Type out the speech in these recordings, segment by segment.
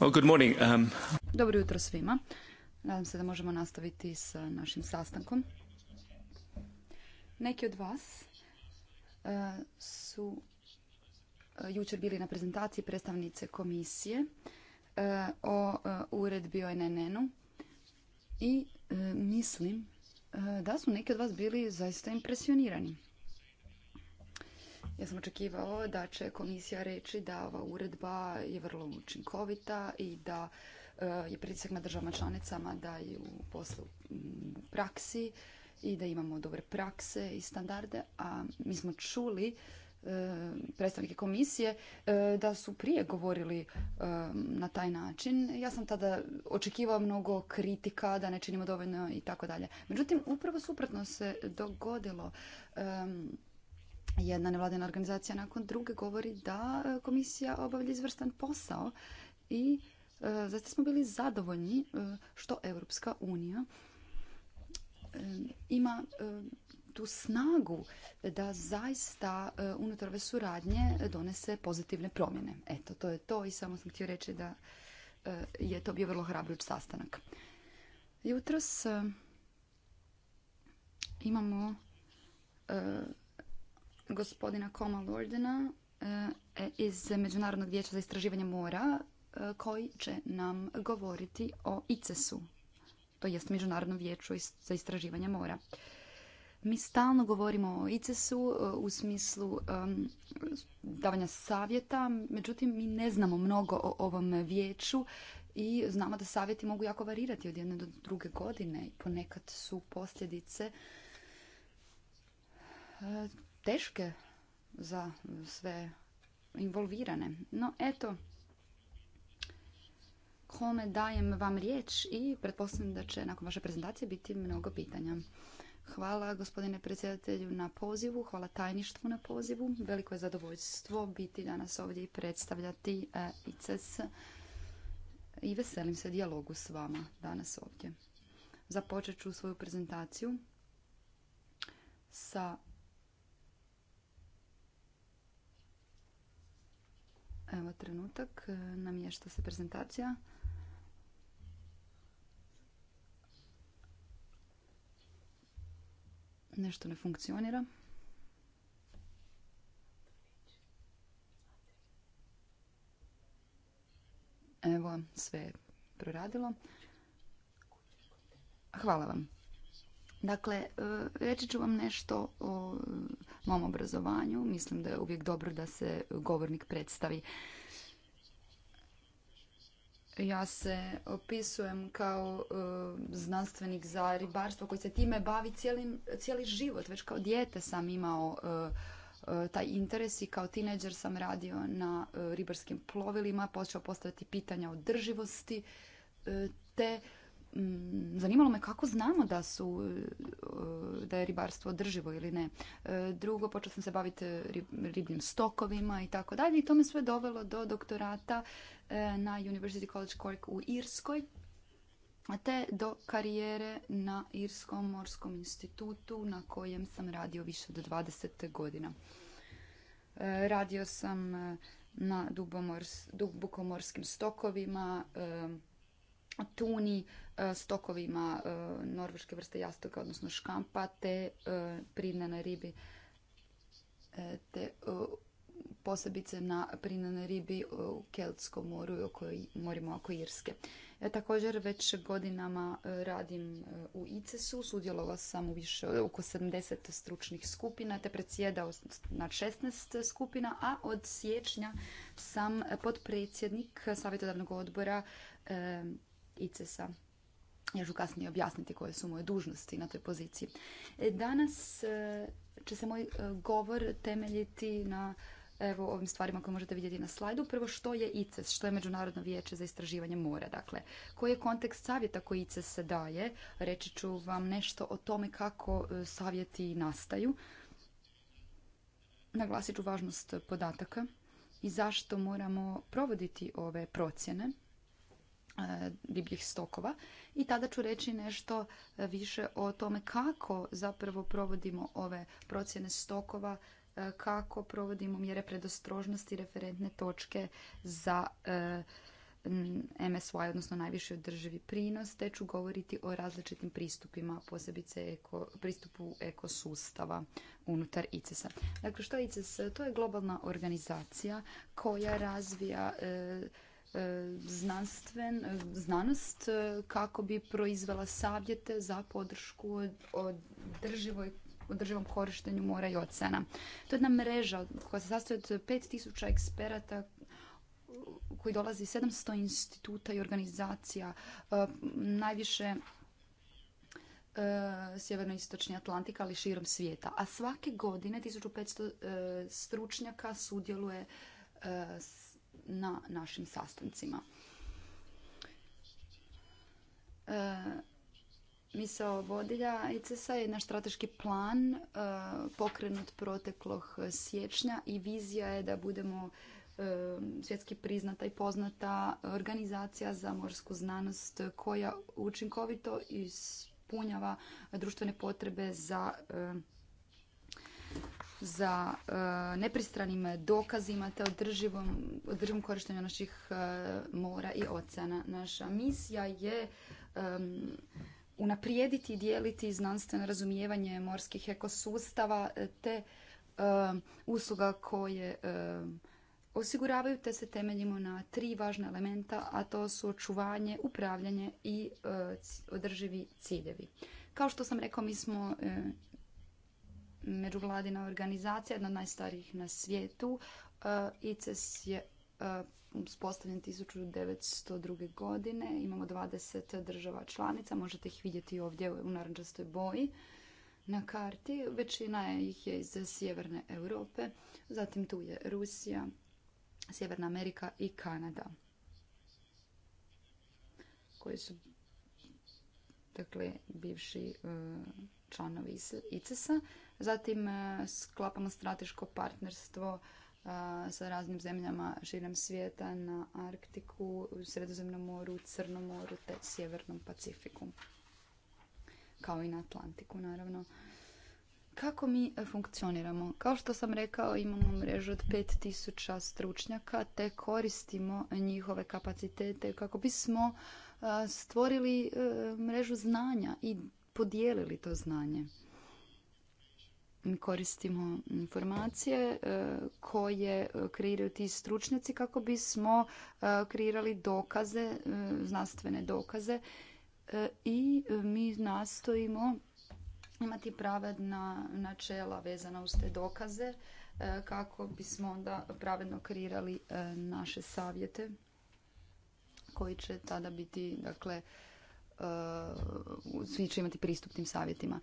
Um, Dobro jutro svima. Nadam se da možemo nastaviti sa našim sastankom. Neki od vas uh, su uh, jučer bili na prezentaciji predstavnice komisije uh, o uredbi o NNN-u i mislim da su neki od vas bili zaista impresionirani. Ja sam očekivao da će komisija reći da ova uredba je vrlo učinkovita i da e, je pritisak na državama članicama da ju u mm, u praksi i da imamo dobre prakse i standarde, a mi smo čuli e, predstavnike komisije e, da su prije govorili na taj način. Ja sam tada očekivao mnogo kritika, da ne činimo dovoljno i tako dalje. Međutim, upravo suprotno se dogodilo jedna nevladina organizacija nakon druge govori da e, komisija obavlja izvrstan posao i e, zato smo bili zadovoljni e, što Europska unija ima tu snagu da zaista unutar ove suradnje donese pozitivne promjene. Eto, to je to i samo sam htio reći da je to bio vrlo hrabruć sastanak. Jutros imamo gospodina Koma Lordena e, e, iz Međunarodnog vijeća za istraživanje mora e, koji će nam govoriti o ICES-u, to jest Međunarodnom vijeću za istraživanje mora. Mi stalno govorimo o ICES-u u smislu davanja savjeta, međutim mi ne znamo mnogo o ovom vijeću i znamo da savjeti mogu jako varirati od jedne do druge godine i ponekad su posljedice teške za sve involvirane. No eto, kome dajem vam riječ i pretpostavljam da će nakon vaše prezentacije biti mnogo pitanja. Hvala gospodine predsjedatelju na pozivu, hvala tajništvu na pozivu. Veliko je zadovoljstvo biti danas ovdje i predstavljati e, ICES i veselim se dijalogu s vama danas ovdje. Započet ću svoju prezentaciju sa Evo trenutak, e, namješta se prezentacija. Nešto ne funkcionira. Evo, sve je proradilo. Hvala vam. Dakle, e, reći ću vam nešto o e, mom obrazovanju. Mislim da je uvijek dobro da se govornik predstavi. Ja se opisujem kao e, znanstvenik za ribarstvo koji se time bavi cijeli, život. Već kao dijete sam imao taj interes i kao tineđer sam radio na ribarskim plovilima, počeo postaviti pitanja o drživosti te Mm, zanimalo me kako znamo da su e, da je ribarstvo održivo ili ne. E, drugo, počela sam se baviti e, ribljim stokovima i tako dalje i to me sve dovelo do doktorata na University College Cork u Irskoj te do karijere na Irskom morskom institutu na kojem sam radio više od 20 godina. Radio sam na dubokomorskim stokovima, tuni, E, stokovima e, norveške vrste jastoga, odnosno škampa, te e, prinane ribi, te posebice na prinane ribi u Keltskom moru i oko, morima oko Irske. također već godinama radim u ICES-u, sudjelovao sam u više oko 70 stručnih skupina te predsjedao na 16 skupina, a od siječnja sam potpredsjednik savjetodavnog odbora ICES-a. Ja ću kasnije objasniti koje su moje dužnosti na toj poziciji. E, danas e, će se moj e, govor temeljiti na evo, ovim stvarima koje možete vidjeti na slajdu. Prvo, što je ICES, što je Međunarodno vijeće za istraživanje mora? Dakle, koji je kontekst savjeta koji ICES se daje? Reći ću vam nešto o tome kako savjeti nastaju. Naglasit ću važnost podataka i zašto moramo provoditi ove procjene E, divljih stokova i tada ću reći nešto e, više o tome kako zapravo provodimo ove procjene stokova, e, kako provodimo mjere predostrožnosti referentne točke za MSY, odnosno najviši održivi prinos, te ću govoriti o različitim pristupima, posebice eko, pristupu ekosustava unutar ICES-a. Dakle, što je ICES? To je globalna organizacija koja razvija E, znanstven, e, znanost e, kako bi proizvela savjete za podršku održivoj održivom korištenju mora i ocena. To je jedna mreža koja se sastoji od 5000 eksperata koji dolazi iz 700 instituta i organizacija, najviše sjeverno istočni Atlantika, ali širom svijeta. A svake godine 1500 stručnjaka sudjeluje na našim sastancima. E, misao vodilja ICSA je naš strateški plan e, pokrenut proteklog siječnja i vizija je da budemo e, svjetski priznata i poznata organizacija za morsku znanost koja učinkovito ispunjava društvene potrebe za za e, nepristranim dokazima te održivom, održivom korištenju naših e, mora i oceana. Naša misija je e, unaprijediti i dijeliti znanstveno razumijevanje morskih ekosustava te usluga koje osiguravaju te se temeljimo na tri važna elementa, a to su očuvanje, upravljanje i održivi ciljevi. Kao što sam rekao, mi smo međuvladina organizacija, jedna od najstarijih na svijetu. E, ICES je e, uspostavljen 1902. godine. Imamo 20 država članica, možete ih vidjeti ovdje u naranđastoj boji na karti. Većina ih je iz sjeverne Europe, zatim tu je Rusija, Sjeverna Amerika i Kanada. Koji su dakle bivši e, članovi ICES-a. Zatim e, sklapamo strateško partnerstvo e, sa raznim zemljama širom svijeta na Arktiku, Sredozemnom moru, Crnom moru te Sjevernom Pacifiku. Kao i na Atlantiku, naravno. Kako mi funkcioniramo? Kao što sam rekao, imamo mrežu od 5000 stručnjaka te koristimo njihove kapacitete kako bismo e, stvorili mrežu znanja i podijelili to znanje koristimo informacije e, koje e, kreiraju ti stručnjaci kako bismo e, kreirali dokaze, znanstvene dokaze i mi nastojimo imati pravedna načela vezana uz te dokaze kako bismo onda pravedno kreirali naše savjete koji će tada biti, dakle, svi će imati pristup tim savjetima.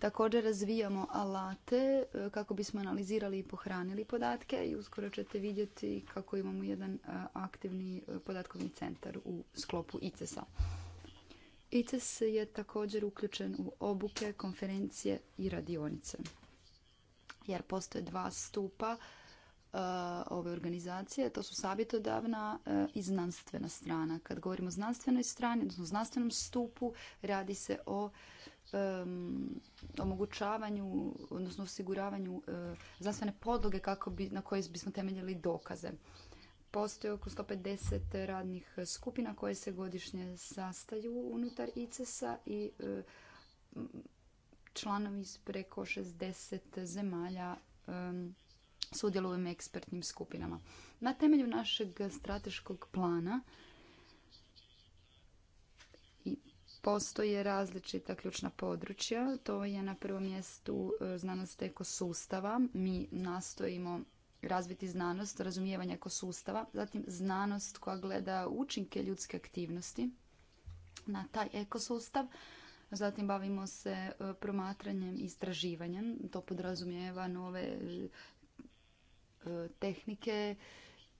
Također razvijamo alate e, kako bismo analizirali i pohranili podatke i uskoro ćete vidjeti kako imamo jedan e, aktivni e, podatkovni centar u sklopu ICES-a. ICES je također uključen u obuke, konferencije i radionice. Jer postoje dva stupa ove organizacije, to su savjetodavna i znanstvena strana. Kad govorimo o znanstvenoj strani, odnosno znanstvenom stupu, radi se o omogućavanju, odnosno osiguravanju uh, znanstvene podloge kako bi, na koje bismo temeljili dokaze. Postoje oko 150 radnih skupina koje se godišnje sastaju unutar ICES-a i e, članovi iz preko 60 zemalja sudjelujem sudjeluju u ekspertnim skupinama. Na temelju našeg strateškog plana postoje različita ključna područja. To je na prvom mjestu e, znanost ekosustava. Mi nastojimo razviti znanost, razumijevanje ekosustava, zatim znanost koja gleda učinke ljudske aktivnosti na taj ekosustav. Zatim bavimo se e, promatranjem i istraživanjem. To podrazumijeva nove e, tehnike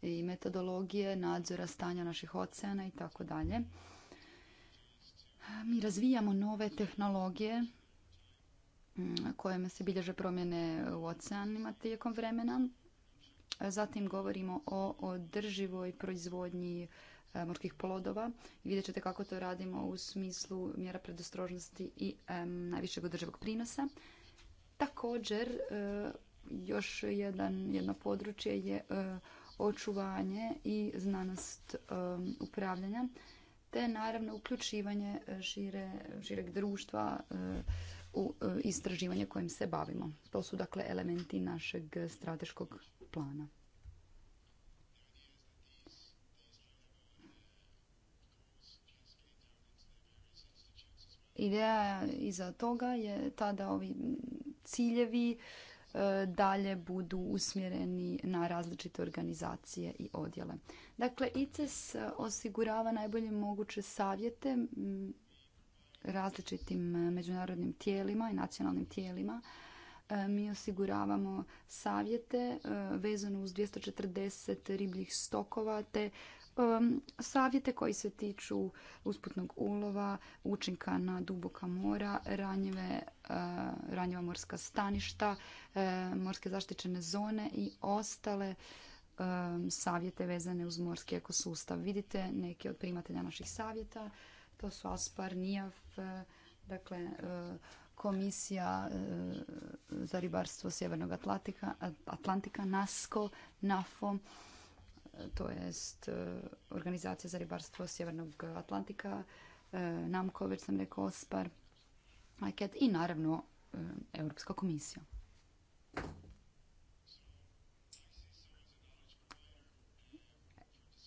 i metodologije nadzora stanja naših oceana i tako dalje. Mi razvijamo nove tehnologije mm, kojima se bilježe promjene u oceanima tijekom vremena. Zatim govorimo o održivoj proizvodnji e, morskih plodova i vidjet ćete kako to radimo u smislu mjera predostrožnosti i najvišeg održivog prinosa. Također, e, još jedan, jedno područje je e, očuvanje i znanost upravljanja te naravno uključivanje e, šire, šireg društva e, u e, istraživanje kojim se bavimo. To su dakle elementi našeg strateškog plana. Ideja iza toga je tada da ovi ciljevi E, dalje budu usmjereni na različite organizacije i odjele. Dakle, ICES osigurava najbolje moguće savjete različitim međunarodnim tijelima i nacionalnim tijelima. E, mi osiguravamo savjete e, vezano uz 240 ribljih stokova te um, savjete koji se tiču usputnog ulova, učinka na duboka mora, ranjive, eh, ranjiva morska staništa, eh, morske zaštićene zone i ostale savjete vezane uz morski ekosustav. Vidite neke od primatelja naših savjeta, to su Aspar, uh, dakle Komisija za ribarstvo Sjevernog Atlantika, Atlantika NASCO, NAFO, to jest e, Organizacija za ribarstvo Sjevernog Atlantika, e, nam već sam rekao, OSPAR, i naravno e, Europska komisija.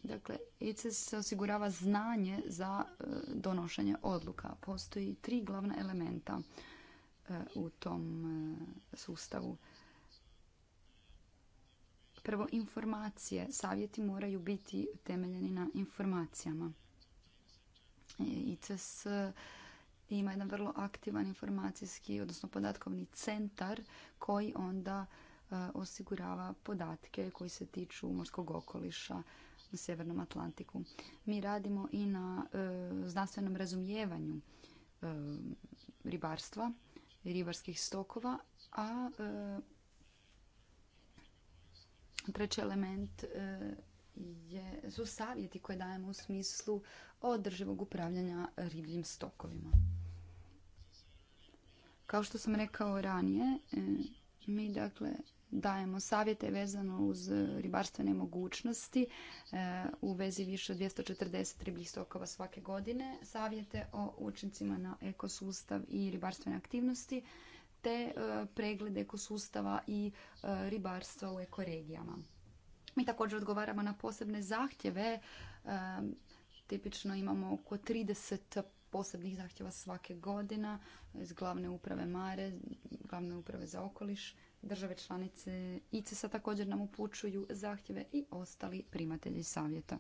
Dakle, ICES osigurava znanje za donošenje odluka. Postoji tri glavna elementa u tom sustavu. Prvo, informacije. Savjeti moraju biti temeljeni na informacijama. E, ICES ima jedan vrlo aktivan informacijski, odnosno podatkovni centar koji onda e, osigurava podatke koji se tiču morskog okoliša u Sjevernom Atlantiku. Mi radimo i na e, znanstvenom razumijevanju ribarstva, ribarskih stokova, a Treći element e, je, su savjeti koje dajemo u smislu održivog upravljanja ribljim stokovima. Kao što sam rekao ranije, e, mi dakle dajemo savjete vezano uz ribarstvene mogućnosti e, u vezi više od 240 ribljih stokova svake godine, savjete o učincima na ekosustav i ribarstvene aktivnosti, te e, pregled ekosustava i e, ribarstva u ekoregijama. Mi također odgovaramo na posebne zahtjeve. E, tipično imamo oko 30 posebnih zahtjeva svake godina iz glavne uprave Mare, glavne uprave za okoliš, države članice ICES-a također nam upućuju zahtjeve i ostali primatelji savjeta.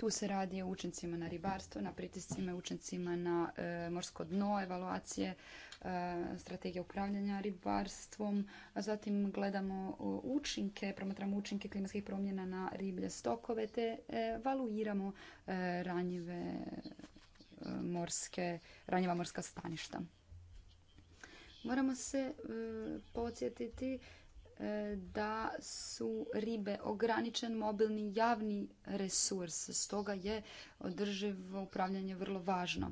Tu se radi o učincima na ribarstvo, na pritiscima i učincima na e, morsko dno, evaluacije, e, strategije upravljanja ribarstvom. A zatim gledamo učinke, promatramo učinke klimatskih promjena na riblje stokove te e, evaluiramo ranjive morske, ranjiva morska staništa. Moramo se podsjetiti da su ribe ograničen mobilni javni resurs, stoga je održivo upravljanje vrlo važno.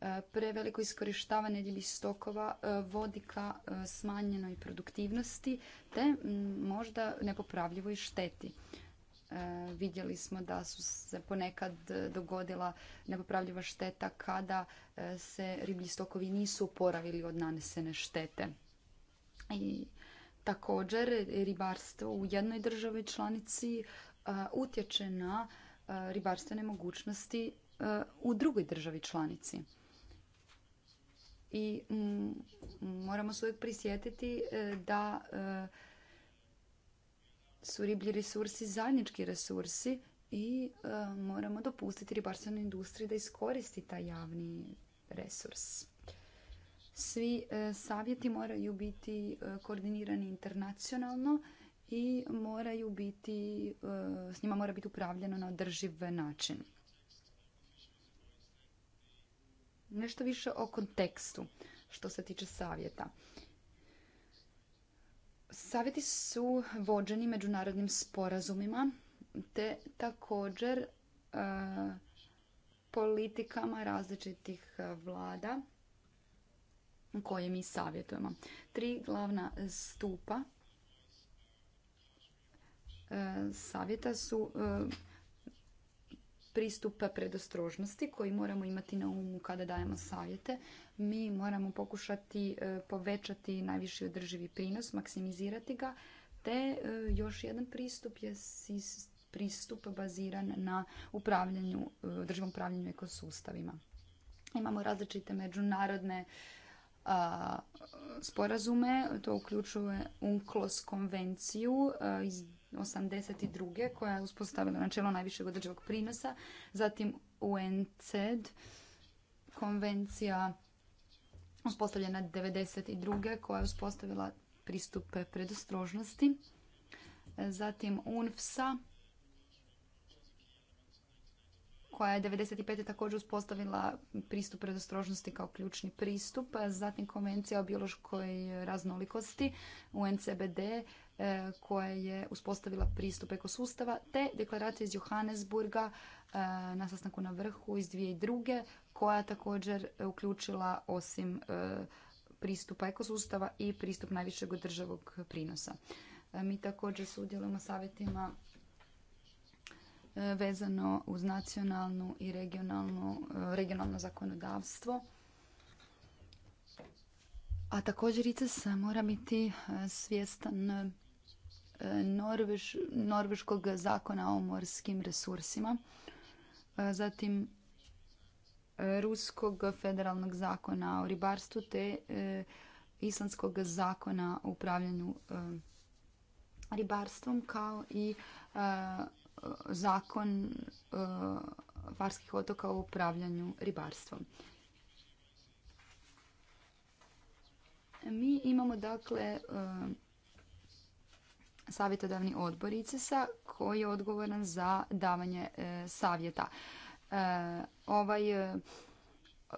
E, preveliko iskorištavanje divljih stokova e, vodi ka e, smanjenoj produktivnosti te možda nepopravljivoj šteti. Vidjeli smo da su se ponekad dogodila nepopravljiva šteta kada se riblji stokovi nisu oporavili od nanesene štete. I Također, ribarstvo u jednoj državi članici e, utječe na e, ribarstvene mogućnosti e, u drugoj državi članici. I mm, moramo se uvijek prisjetiti da su riblji resursi zajednički resursi i moramo dopustiti ribarstvenoj industriji da iskoristi taj javni resurs. Svi e, savjeti moraju biti e, koordinirani internacionalno i moraju biti, e, s njima mora biti upravljeno na održiv način. Nešto više o kontekstu što se tiče savjeta. Savjeti su vođeni međunarodnim sporazumima te također politikama različitih vlada koje mi savjetujemo. Tri glavna stupa e, savjeta su e, pristupa predostrožnosti koji moramo imati na umu kada dajemo savjete. Mi moramo pokušati e, povećati najviši održivi prinos, maksimizirati ga, te još jedan pristup je pristup baziran na upravljanju, održivom upravljanju ekosustavima. Imamo različite međunarodne sporazume. To uključuje UNCLOS konvenciju iz 82. koja je uspostavila načelo najvišeg održivog prinosa. Zatim UNCED konvencija uspostavljena 92. koja je uspostavila pristup predostrožnosti. Zatim UNFSA koja je 1995. također uspostavila pristup predostrožnosti kao ključni pristup, zatim konvencija o biološkoj raznolikosti UNCBD e, koja je uspostavila pristup ekosustava, te deklaracija iz Johannesburga e, na sastanku na vrhu iz 2002. koja je također uključila osim e, pristupa ekosustava i pristup najvišeg državog prinosa. Mi također sudjelujemo savjetima E, vezano uz nacionalnu i e, regionalno zakonodavstvo. A također ICES mora biti e, svjestan norveškog zakona o morskim resursima, zatim ruskog federalnog zakona o ribarstvu te islandskog zakona o upravljanju ribarstvom kao i zakon e, Varskih otoka o upravljanju ribarstvom. Mi imamo dakle e, savjetodavni odbor ICES-a koji je odgovoran za davanje e, savjeta. Ovaj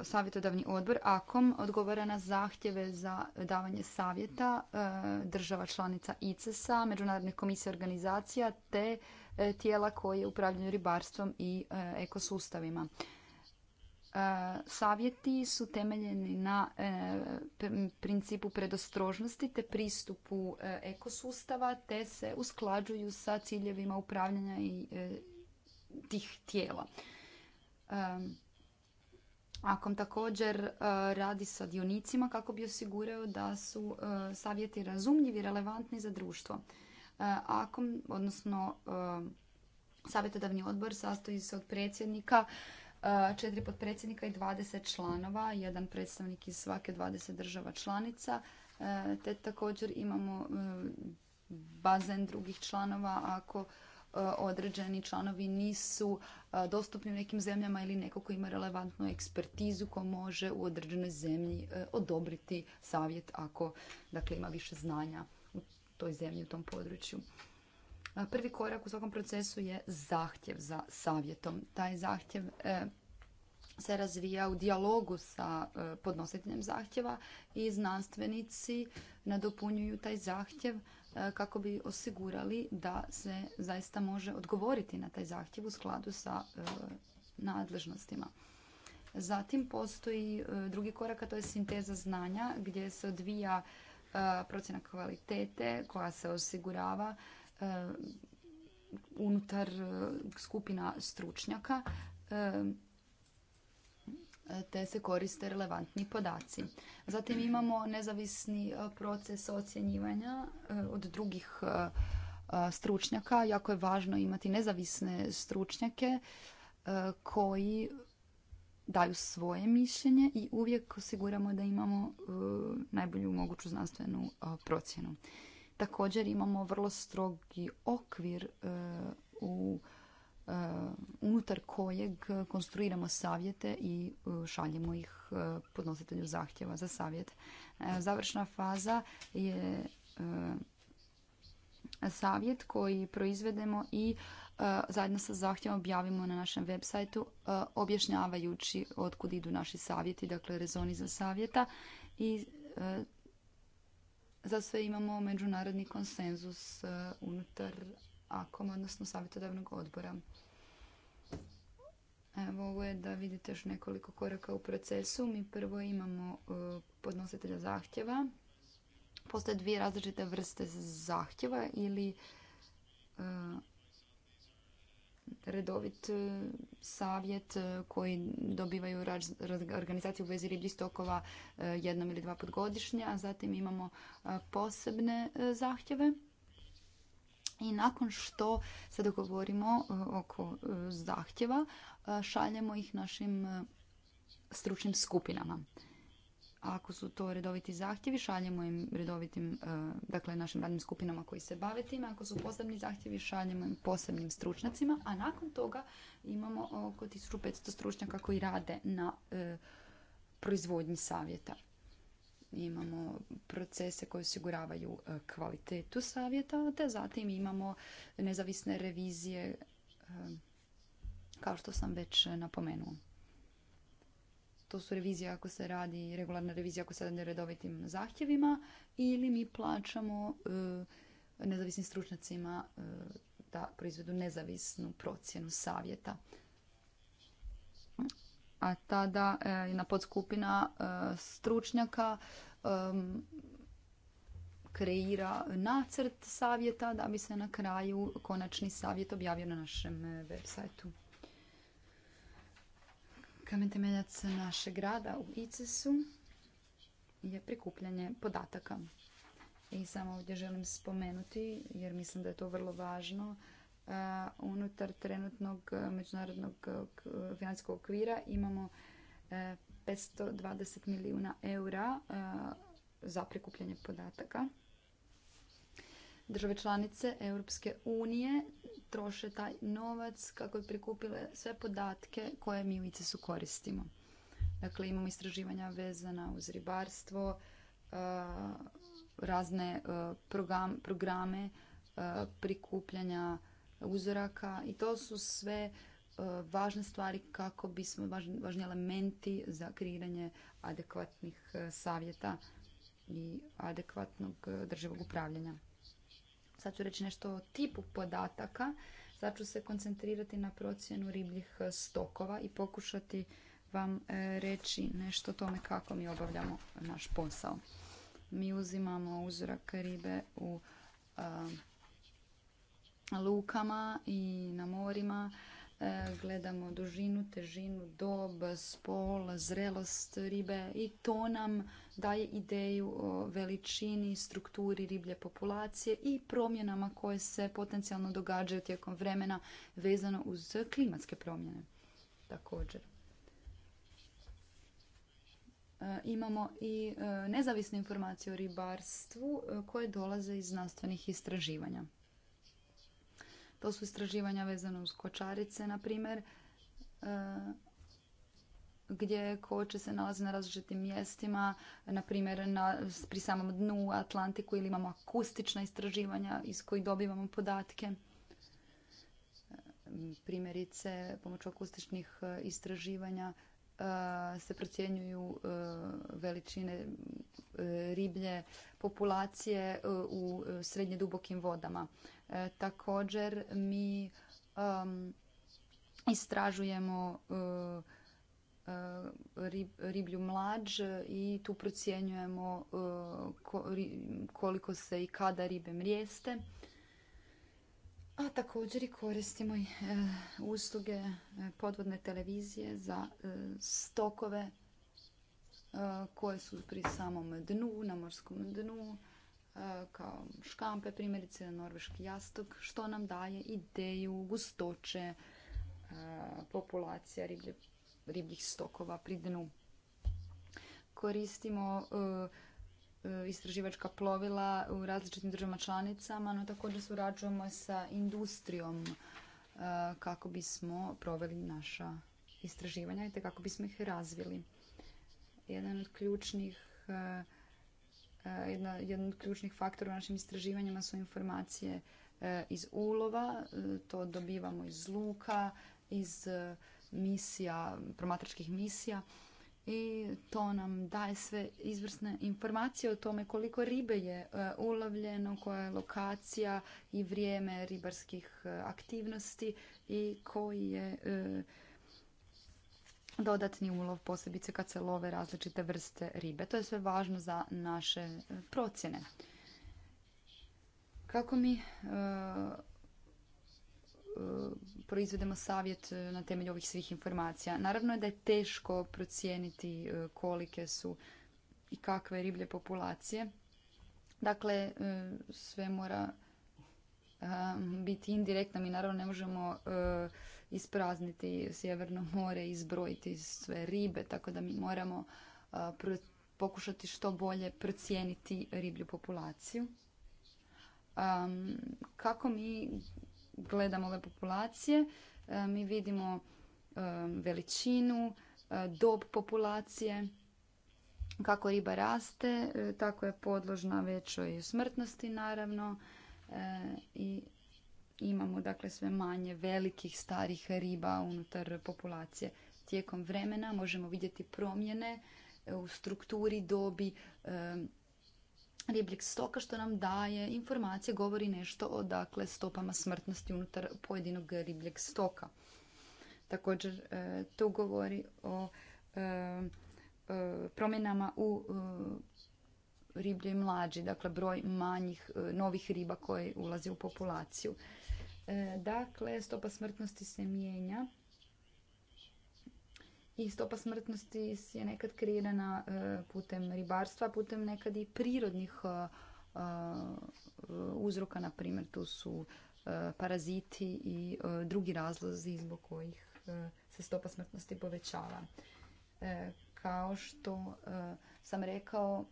savjetodavni odbor AKOM odgovara na zahtjeve za davanje savjeta država članica ICES-a, međunarodnih komisija organizacija te E, tijela koje upravljaju ribarstvom i e, ekosustavima. E, savjeti su temeljeni na principu predostrožnosti te pristupu ekosustava te se usklađuju sa ciljevima upravljanja i tih tijela. Akom također radi sa dionicima kako bi osigurao da su savjeti razumljivi i relevantni za društvo. E, AKOM, odnosno e, savjetodavni odbor sastoji se od predsjednika, e, četiri potpredsjednika i 20 članova, jedan predstavnik iz svake 20 država članica, te također imamo bazen drugih članova ako određeni članovi nisu dostupni u nekim zemljama ili neko ko ima relevantnu ekspertizu ko može u određenoj zemlji odobriti savjet ako dakle, ima više znanja toj zemlji, u tom području. Prvi korak u svakom procesu je zahtjev za savjetom. Taj zahtjev e, se razvija u dijalogu sa e, podnositeljem zahtjeva i znanstvenici nadopunjuju taj zahtjev e, kako bi osigurali da se zaista može odgovoriti na taj zahtjev u skladu sa nadležnostima. Zatim postoji drugi korak, a to je sinteza znanja gdje se odvija E, procjena kvalitete koja se osigurava e, unutar e, skupina stručnjaka te se koriste relevantni podaci. Zatim imamo nezavisni proces ocjenjivanja od drugih stručnjaka. Jako je važno imati nezavisne stručnjake koji daju svoje mišljenje i uvijek osiguramo da imamo e, najbolju moguću znanstvenu e, procjenu. Također imamo vrlo strogi okvir e, u unutar kojeg konstruiramo savjete i šaljemo ih podnositelju zahtjeva za savjet. Završna faza je savjet koji proizvedemo i E, zajedno sa zahtjevom objavimo na našem web sajtu e, objašnjavajući otkud idu naši savjeti, dakle rezoni za savjeta i e, za sve imamo međunarodni konsenzus unutar AKOM, odnosno savjetodavnog odbora. Evo ovo je da vidite još nekoliko koraka u procesu. Mi prvo imamo podnositelja zahtjeva. Postoje dvije različite vrste zahtjeva ili redovit e, savjet e, koji dobivaju organizacije u vezi ribljih stokova e, jednom ili dva put godišnje, a zatim imamo posebne zahtjeve. I nakon što se dogovorimo oko zahtjeva, šaljemo ih našim stručnim skupinama. Ako su to redoviti zahtjevi, šaljemo im redovitim, e, dakle našim radnim skupinama koji se bave tim. Ako su posebni zahtjevi, šaljemo im posebnim stručnjacima. A nakon toga imamo oko 1500 stručnjaka koji rade na e, proizvodnji savjeta. Imamo procese koji osiguravaju e, kvalitetu savjeta, te zatim imamo nezavisne revizije, kao što sam već napomenula. To su revizije ako se radi, regularna revizija ako se radi redovitim zahtjevima ili mi plaćamo e, nezavisnim stručnjacima e, da proizvedu nezavisnu procjenu savjeta. A tada e, na podskupina stručnjaka kreira nacrt savjeta da bi se na kraju konačni savjet objavio na našem web sajtu kamen temeljac našeg rada u ICES-u je prikupljanje podataka. I samo ovdje želim spomenuti, jer mislim da je to vrlo važno, unutar trenutnog međunarodnog e, financijskog okvira imamo 520 e, milijuna eura za prikupljanje podataka. Države članice Europske unije troše taj novac kako bi prikupile sve podatke koje mi u ices koristimo. Dakle, imamo istraživanja vezana uz ribarstvo, e, razne e, programe e, prikupljanja uzoraka i to su sve važne stvari kako bismo, važni elementi za kreiranje adekvatnih savjeta i adekvatnog državog upravljanja. Sad ću reći nešto o tipu podataka. Sad ću se koncentrirati na procjenu ribljih e, stokova i pokušati vam e, reći nešto o tome kako mi obavljamo naš posao. Mi uzimamo uzorak ribe u e, lukama i na morima E, gledamo dužinu, težinu, dob, spol, zrelost ribe i to nam daje ideju o veličini, strukturi riblje populacije i promjenama koje se potencijalno događaju tijekom vremena vezano uz klimatske promjene također. E, imamo i e, nezavisne informacije o ribarstvu koje dolaze iz znanstvenih istraživanja. To su istraživanja vezana uz kočarice, na primjer, e, gdje koče se nalaze na različitim mjestima, na primjer na, pri samom dnu Atlantiku ili imamo akustična istraživanja iz kojih dobivamo podatke. E, primjerice, pomoću akustičnih e, istraživanja se procjenjuju e, veličine e, riblje populacije e, u srednje dubokim vodama. Također mi istražujemo riblju mlađ i tu procjenjujemo koliko se i kada ribe mrijeste a također koristimo i e, usluge e, podvodne televizije za e, stokove koje su pri samom dnu, na morskom dnu, kao škampe primjerice, norveški jastog, što nam daje ideju gustoće populacija ribljih stokova pri dnu. Koristimo E, istraživačka plovila u različitim državama članicama, no također surađujemo sa industrijom e, kako bismo proveli naša istraživanja i te kako bismo ih razvili. Jedan od ključnih e, jedan od ključnih faktora u našim istraživanjima su informacije iz ulova, to dobivamo iz luka, iz misija, promatračkih misija i to nam daje sve izvrsne informacije o tome koliko ribe je e, ulovljeno, koja je lokacija i vrijeme ribarskih e, aktivnosti i koji je e, dodatni ulov, posebice kad se love različite vrste ribe. To je sve važno za naše procjene. Kako mi E, proizvedemo savjet e, na temelju ovih svih informacija. Naravno je da je teško procijeniti e, kolike su i kakve riblje populacije. Dakle, sve mora biti indirektno. Mi naravno ne možemo isprazniti Sjeverno more i izbrojiti sve ribe, tako da mi moramo pokušati što bolje procijeniti riblju populaciju. Kako mi gledamo ove populacije, e, mi vidimo e, veličinu, e, dob populacije, kako riba raste, tako je podložna većoj smrtnosti naravno i imamo dakle sve manje velikih starih riba unutar populacije. Tijekom vremena možemo vidjeti promjene u strukturi dobi ribljeg stoka što nam daje informacije, govori nešto o dakle, stopama smrtnosti unutar pojedinog ribljeg stoka. Također e, to govori o e, e, promjenama u ribljoj mlađi, dakle broj manjih novih riba koje ulaze u populaciju. Dakle, stopa smrtnosti se mijenja i stopa smrtnosti je nekad kreirana e, putem ribarstva, putem nekad i prirodnih e, e, uzroka, na primjer tu su paraziti i drugi razlozi zbog kojih se stopa smrtnosti povećava. Kao što sam rekao,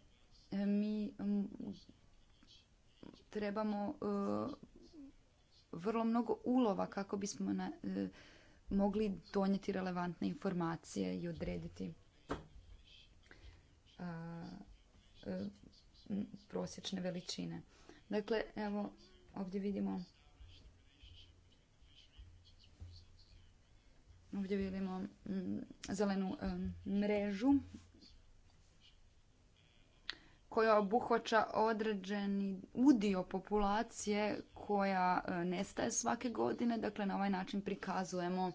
mi trebamo vrlo mnogo ulova kako bismo na mogli donijeti relevantne informacije i odrediti e, prosječne veličine. Dakle, evo ovdje vidimo ovdje vidimo zelenu e, mrežu koja obuhvaća određeni udio populacije koja e, nestaje svake godine. Dakle, na ovaj način prikazujemo,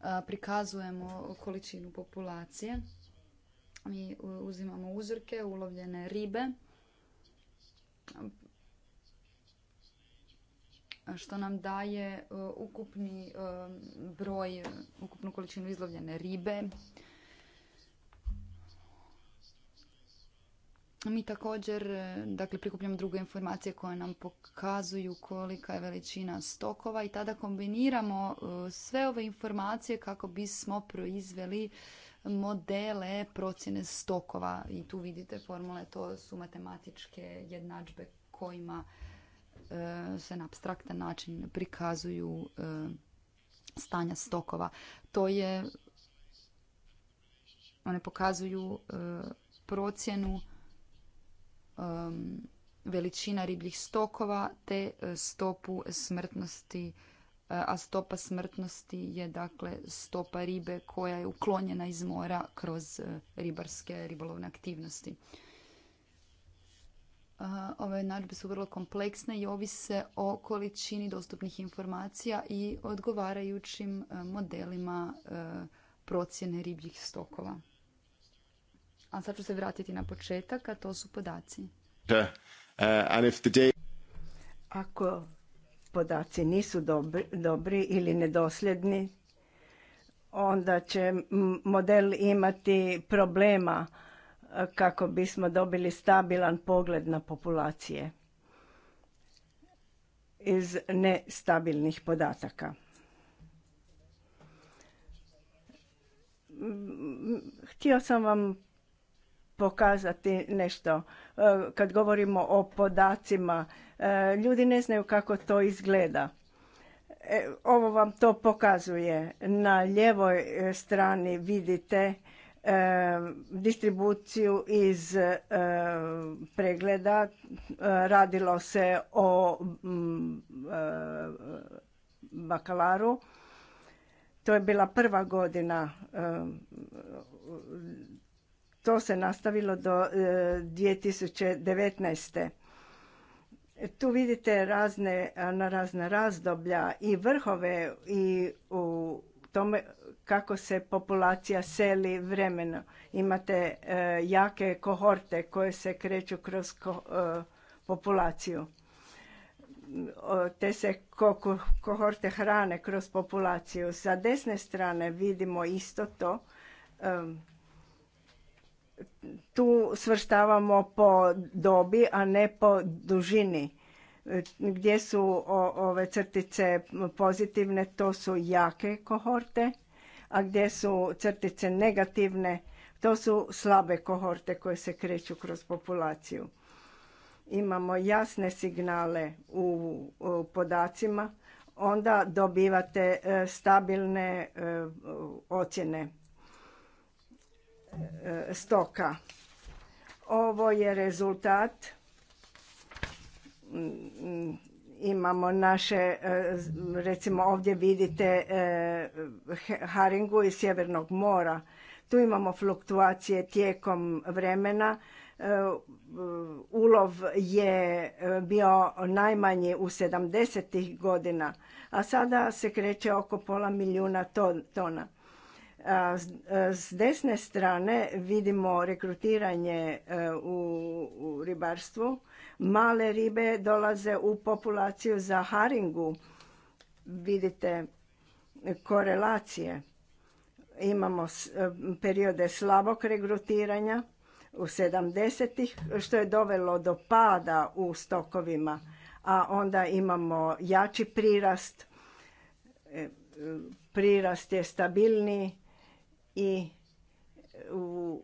e, prikazujemo količinu populacije. Mi uzimamo uzorke, ulovljene ribe, što nam daje e, ukupni broj, ukupnu količinu izlovljene ribe, Mi također e, dakle, prikupljamo druge informacije koje nam pokazuju kolika je veličina stokova i tada kombiniramo e, sve ove informacije kako bismo proizveli modele procjene stokova. I tu vidite formule, to su matematičke jednadžbe kojima e, se na apstraktan način prikazuju stanja stokova. To je, one pokazuju procjenu Um, veličina ribljih stokova te uh, stopu smrtnosti uh, a stopa smrtnosti je dakle stopa ribe koja je uklonjena iz mora kroz uh, ribarske ribolovne aktivnosti. Ove narodbe su vrlo kompleksne i ovise o količini dostupnih informacija i odgovarajućim modelima procjene ribljih stokova. A sad ću se vratiti na početak, a to su podaci. Ako podaci nisu dobri, ili nedosljedni, onda će model imati problema e, kako bismo dobili stabilan pogled na populacije iz nestabilnih podataka. Htio sam vam pokazati nešto. E, kad govorimo o podacima, e, ljudi ne znaju kako to izgleda. E, ovo vam to pokazuje. Na ljevoj strani vidite distribuciju iz pregleda. Radilo se o bakalaru. To je bila prva godina to se nastavilo do 2019. E, tu vidite razne, na razna razdoblja i vrhove i u tome kako se populacija seli vremeno. Imate e, jake kohorte koje se kreću kroz e, populaciju. Te se kohorte hrane kroz populaciju. Sa desne strane vidimo isto to tu svrstavamo po dobi, a ne po dužini. E, gdje su ove crtice pozitivne, to su jake kohorte, a gdje su crtice negativne, to su slabe kohorte koje se kreću kroz populaciju. Imamo jasne signale u podacima, onda dobivate e, stabilne e, ocjene E, stoka. Ovo je rezultat mm, mm, imamo naše, e, recimo ovdje vidite e, Haringu iz Sjevernog mora. Tu imamo fluktuacije tijekom vremena. Ulov je bio najmanji u 70. godina, a sada se kreće oko pola milijuna tona. S desne strane vidimo rekrutiranje e, u ribarstvu. Male ribe dolaze u populaciju za haringu. Vidite korelacije. Imamo e, periode slabog rekrutiranja u 70-ih, što je dovelo do pada u stokovima. A onda imamo jači prirast, e, prirast je stabilniji i u,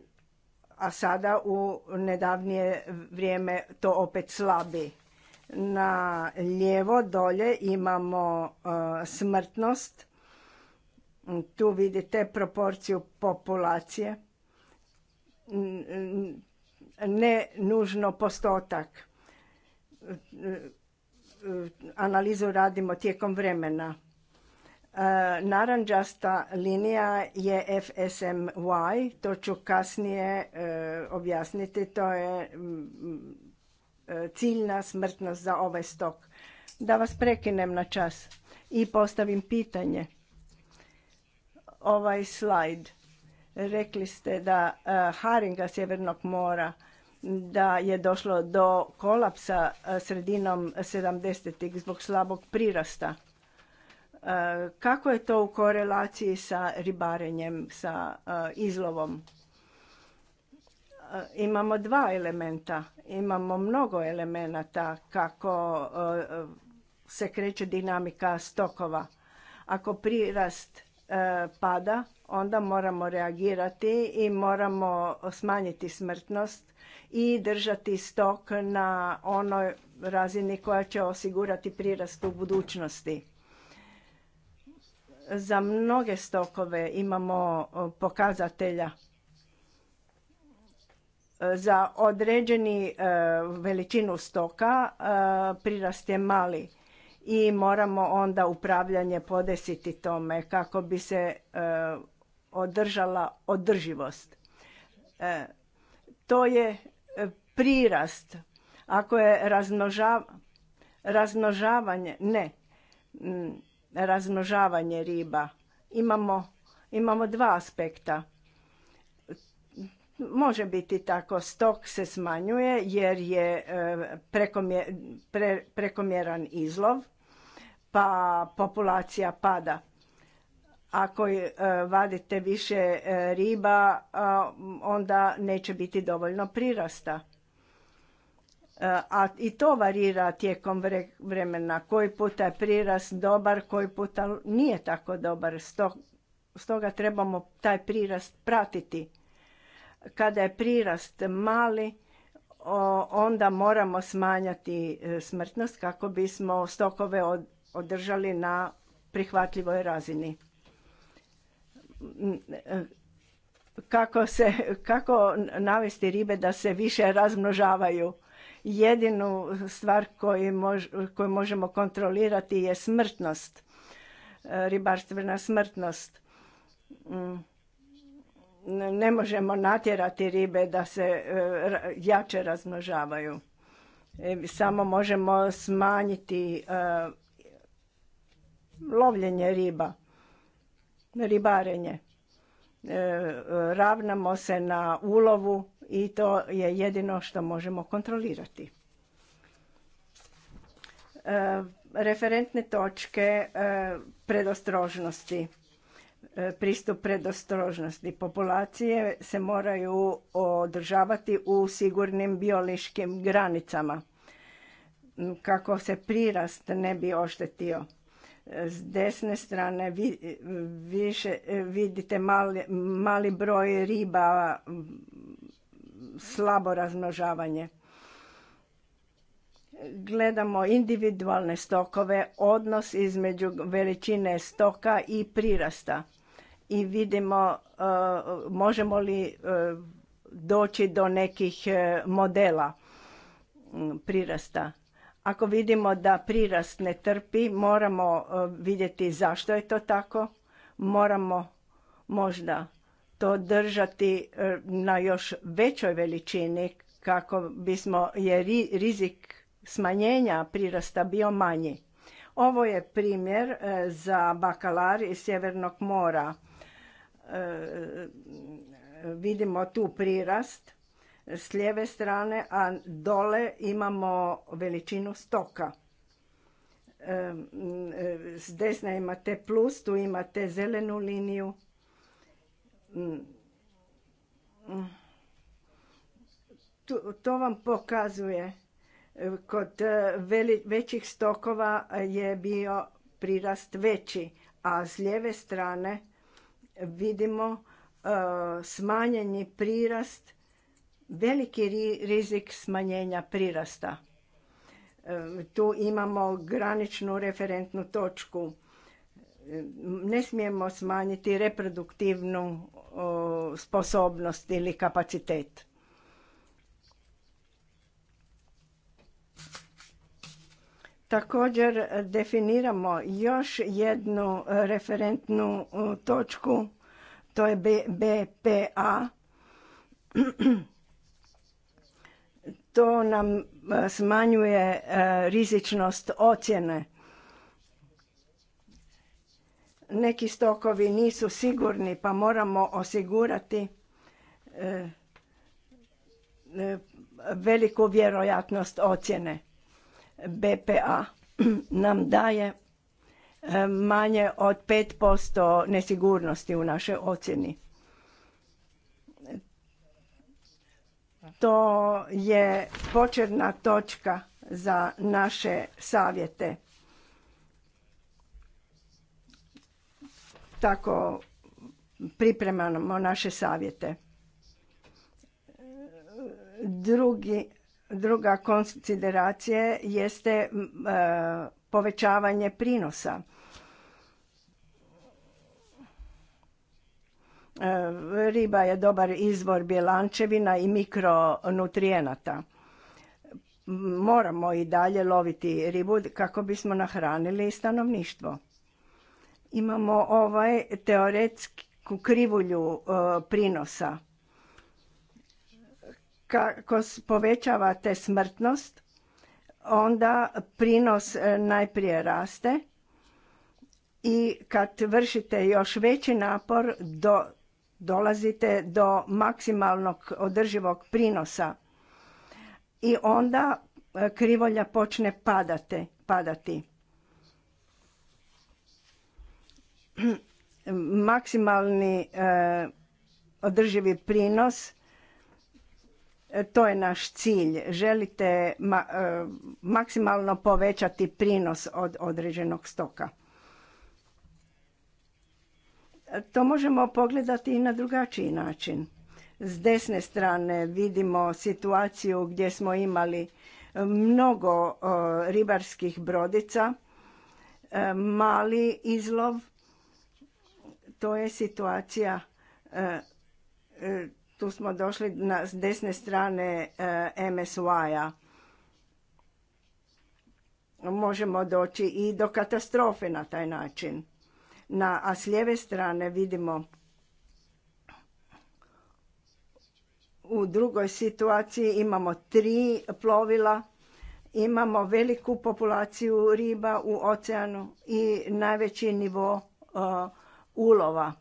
a sada u nedavnije vrijeme to opet slabi. Na lijevo dolje imamo e, smrtnost. Tu vidite proporciju populacije. Ne nužno postotak. E, e, analizu radimo tijekom vremena E, naranđasta linija je FSMY, to ću kasnije e, objasniti, to je e, ciljna smrtnost za ovaj stok. Da vas prekinem na čas i postavim pitanje. Ovaj slajd. Rekli ste da Haringa Sjevernog mora da je došlo do kolapsa sredinom 70 zbog slabog prirasta. Kako je to u korelaciji sa ribarenjem, sa e, izlovom? E, imamo dva elementa, imamo mnogo elemenata kako e, se kreće dinamika stokova. Ako prirast pada, onda moramo reagirati i moramo smanjiti smrtnost i držati stok na onoj razini koja će osigurati prirast u budućnosti. Za mnoge stokove imamo pokazatelja za određeni e, veličinu stoka e, prirast je mali i moramo onda upravljanje podesiti tome kako bi se e, održala održivost. To je prirast. Ako je razmnožavanje, ne, razmnožavanje riba. Imamo, imamo dva aspekta. Može biti tako, stok se smanjuje jer je e, prekomjeran izlov, pa populacija pada. Ako e, vadite više e, riba, onda neće biti dovoljno prirasta E, a i to varira tijekom vremena. Koji puta je prirast dobar, koji puta nije tako dobar. Stoga trebamo taj prirast pratiti. Kada je prirast mali, onda moramo smanjati e, smrtnost kako bismo stokove održali na prihvatljivoj razini. E, kako, se, kako navesti ribe da se više razmnožavaju? jedinu stvar koju, možemo kontrolirati je smrtnost, e, ribarstvena smrtnost. Mm. Ne možemo natjerati ribe da se e, jače razmnožavaju. E, samo možemo smanjiti lovljenje riba, ribarenje. E, e, ravnamo se na ulovu i to je jedino što možemo kontrolirati. E, referentne točke predostrožnosti, pristup predostrožnosti populacije se moraju održavati u sigurnim biološkim granicama kako se prirast ne bi oštetio s desne strane vi, više vidite mali, mali broj riba, slabo razmnožavanje. Gledamo individualne stokove, odnos između veličine stoka i prirasta. I vidimo e, možemo li e, doći do nekih e, modela prirasta ako vidimo da prirast ne trpi, moramo e, vidjeti zašto je to tako. Moramo možda to držati e, na još većoj veličini kako bismo je rizik smanjenja prirasta bio manji. Ovo je primjer e, za bakalar iz Sjevernog mora. Vidimo tu prirast s lijeve strane, a dole imamo veličinu stoka. S desna imate plus, tu imate zelenu liniju. Mm. To vam pokazuje e, kod e, većih stokova je bio prirast veći, a s lijeve strane vidimo e, smanjeni prirast veliki rizik smanjenja prirasta. E, tu imamo graničnu referentnu točku. E, ne smijemo smanjiti reproduktivnu sposobnost ili kapacitet. Također definiramo još jednu referentnu točku, to je BPA to nam e, smanjuje e, rizičnost ocjene. Neki stokovi nisu sigurni pa moramo osigurati e, veliku vjerojatnost ocjene. BPA nam daje manje od 5% nesigurnosti u našoj ocjeni. To je početna točka za naše savjete. Tako pripremamo naše savjete. Drugi, druga konsideracija jeste e, povećavanje prinosa Eh, riba je dobar izvor bjelančevina i mikronutrijenata. Moramo i dalje loviti ribu kako bismo nahranili stanovništvo. Imamo ovaj teoretsku krivulju eh, prinosa. Kako povećavate smrtnost, onda prinos eh, najprije raste i kad vršite još veći napor do dolazite do maksimalnog održivog prinosa i onda e, krivolja počne padate, padati. Maksimalni e, održivi prinos, e, to je naš cilj. Želite maksimalno povećati prinos od određenog stoka. To možemo pogledati i na drugačiji način. S desne strane vidimo situaciju gdje smo imali e, mnogo e, ribarskih brodica, e, mali izlov, to je situacija, tu smo došli s desne strane MSY-a. Možemo doći i do katastrofe na taj način na, a s lijeve strane vidimo u drugoj situaciji imamo tri plovila, imamo veliku populaciju riba u oceanu i najveći nivo uh, ulova.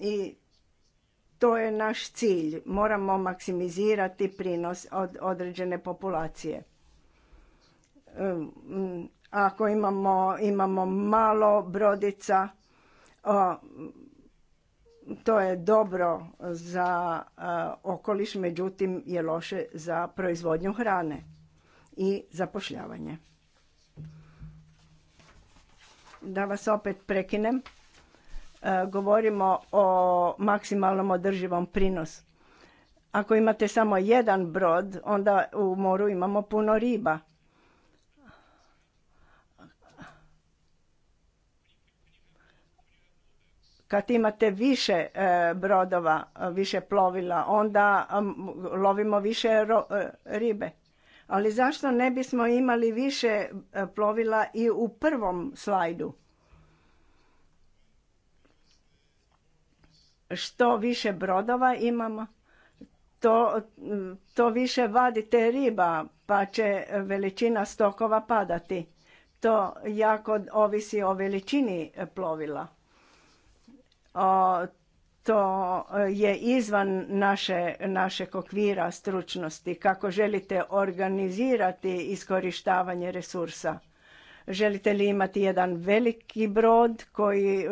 I to je naš cilj. Moramo maksimizirati prinos od određene populacije. Um, ako imamo, imamo malo brodica, to je dobro za e, okoliš, međutim je loše za proizvodnju hrane i zapošljavanje. Da vas opet prekinem. E, govorimo o maksimalnom održivom prinosu. Ako imate samo jedan brod, onda u moru imamo puno riba. Kad imate više e, brodova, više plovila, onda lovimo više e, ribe. Ali zašto ne bismo imali više e, plovila i u prvom slajdu? Što više brodova imamo, to, više vadite riba, pa će veličina stokova padati. To jako ovisi o veličini plovila to e, je izvan naše, našeg okvira stručnosti. Kako želite organizirati iskorištavanje resursa? Želite li imati jedan veliki brod koji e,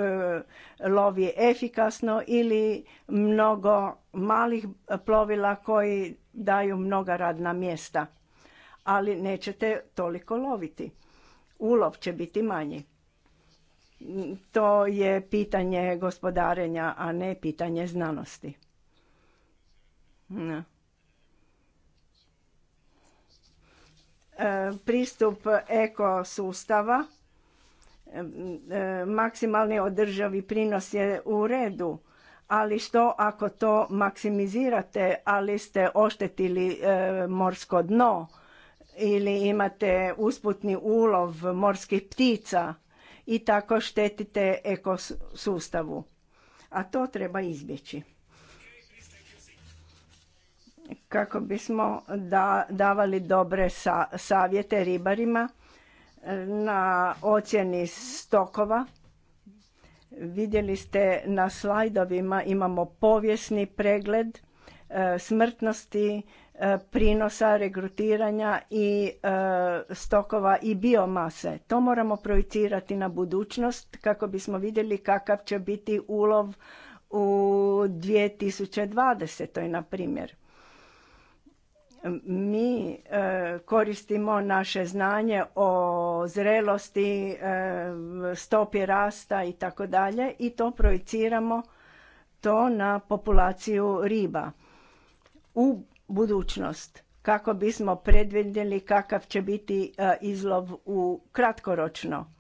lovi efikasno ili mnogo malih plovila koji daju mnoga radna mjesta? Ali nećete toliko loviti. Ulov će biti manji to je pitanje gospodarenja, a ne pitanje znanosti. No. E, pristup ekosustava, e, maksimalni održavi prinos je u redu, ali što ako to maksimizirate, ali ste oštetili e, morsko dno ili imate usputni ulov morskih ptica – i tako štetite ekosustavu. A to treba izbjeći. Kako bismo da, davali dobre savjete ribarima e, na ocjeni stokova, vidjeli ste na slajdovima imamo povijesni pregled e, smrtnosti E, prinosa, regrutiranja i e, stokova i biomase. To moramo projicirati na budućnost kako bismo vidjeli kakav će biti ulov u 2020. na primjer. Mi e, koristimo naše znanje o zrelosti, stopi rasta i tako dalje i to projiciramo to na populaciju riba. U budućnost kako bismo predvidjeli kakav će biti e, izlov u kratkoročno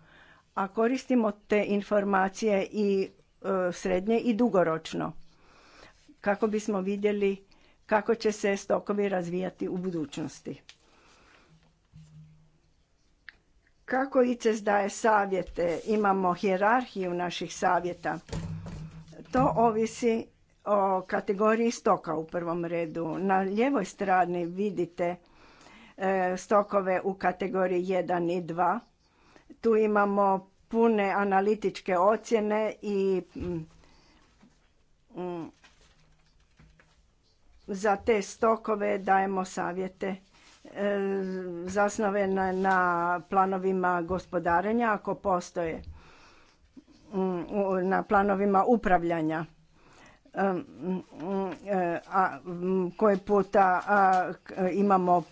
a koristimo te informacije i e, srednje i dugoročno kako bismo vidjeli kako će se stokovi razvijati u budućnosti. Kako ICES daje savjete? Imamo hjerarhiju naših savjeta. To ovisi o kategoriji stoka u prvom redu. Na ljevoj strani vidite e, stokove u kategoriji 1 i 2. Tu imamo pune analitičke ocjene i mm, mm, za te stokove dajemo savjete e, zasnovene na planovima gospodarenja ako postoje mm, na planovima upravljanja a puta imamo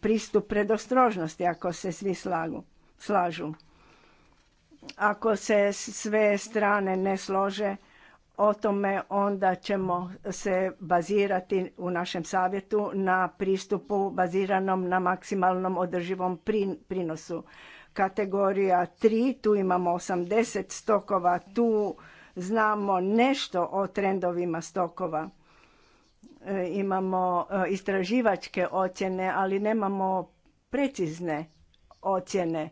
pristup predostrožnosti ako se svi slagu, slažu. Ako se sve strane ne slože o tome, onda ćemo se bazirati u našem savjetu na pristupu baziranom na maksimalnom održivom prinosu. Kategorija 3, tu imamo 80 stokova, tu znamo nešto o trendovima stokova. E, imamo e, istraživačke ocjene, ali nemamo precizne ocjene.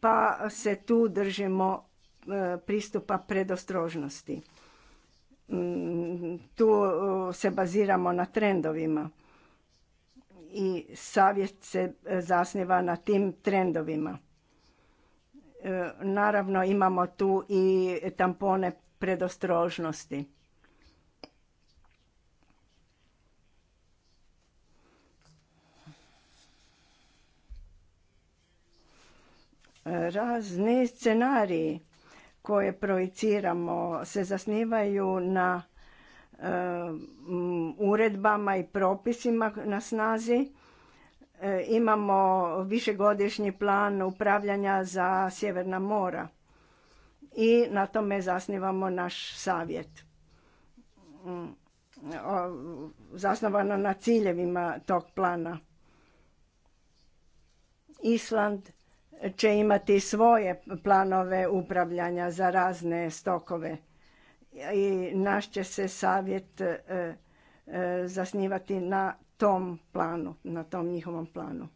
Pa se tu držimo e, pristupa predostrožnosti. Mm, tu se baziramo na trendovima i savjet se zasniva na tim trendovima. Naravno imamo tu i tampone predostrožnosti. Razni scenariji koje projiciramo se zasnivaju na e, uredbama i propisima na snazi E, imamo višegodišnji plan upravljanja za Sjeverna mora i na tome zasnivamo naš savjet. Mm, zasnovano na ciljevima tog plana. Island će imati svoje planove upravljanja za razne stokove i naš će se savjet e, e, zasnivati na tom planu, na tom njihovom planu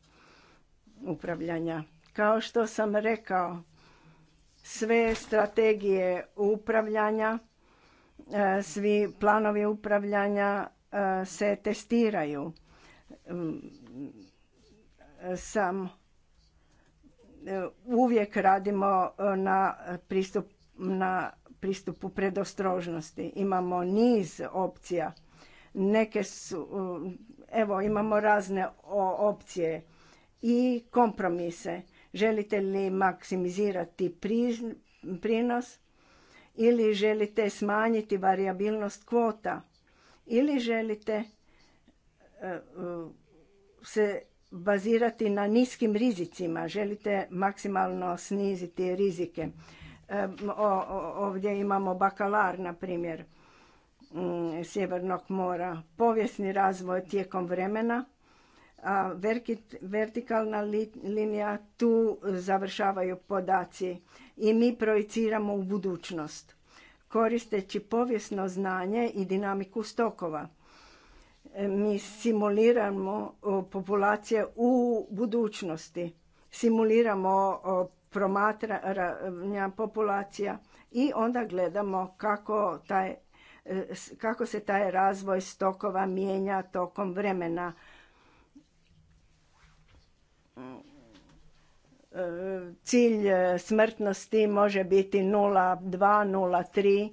upravljanja. Kao što sam rekao, sve strategije upravljanja, e, svi planovi upravljanja e, se testiraju. Mm, sam e, uvijek radimo na pristup na pristupu predostrožnosti. Imamo niz opcija. Neke su Evo, imamo razne opcije i kompromise. Želite li maksimizirati prinos ili želite smanjiti variabilnost kvota ili želite e, se bazirati na niskim rizicima, želite maksimalno sniziti rizike. E, ovdje imamo bakalar, na primjer. Mm, Sjevernog mora, povijesni razvoj tijekom vremena, a vertikalna linija tu završavaju podaci i mi projiciramo u budućnost koristeći povijesno znanje i dinamiku stokova. E, mi simuliramo populacije u budućnosti, simuliramo promatranja populacija i onda gledamo kako taj E, kako se taj razvoj stokova mijenja tokom vremena. E, cilj e, smrtnosti može biti 0,2,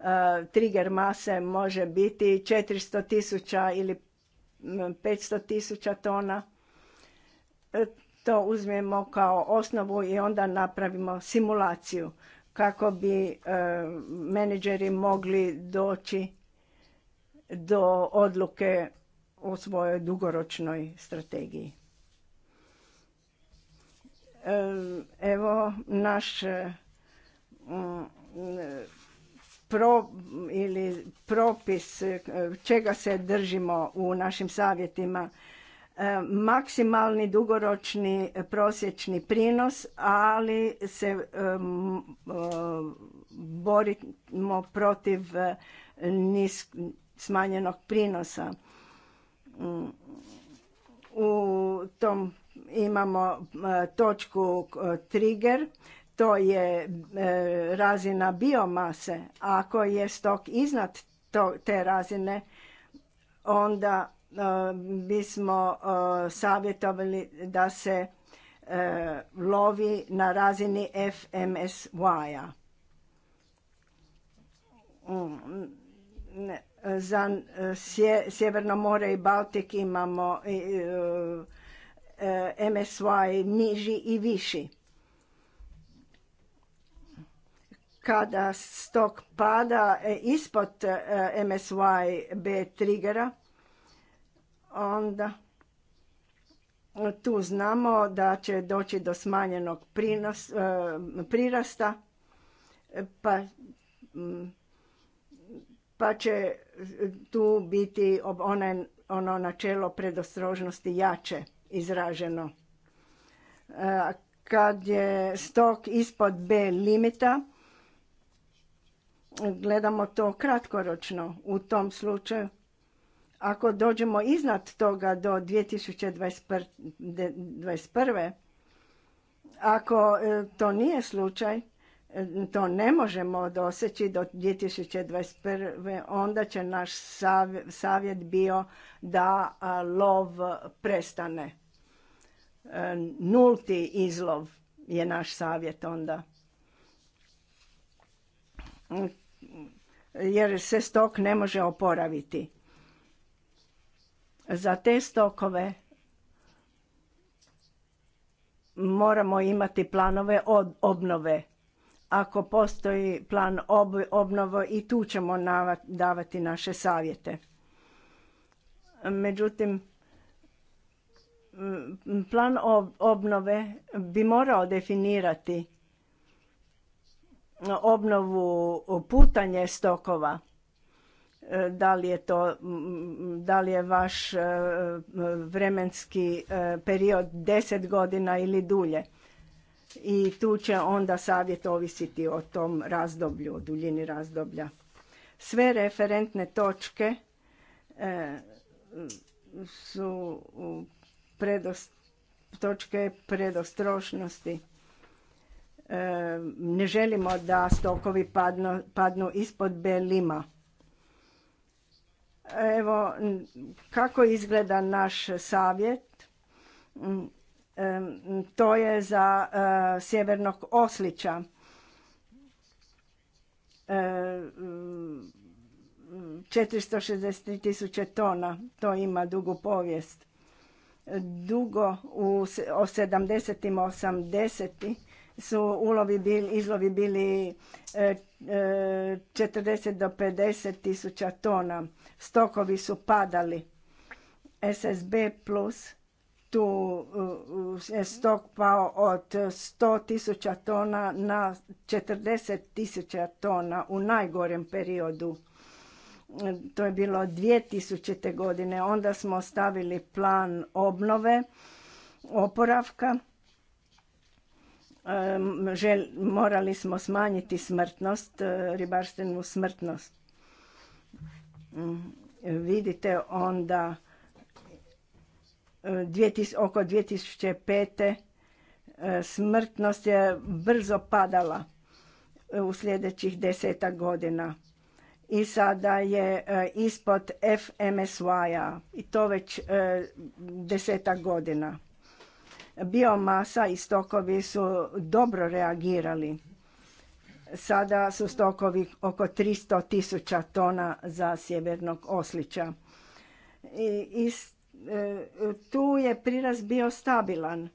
0,3. Trigger mase može biti 400 tisuća ili 500 tisuća tona. To uzmemo kao osnovu i onda napravimo simulaciju kako bi e, menadžeri mogli doći do odluke o svojoj dugoročnoj strategiji. E, evo naš mm, pro ili propis e, čega se držimo u našim savjetima E, maksimalni dugoročni prosječni prinos, ali se e, e, borimo protiv nisk, smanjenog prinosa. Mm, u tom imamo točku trigger, to je razina biomase. Ako je stok iznad te razine, onda bismo eh, eh, savjetovali da se eh, lovi na razini FMSY-a. Mm, za Sjeverno more i Baltik imamo MSY niži i viši. Kada stok pada ispod MSY B trigera onda tu znamo da će doći do smanjenog prinos, e, prirasta pa, mm, pa će tu biti one, ono načelo predostrožnosti jače izraženo. E, kad je stok ispod B limita, gledamo to kratkoročno. U tom slučaju ako dođemo iznad toga do 2021. Ako e, to nije slučaj, e, to ne možemo doseći do 2021. onda će naš savjet bio da lov prestane. E, nulti izlov je naš savjet onda. Jer se stok ne može oporaviti. Za te stokove moramo imati planove od obnove. Ako postoji plan ob obnove i tu ćemo davati naše savjete. Međutim, plan obnove bi morao definirati obnovu putanje stokova E, da li je to, da li je vaš e, vremenski e, period deset godina ili dulje. I tu će onda savjet ovisiti o tom razdoblju, o duljini razdoblja. Sve referentne točke su predost, točke predostrošnosti. Ne želimo da stokovi padnu, padnu ispod belima Evo, kako izgleda naš savjet? Mm, to je za e, sjevernog oslića. E, 463 tisuće tona, to ima dugu povijest. Dugo u 70. 80 su ulovi bili, izlovi bili 40 e, e, do 50 tisuća tona. Stokovi su padali. SSB plus tu je stok pao od 100 tisuća tona na 40 tisuća tona u najgorem periodu. To je bilo 2000. godine. Onda smo stavili plan obnove, oporavka Žel, morali smo smanjiti smrtnost, e, ribarstvenu smrtnost. Mm, vidite onda e, oko 2005. E, smrtnost je brzo padala u sljedećih desetak godina. I sada je ispod FMSY-a i to već desetak godina. Biomasa i stokovi su dobro reagirali. Sada su stokovi oko 300 tisuća tona za sjevernog oslića. I, e, tu je priraz bio stabilan.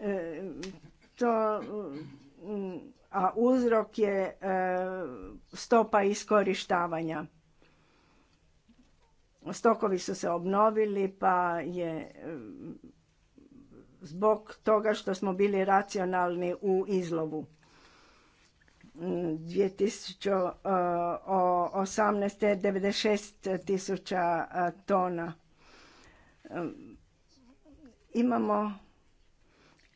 E, to, mm, a uzrok je e, stopa iskorištavanja. Stokovi su se obnovili pa je zbog toga što smo bili racionalni u izlovu. 2018. 96 e, tisuća e, tona. E, imamo,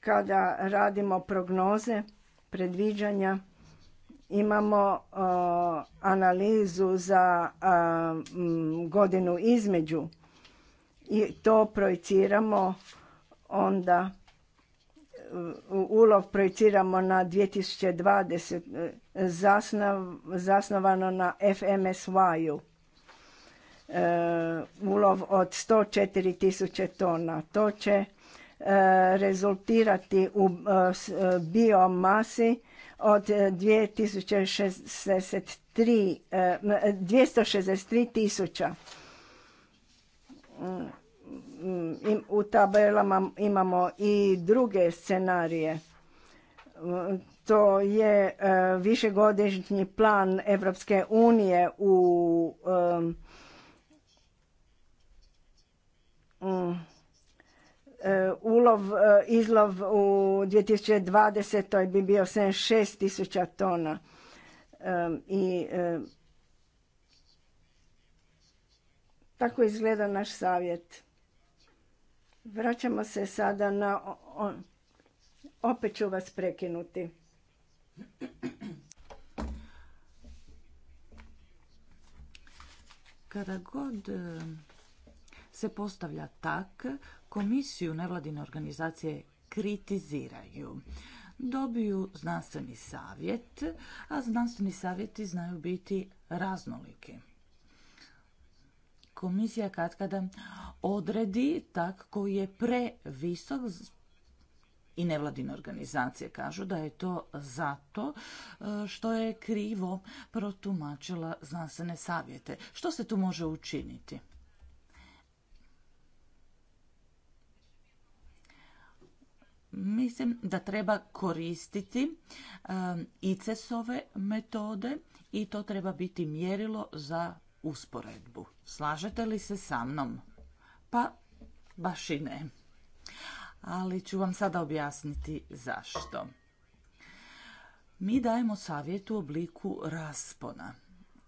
kada radimo prognoze, predviđanja, imamo analizu za godinu između i to projiciramo onda ulov projiciramo na 2020 e, zasnov, zasnovano na FMSY-u. E, ulov od 104 tisuće tona. To će e, rezultirati u e, biomasi od 263 tisuća. Mm, u tabelama imamo i druge scenarije. Mm, to je e, višegodišnji plan Evropske unije u mm, e, ulov, e, izlov u 2020. bi bio 76 tisuća tona i tako izgleda naš savjet. Vraćamo se sada na... Opet ću vas prekinuti. Kada god e, se postavlja tak, komisiju nevladine organizacije kritiziraju. Dobiju znanstveni savjet, a znanstveni savjeti znaju biti raznoliki komisija katkada odredi tak koji je previsok i nevladine organizacije kažu da je to zato e, što je krivo protumačila znanstvene savjete. Što se tu može učiniti? Mislim da treba koristiti e, ICES-ove metode i to treba biti mjerilo za usporedbu. Slažete li se sa mnom? Pa baš i ne. Ali ću vam sada objasniti zašto. Mi dajemo savjet u obliku raspona.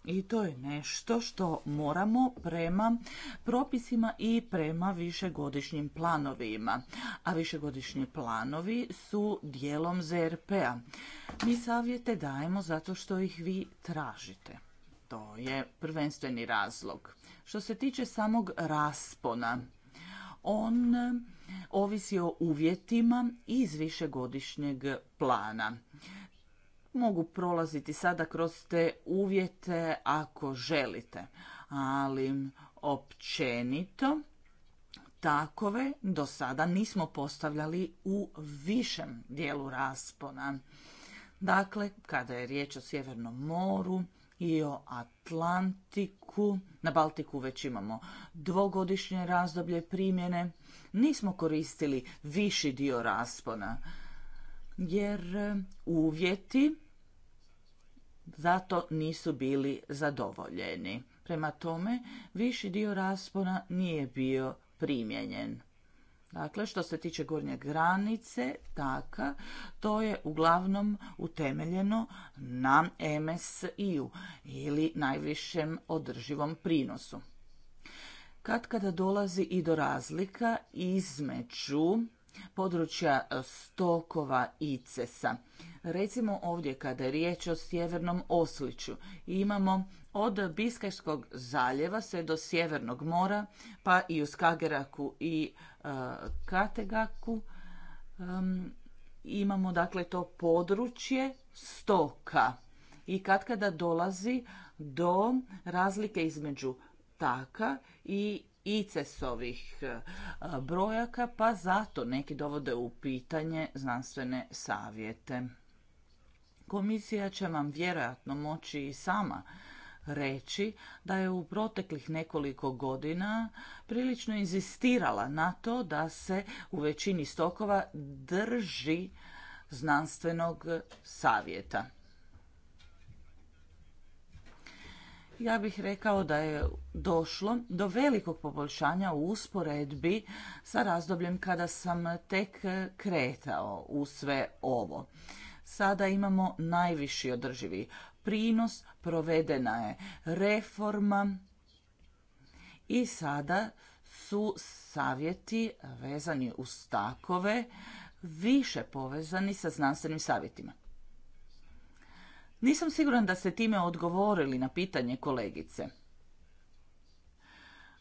I to je nešto što moramo prema propisima i prema višegodišnjim planovima. A višegodišnji planovi su dijelom ZRP-a. Mi savjete dajemo zato što ih vi tražite. To je prvenstveni razlog. Što se tiče samog raspona, on ovisi o uvjetima iz višegodišnjeg plana. Mogu prolaziti sada kroz te uvjete ako želite, ali općenito takove do sada nismo postavljali u višem dijelu raspona. Dakle, kada je riječ o Sjevernom moru, i o Atlantiku. Na Baltiku već imamo dvogodišnje razdoblje primjene. Nismo koristili viši dio raspona jer e, uvjeti zato nisu bili zadovoljeni. Prema tome, viši dio raspona nije bio primijenjen. Dakle, što se tiče gornje granice, taka, to je uglavnom utemeljeno na MSI-u ili najvišem održivom prinosu. Kad kada dolazi i do razlika između područja stokova i cesa. Recimo ovdje kada je riječ o sjevernom Osliću, imamo od Biskajskog zaljeva sve do Sjevernog mora, pa i u Skageraku i e, Kategaku imamo dakle to područje stoka i kad kada dolazi do razlike između taka i icesovih e, brojaka, pa zato neki dovode u pitanje znanstvene savjete. Komisija će vam vjerojatno moći i sama reći da je u proteklih nekoliko godina prilično inzistirala na to da se u većini stokova drži znanstvenog savjeta. Ja bih rekao da je došlo do velikog poboljšanja u usporedbi sa razdobljem kada sam tek kretao u sve ovo sada imamo najviši održivi prinos, provedena je reforma i sada su savjeti vezani uz stakove više povezani sa znanstvenim savjetima. Nisam siguran da ste time odgovorili na pitanje kolegice.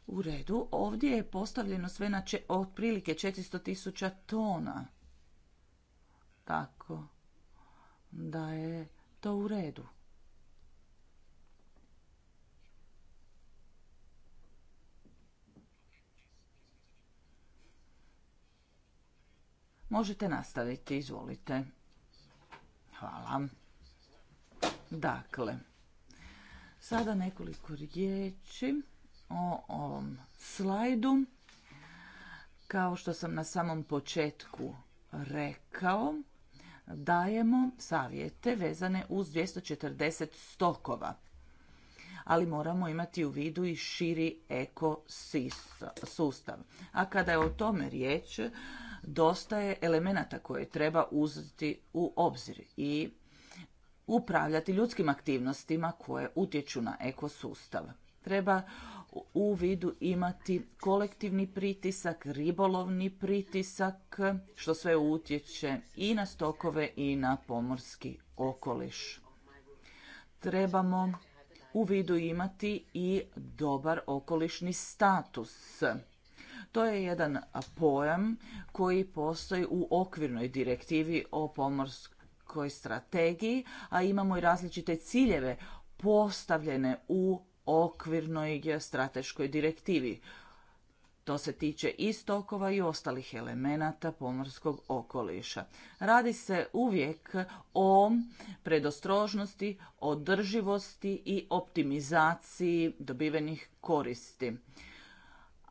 U redu, ovdje je postavljeno sve na otprilike 400.000 tona da je to u redu. Možete nastaviti, izvolite. Hvala. Dakle, sada nekoliko riječi o ovom slajdu. Kao što sam na samom početku rekao, dajemo savjete vezane uz 240 stokova. Ali moramo imati u vidu i širi eko sustav. A kada je o tome riječ, dosta je elemenata koje treba uzeti u obzir i upravljati ljudskim aktivnostima koje utječu na ekosustav. Treba u vidu imati kolektivni pritisak, ribolovni pritisak, što sve utječe i na stokove i na pomorski okoliš. Trebamo u vidu imati i dobar okolišni status. To je jedan pojam koji postoji u okvirnoj direktivi o pomorskoj strategiji, a imamo i različite ciljeve postavljene u okvirnoj strateškoj direktivi. To se tiče i stokova i ostalih elemenata pomorskog okoliša. Radi se uvijek o predostrožnosti, održivosti i optimizaciji dobivenih koristi.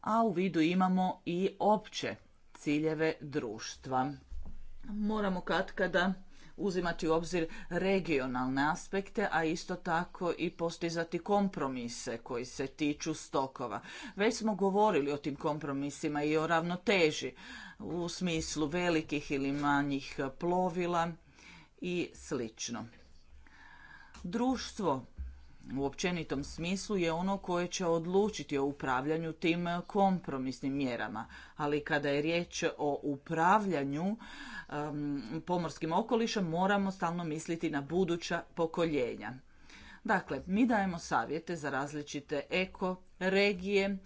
A u vidu imamo i opće ciljeve društva. Moramo katkada uzimati u obzir regionalne aspekte, a isto tako i postizati kompromise koji se tiču stokova. Već smo govorili o tim kompromisima i o ravnoteži u smislu velikih ili manjih plovila i slično. Društvo u općenitom smislu je ono koje će odlučiti o upravljanju tim kompromisnim mjerama. Ali kada je riječ o upravljanju pomorskim okolišem moramo stalno misliti na buduća pokoljenja. Dakle, mi dajemo savjete za različite eko regije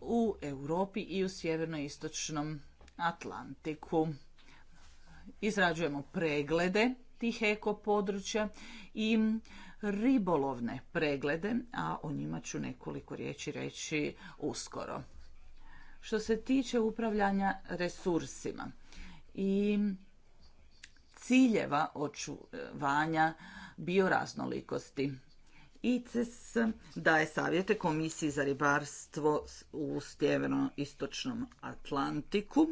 u Europi i u sjeverno-istočnom Atlantiku. Izrađujemo preglede tih ekopodručja i ribolovne preglede, a o njima ću nekoliko riječi reći uskoro. Što se tiče upravljanja resursima i ciljeva očuvanja bioraznolikosti, ICES daje savjete Komisiji za ribarstvo u Sjeverno-istočnom Atlantiku.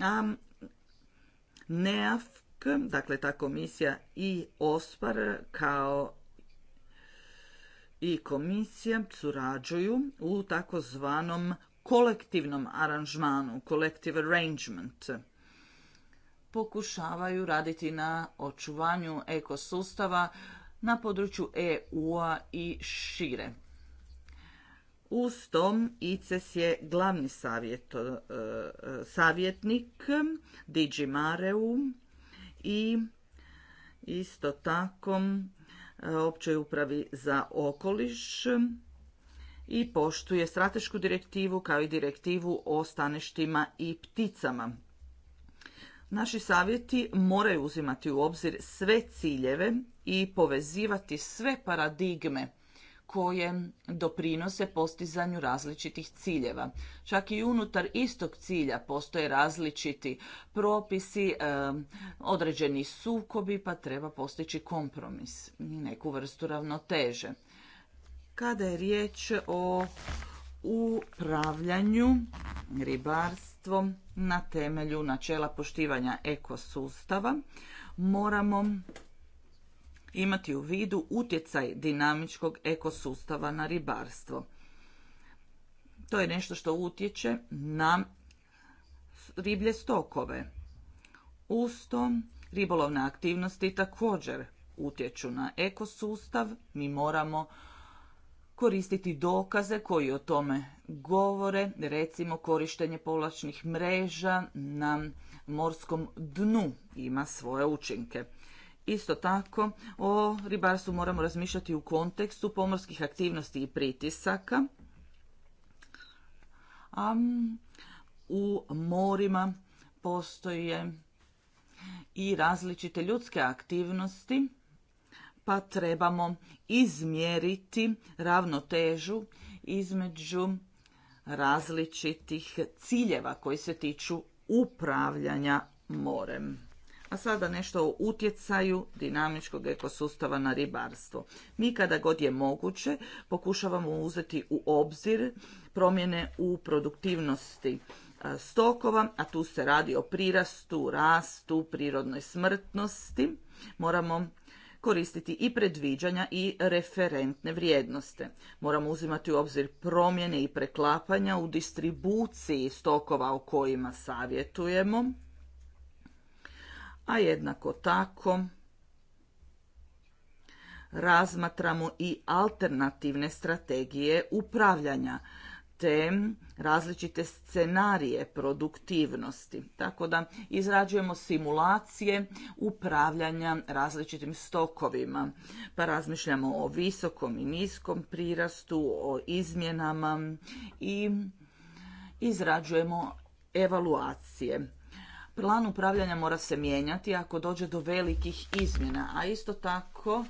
A NEAF dakle ta komisija i OSPAR kao i komisija surađuju u takozvanom kolektivnom aranžmanu, collective arrangement. Pokušavaju raditi na očuvanju ekosustava na području EU-a i šire. Uz tom ICES je glavni savjet, e, e, savjetnik Digimareu i isto tako e, općoj upravi za okoliš i poštuje stratešku direktivu kao i direktivu o staništima i pticama. Naši savjeti moraju uzimati u obzir sve ciljeve i povezivati sve paradigme koje doprinose postizanju različitih ciljeva. Čak i unutar istog cilja postoje različiti propisi, e, određeni sukobi, pa treba postići kompromis, neku vrstu ravnoteže. Kada je riječ o upravljanju ribarstvom na temelju načela poštivanja ekosustava, moramo imati u vidu utjecaj dinamičkog ekosustava na ribarstvo. To je nešto što utječe na riblje stokove. Uz to, ribolovne aktivnosti također utječu na ekosustav. Mi moramo koristiti dokaze koji o tome govore, recimo korištenje povlačnih mreža na morskom dnu ima svoje učinke. Isto tako, o ribarstvu moramo razmišljati u kontekstu pomorskih aktivnosti i pritisaka. A u morima postoje i različite ljudske aktivnosti, pa trebamo izmjeriti ravnotežu između različitih ciljeva koji se tiču upravljanja morem. A sada nešto o utjecaju dinamičkog ekosustava na ribarstvo. Mi kada god je moguće pokušavamo uzeti u obzir promjene u produktivnosti e, stokova, a tu se radi o prirastu, rastu, prirodnoj smrtnosti. Moramo koristiti i predviđanja i referentne vrijednosti. Moramo uzimati u obzir promjene i preklapanja u distribuciji stokova o kojima savjetujemo a jednako tako razmatramo i alternativne strategije upravljanja te različite scenarije produktivnosti. Tako da izrađujemo simulacije upravljanja različitim stokovima. Pa razmišljamo o visokom i niskom prirastu, o izmjenama i izrađujemo evaluacije. Plan upravljanja mora se mijenjati ako dođe do velikih izmjena, a isto tako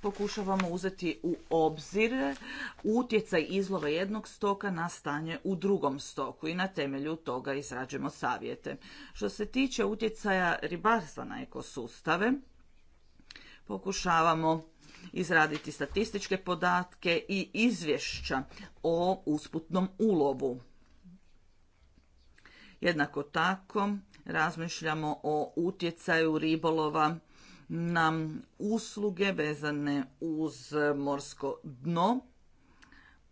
pokušavamo uzeti u obzir utjecaj izlova jednog stoka na stanje u drugom stoku i na temelju toga izrađujemo savjete. Što se tiče utjecaja ribarstva na ekosustave, pokušavamo izraditi statističke podatke i izvješća o usputnom ulovu. Jednako tako razmišljamo o utjecaju ribolova na usluge vezane uz morsko dno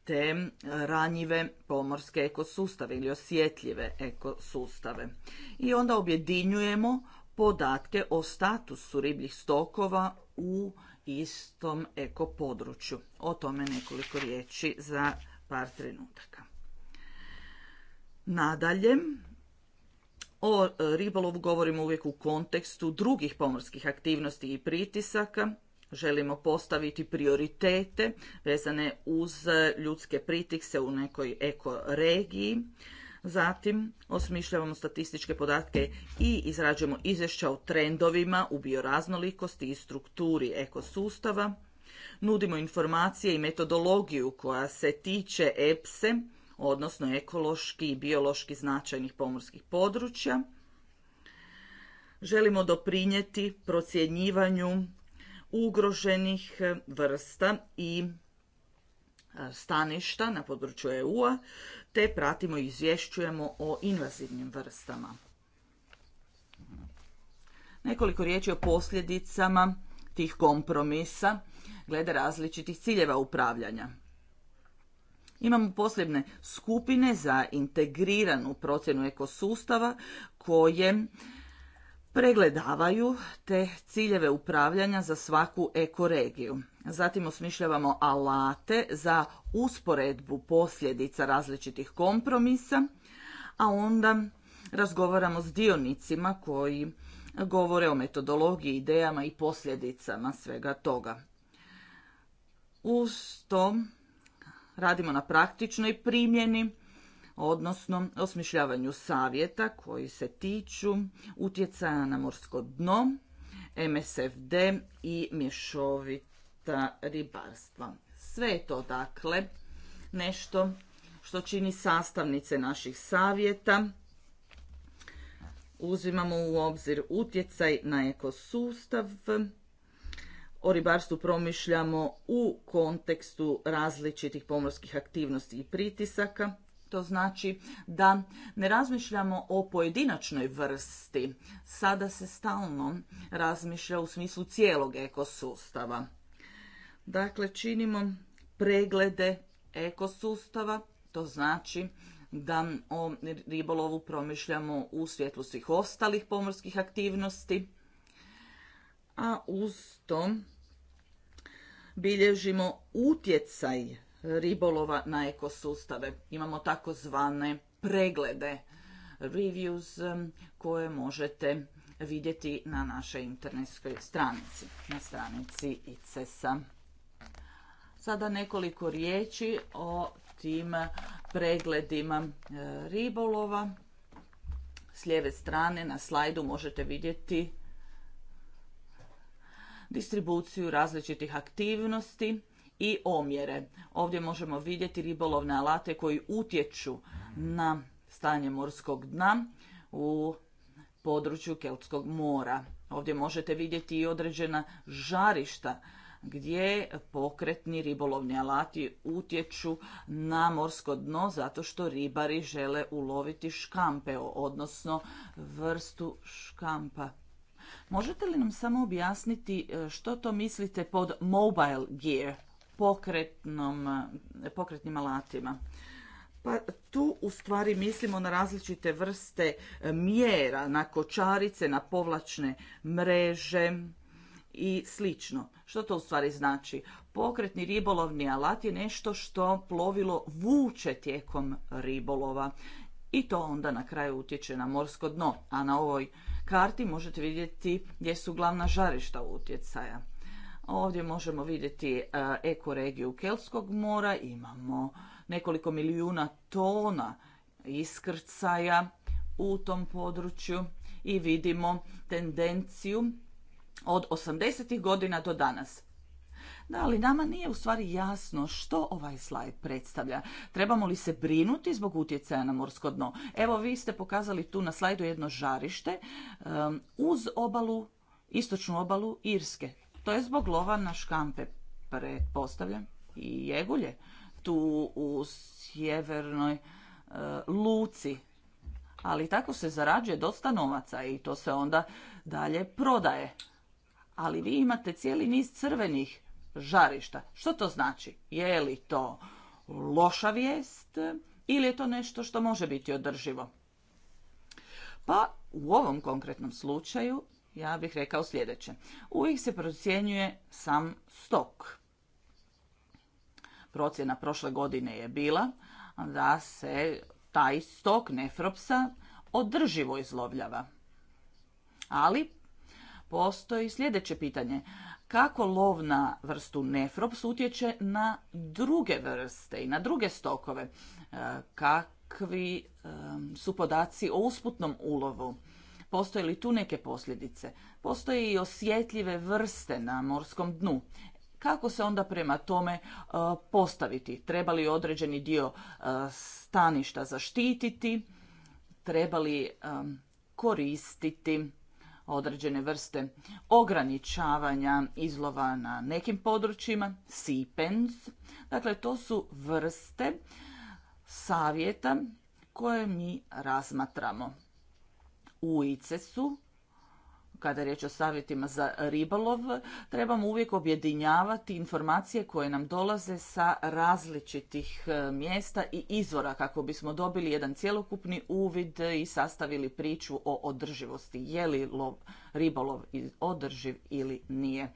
te ranjive pomorske ekosustave ili osjetljive ekosustave. I onda objedinjujemo podatke o statusu ribljih stokova u istom ekopodručju. O tome nekoliko riječi za par trenutaka. Nadalje, o e, ribolovu govorimo uvijek u kontekstu drugih pomorskih aktivnosti i pritisaka. Želimo postaviti prioritete vezane uz e, ljudske pritikse u nekoj ekoregiji. Zatim osmišljavamo statističke podatke i izrađujemo izvješća o trendovima u bioraznolikosti i strukturi ekosustava. Nudimo informacije i metodologiju koja se tiče EPSE, odnosno ekološki i biološki značajnih pomorskih područja. Želimo doprinijeti procjenjivanju ugroženih vrsta i e, staništa na području EU-a, te pratimo i izvješćujemo o invazivnim vrstama. Nekoliko riječi o posljedicama tih kompromisa glede različitih ciljeva upravljanja. Imamo posebne skupine za integriranu procjenu ekosustava koje pregledavaju te ciljeve upravljanja za svaku ekoregiju. Zatim osmišljavamo alate za usporedbu posljedica različitih kompromisa, a onda razgovaramo s dionicima koji govore o metodologiji, idejama i posljedicama svega toga. Uz to radimo na praktičnoj primjeni, odnosno osmišljavanju savjeta koji se tiču utjecaja na morsko dno, MSFD i mješovita ribarstva. Sve je to dakle nešto što čini sastavnice naših savjeta. Uzimamo u obzir utjecaj na ekosustav, o ribarstvu promišljamo u kontekstu različitih pomorskih aktivnosti i pritisaka. To znači da ne razmišljamo o pojedinačnoj vrsti. Sada se stalno razmišlja u smislu cijelog ekosustava. Dakle, činimo preglede ekosustava, to znači da o ribolovu promišljamo u svjetlu svih ostalih pomorskih aktivnosti, a uz to bilježimo utjecaj ribolova na ekosustave. Imamo takozvane preglede, reviews, um, koje možete vidjeti na našoj internetskoj stranici, na stranici ICES-a. Sada nekoliko riječi o tim pregledima uh, ribolova. S lijeve strane na slajdu možete vidjeti distribuciju različitih aktivnosti i omjere. Ovdje možemo vidjeti ribolovne alate koji utječu na stanje morskog dna u području Keltskog mora. Ovdje možete vidjeti i određena žarišta gdje pokretni ribolovni alati utječu na morsko dno zato što ribari žele uloviti škampe, odnosno vrstu škampa. Možete li nam samo objasniti e, što to mislite pod mobile gear, pokretnom, e, pokretnim alatima? Pa tu u stvari mislimo na različite vrste e, mjera, na kočarice, na povlačne mreže i slično. Što to u stvari znači? Pokretni ribolovni alat je nešto što plovilo vuče tijekom ribolova i to onda na kraju utječe na morsko dno, a na ovoj karti možete vidjeti gdje su glavna žarišta utjecaja. Ovdje možemo vidjeti e, ekoregiju Kelskog mora, imamo nekoliko milijuna tona iskrcaja u tom području i vidimo tendenciju od 80. godina do danas. Da, ali nama nije u stvari jasno što ovaj slajd predstavlja. Trebamo li se brinuti zbog utjecaja na morsko dno? Evo vi ste pokazali tu na slajdu jedno žarište uz obalu, istočnu obalu Irske. To je zbog lova na škampe, pretpostavljam, i jegulje tu u sjevernoj eh, luci ali tako se zarađuje dosta novaca i to se onda dalje prodaje. Ali vi imate cijeli niz crvenih žarišta. Što to znači? Je li to loša vijest ili je to nešto što može biti održivo? Pa u ovom konkretnom slučaju ja bih rekao sljedeće. Uvijek se procjenjuje sam stok. Procjena prošle godine je bila da se taj stok nefropsa održivo izlovljava. Ali postoji sljedeće pitanje kako lov na vrstu nefrops utječe na druge vrste i na druge stokove, e, kakvi e, su podaci o usputnom ulovu, postoje li tu neke posljedice, postoje i osjetljive vrste na morskom dnu. Kako se onda prema tome e, postaviti? Treba li određeni dio staništa zaštititi? Treba li koristiti određene vrste ograničavanja izlova na nekim područjima, sipens. Dakle, to su vrste savjeta koje mi razmatramo. U su kada je riječ o savjetima za ribolov, trebamo uvijek objedinjavati informacije koje nam dolaze sa različitih e, mjesta i izvora kako bismo dobili jedan cjelokupni uvid i sastavili priču o održivosti. Je li lov, ribolov održiv ili nije?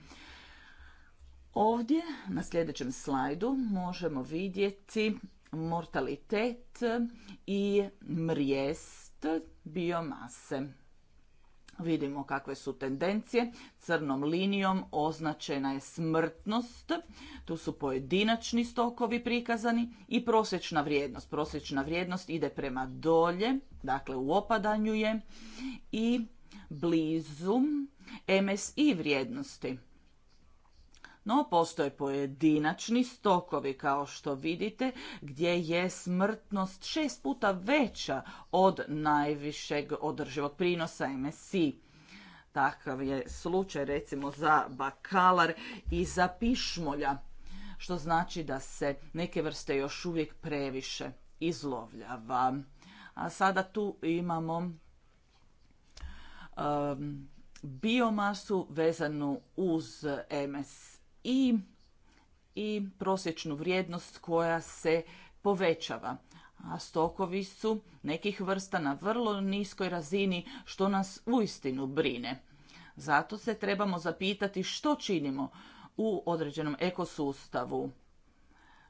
Ovdje na sljedećem slajdu možemo vidjeti mortalitet i mrijest biomase. Vidimo kakve su tendencije. Crnom linijom označena je smrtnost. Tu su pojedinačni stokovi prikazani i prosječna vrijednost. Prosječna vrijednost ide prema dolje, dakle u opadanju je i blizu MSI vrijednosti. No, postoje pojedinačni stokovi, kao što vidite, gdje je smrtnost šest puta veća od najvišeg održivog prinosa MSI. Takav je slučaj recimo za bakalar i za pišmolja, što znači da se neke vrste još uvijek previše izlovljava. A sada tu imamo biomasu vezanu uz MSI i, i prosječnu vrijednost koja se povećava. A stokovi su nekih vrsta na vrlo niskoj razini što nas uistinu brine. Zato se trebamo zapitati što činimo u određenom ekosustavu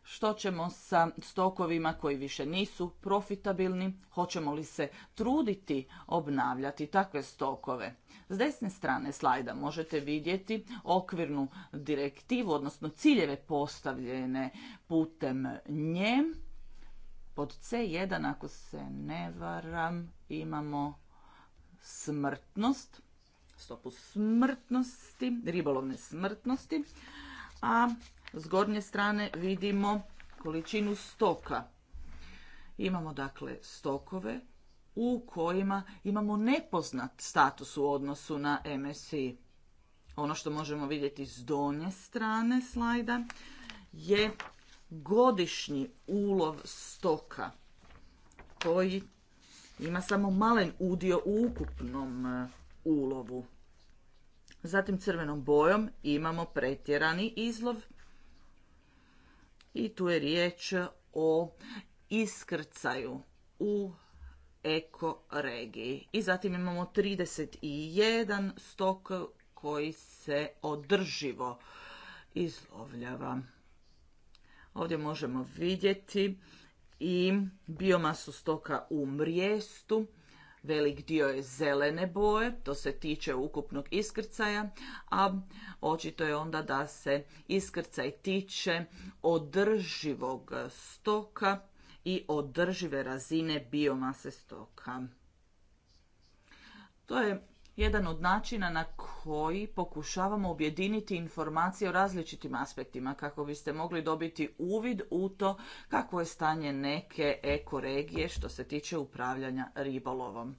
što ćemo sa stokovima koji više nisu profitabilni? Hoćemo li se truditi obnavljati takve stokove? S desne strane slajda možete vidjeti okvirnu direktivu, odnosno ciljeve postavljene putem nje. Pod C1, ako se ne varam, imamo smrtnost, stopu smrtnosti, ribolovne smrtnosti, a s gornje strane vidimo količinu stoka. Imamo dakle stokove u kojima imamo nepoznat status u odnosu na MSI. Ono što možemo vidjeti s donje strane slajda je godišnji ulov stoka koji ima samo malen udio u ukupnom e, ulovu. Zatim crvenom bojom imamo pretjerani izlov i tu je riječ o iskrcaju u ekoregiji. I zatim imamo 31 stok koji se održivo izlovljava. Ovdje možemo vidjeti i biomasu stoka u mrijestu velik dio je zelene boje, to se tiče ukupnog iskrcaja, a očito je onda da se iskrcaj tiče održivog stoka i održive razine biomase stoka. To je jedan od načina na koji pokušavamo objediniti informacije o različitim aspektima kako biste mogli dobiti uvid u to kakvo je stanje neke ekoregije što se tiče upravljanja ribolovom.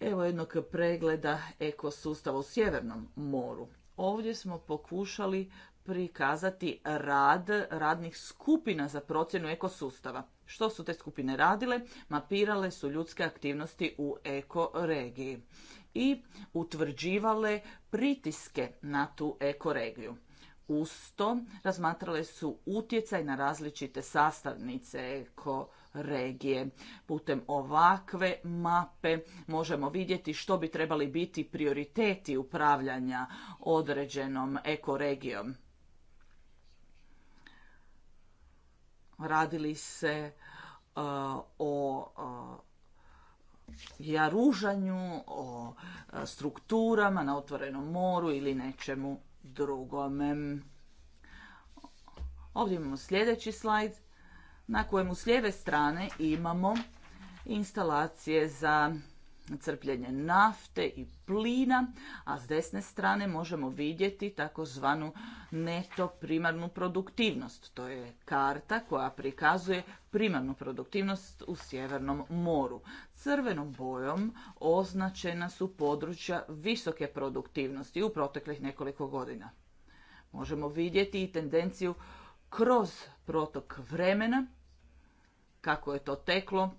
Evo jednog pregleda ekosustava u Sjevernom moru. Ovdje smo pokušali prikazati rad radnih skupina za procjenu ekosustava. Što su te skupine radile? Mapirale su ljudske aktivnosti u ekoregiji i utvrđivale pritiske na tu ekoregiju. Uz to razmatrale su utjecaj na različite sastavnice ekoregije. Putem ovakve mape možemo vidjeti što bi trebali biti prioriteti upravljanja određenom ekoregijom. Radili se uh, o uh, jaružanju, o e, strukturama na otvorenom moru ili nečemu drugome. Ovdje imamo sljedeći slajd na kojemu s lijeve strane imamo instalacije za crpljenje nafte i plina, a s desne strane možemo vidjeti takozvanu neto primarnu produktivnost. To je karta koja prikazuje primarnu produktivnost u Sjevernom moru. Crvenom bojom označena su područja visoke produktivnosti u proteklih nekoliko godina. Možemo vidjeti i tendenciju kroz protok vremena, kako je to teklo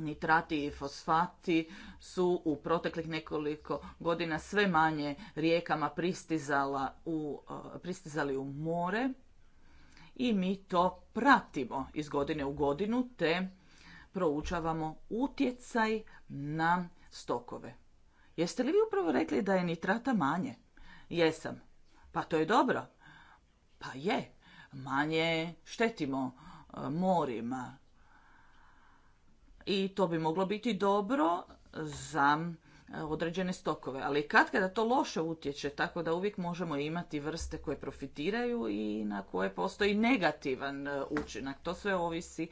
Nitrati i fosfati su u proteklih nekoliko godina sve manje rijekama pristizala u, e, pristizali u more i mi to pratimo iz godine u godinu te proučavamo utjecaj na stokove. Jeste li vi upravo rekli da je nitrata manje? Jesam. Pa to je dobro. Pa je. Manje štetimo e, morima, i to bi moglo biti dobro za e, određene stokove. Ali kad kada to loše utječe, tako da uvijek možemo imati vrste koje profitiraju i na koje postoji negativan e, učinak. To sve ovisi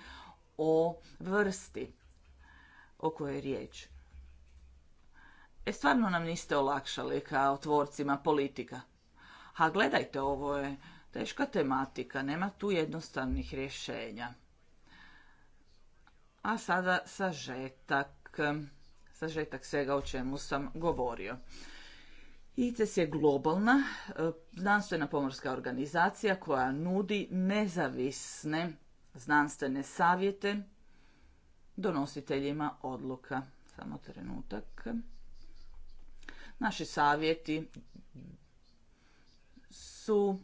o vrsti o kojoj je riječ. E, stvarno nam niste olakšali kao tvorcima politika. A gledajte, ovo je teška tematika, nema tu jednostavnih rješenja. A sada sažetak, sažetak svega o čemu sam govorio. ICES je globalna e, znanstvena pomorska organizacija koja nudi nezavisne znanstvene savjete donositeljima odluka. Samo trenutak. Naši savjeti su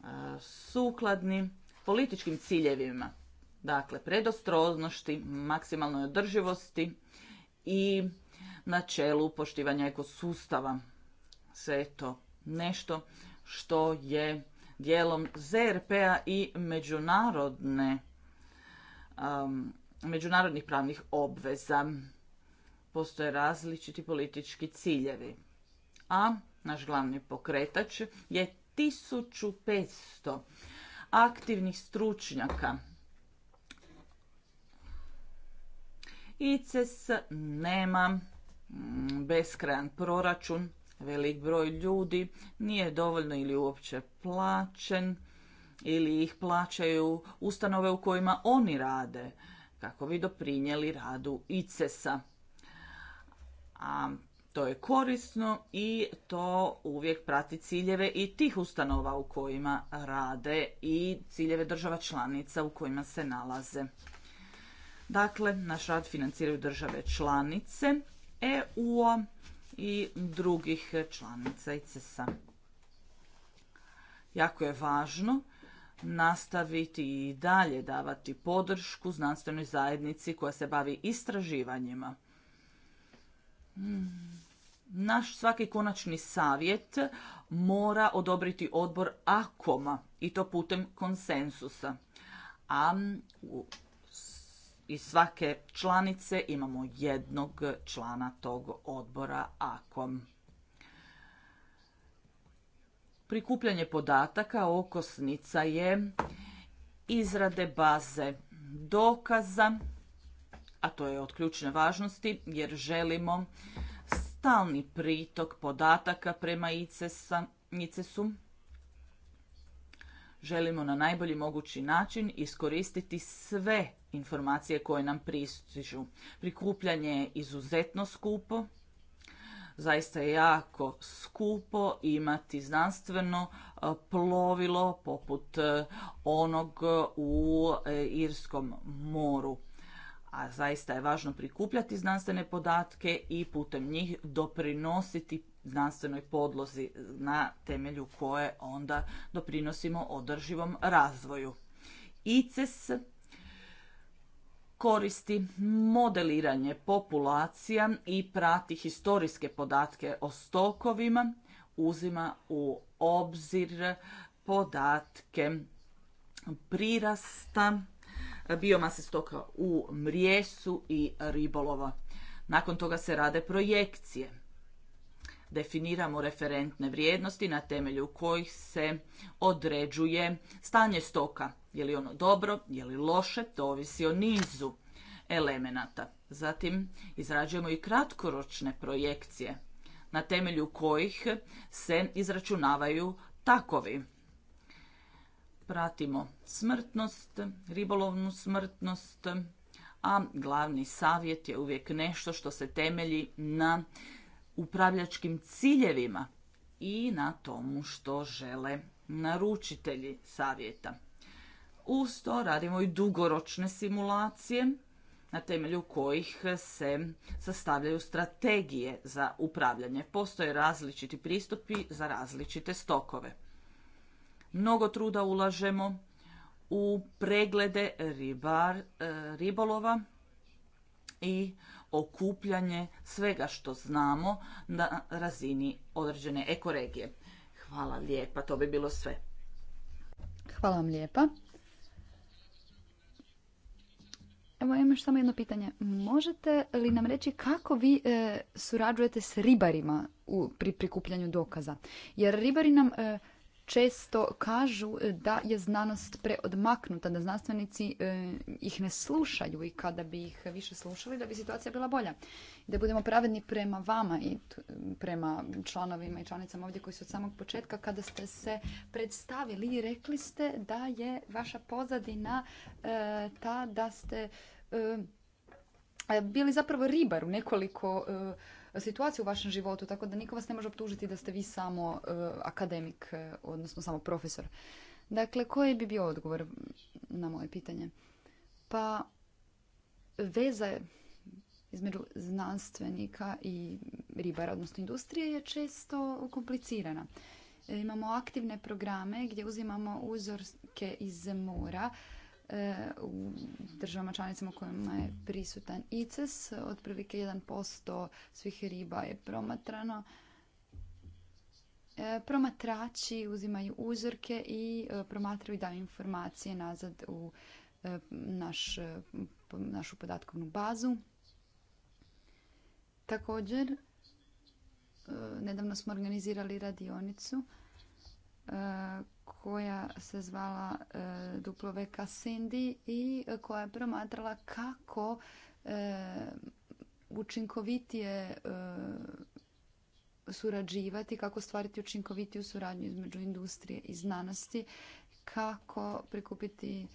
e, sukladni političkim ciljevima Dakle, predostroznosti, maksimalnoj održivosti i načelu poštivanja ekosustava. Sve je to nešto što je dijelom ZRP-a i međunarodne, um, međunarodnih pravnih obveza. Postoje različiti politički ciljevi. A naš glavni pokretač je 1500 aktivnih stručnjaka ICES nema mm, beskrajan proračun, velik broj ljudi nije dovoljno ili uopće plaćen ili ih plaćaju ustanove u kojima oni rade kako bi doprinijeli radu ices A to je korisno i to uvijek prati ciljeve i tih ustanova u kojima rade i ciljeve država članica u kojima se nalaze. Dakle, naš rad financiraju države članice eu i drugih članica ICES-a. Jako je važno nastaviti i dalje davati podršku znanstvenoj zajednici koja se bavi istraživanjima. Naš svaki konačni savjet mora odobriti odbor akoma i to putem konsensusa. A iz svake članice imamo jednog člana tog odbora AKOM. Prikupljanje podataka okosnica je izrade baze dokaza, a to je od ključne važnosti jer želimo stalni pritok podataka prema ICES-u. Želimo na najbolji mogući način iskoristiti sve informacije koje nam pristižu. Prikupljanje je izuzetno skupo, zaista je jako skupo imati znanstveno plovilo poput onog u e, Irskom moru. A zaista je važno prikupljati znanstvene podatke i putem njih doprinositi znanstvenoj podlozi na temelju koje onda doprinosimo održivom razvoju. ICES koristi modeliranje populacija i prati historijske podatke o stokovima, uzima u obzir podatke prirasta, biomase stoka u mrijesu i ribolova. Nakon toga se rade projekcije. Definiramo referentne vrijednosti na temelju kojih se određuje stanje stoka. Je li ono dobro, je li loše, to ovisi o nizu elemenata. Zatim izrađujemo i kratkoročne projekcije na temelju kojih se izračunavaju takovi. Pratimo smrtnost, ribolovnu smrtnost, a glavni savjet je uvijek nešto što se temelji na upravljačkim ciljevima i na tomu što žele naručitelji savjeta. Uz to radimo i dugoročne simulacije na temelju kojih se sastavljaju strategije za upravljanje. Postoje različiti pristupi za različite stokove. Mnogo truda ulažemo u preglede ribar, e, ribolova i okupljanje svega što znamo na razini određene ekoregije. Hvala lijepa, to bi bilo sve. Hvala vam lijepa. Evo imam još samo jedno pitanje. Možete li nam reći kako vi e, surađujete s ribarima u, pri prikupljanju dokaza? Jer ribari nam e, često kažu e, da je znanost preodmaknuta, da znanstvenici e, ih ne slušaju i kada bi ih više slušali da bi situacija bila bolja. Da budemo pravedni prema vama i prema članovima i članicama ovdje koji su od samog početka kada ste se predstavili i rekli ste da je vaša pozadina e, ta da ste bili zapravo ribar u nekoliko situaciju u vašem životu, tako da niko vas ne može optužiti da ste vi samo eh, akademik, eh, odnosno samo profesor. Dakle, koji bi bio odgovor na moje pitanje? Pa, veza između znanstvenika i ribara, odnosno industrije, je često komplicirana. Eh, imamo aktivne programe gdje uzimamo uzorke iz mora E, u državama članicama u kojima je prisutan ICES. Otprilike 1% svih riba je promatrano. E, promatrači uzimaju uzorke i e, promatraju i daju informacije nazad u naš, našu podatkovnu bazu. Također, nedavno smo organizirali radionicu koja se zvala e, Duplo Cindy i koja je promatrala kako e, učinkovitije e, surađivati, kako stvariti učinkovitiju suradnju između industrije i znanosti, kako prikupiti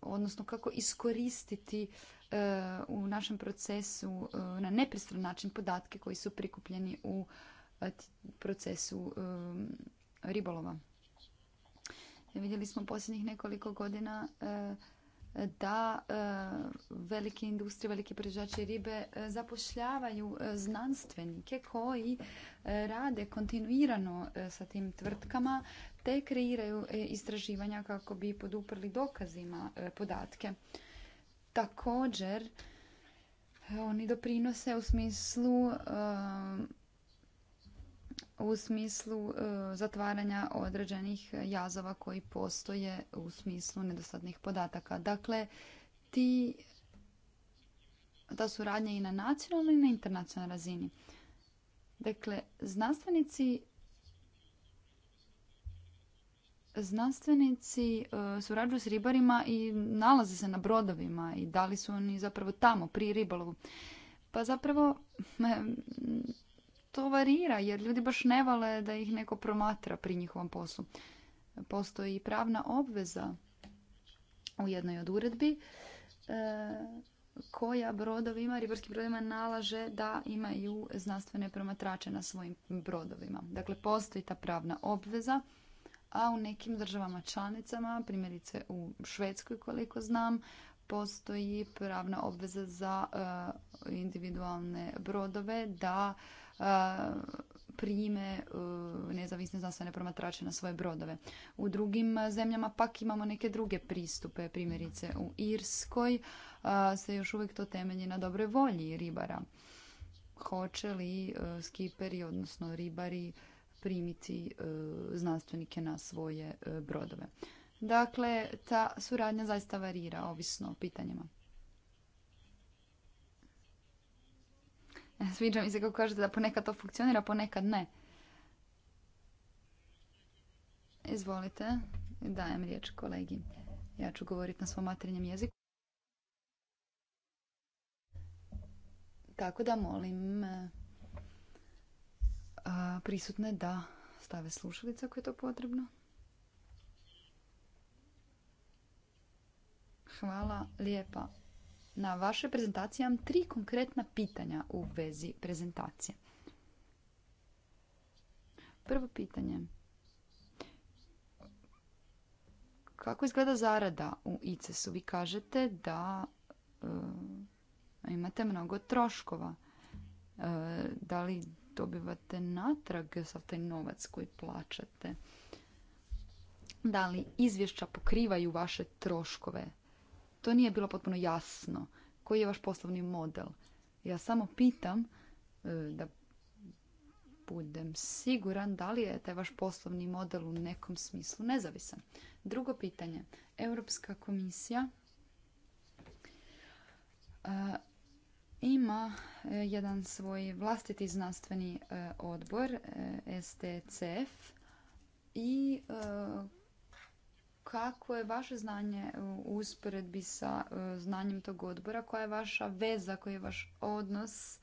odnosno kako iskoristiti u našem procesu na nepristran način podatke koji su prikupljeni u procesu ribolova. E, vidjeli smo posljednjih nekoliko godina e, da e, velike industrije, veliki proizvođači ribe zapošljavaju znanstvenike koji rade kontinuirano sa tim tvrtkama te kreiraju istraživanja kako bi poduprli dokazima podatke. Također, oni doprinose u smislu u smislu e, zatvaranja određenih jazova koji postoje u smislu nedostatnih podataka. Dakle, ti, ta suradnja i na nacionalnoj i na internacionalnoj razini. Dakle, znanstvenici znanstvenici e, surađuju s ribarima i nalaze se na brodovima i da li su oni zapravo tamo pri ribolovu. Pa zapravo to varira jer ljudi baš ne vale da ih neko promatra pri njihovom poslu. Postoji pravna obveza u jednoj od uredbi e, koja brodovima, ribarskim brodovima nalaže da imaju znanstvene promatrače na svojim brodovima. Dakle, postoji ta pravna obveza, a u nekim državama članicama, primjerice u Švedskoj koliko znam, postoji pravna obveza za e, individualne brodove da prime e, nezavisne znanstvene promatrače na svoje brodove. U drugim e, zemljama pak imamo neke druge pristupe, primjerice u Irskoj se još uvijek to temelji na dobroj volji ribara. Hoće li e, skiperi, odnosno ribari, primiti znanstvenike na svoje brodove? Dakle, ta suradnja zaista varira, ovisno o pitanjima. Sviđa mi se kako kažete da ponekad to funkcionira, ponekad ne. Izvolite, dajem riječ kolegi. Ja ću govoriti na svom materinjem jeziku. Tako da molim e, prisutne da stave slušalice ako je to potrebno. Hvala lijepa na vašoj prezentaciji imam tri konkretna pitanja u vezi prezentacije. Prvo pitanje. Kako izgleda zarada u ICES-u? Vi kažete da e, imate mnogo troškova. E, da li dobivate natrag sa taj novac koji plaćate? Da li izvješća pokrivaju vaše troškove? To nije bilo potpuno jasno. Koji je vaš poslovni model? Ja samo pitam e, da budem siguran da li je taj vaš poslovni model u nekom smislu nezavisan. Drugo pitanje. Europska komisija e, ima e, jedan svoj vlastiti znanstveni odbor STCF i kako je vaše znanje u usporedbi sa e, znanjem tog odbora, koja je vaša veza, koji je vaš odnos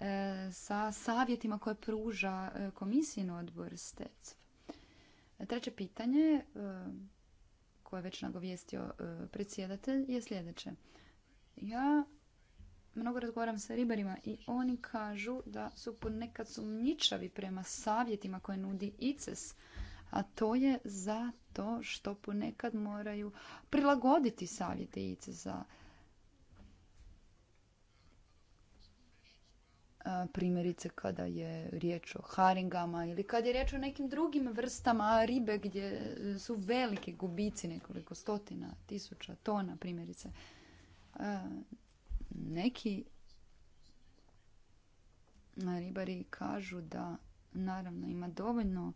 e, sa savjetima koje pruža e, komisijin odbor STEC. Treće pitanje koje je već nagovijestio predsjedatelj je sljedeće. Ja mnogo razgovaram sa ribarima i oni kažu da su ponekad sumničavi prema savjetima koje nudi ICES a to je zato što ponekad moraju prilagoditi savjete za primjerice kada je riječ o haringama ili kad je riječ o nekim drugim vrstama ribe gdje su velike gubici nekoliko stotina tisuća tona primjerice neki ribari kažu da naravno ima dovoljno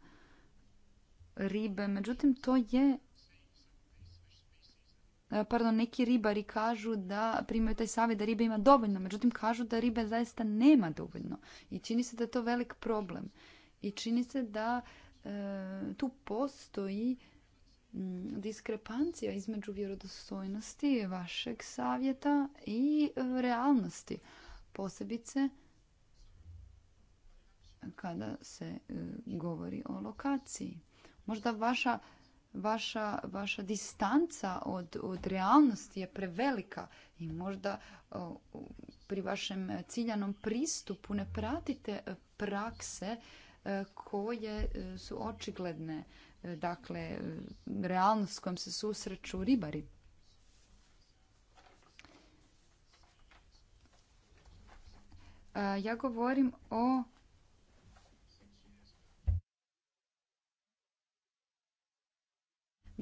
ribe, međutim to je e, pardon, neki ribari kažu da primaju taj savjet da ribe ima dovoljno, međutim kažu da ribe zaista nema dovoljno. I čini se da je to velik problem. I čini se da e, tu postoji mm, diskrepancija između vjerodostojnosti vašeg savjeta i e, realnosti. Posebice kada se govori o lokaciji. Možda vaša, vaša, vaša distanca od, od realnosti je prevelika i možda pri vašem ciljanom pristupu ne pratite prakse e, koje e, su očigledne, e, dakle, realnost s kojom se susreću ribari. Ja govorim o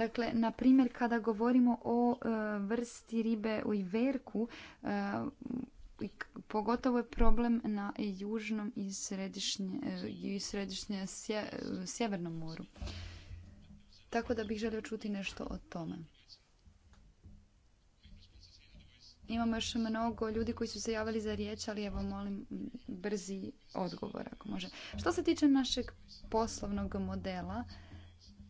Dakle, na primjer, kada govorimo o e, vrsti ribe u Iverku, e, pogotovo je problem na južnom i Središnjem e, i središnje sje, sjevernom moru. Tako da bih želio čuti nešto o tome. Imamo još mnogo ljudi koji su se javili za riječ, ali evo molim brzi odgovor ako može. Što se tiče našeg poslovnog modela,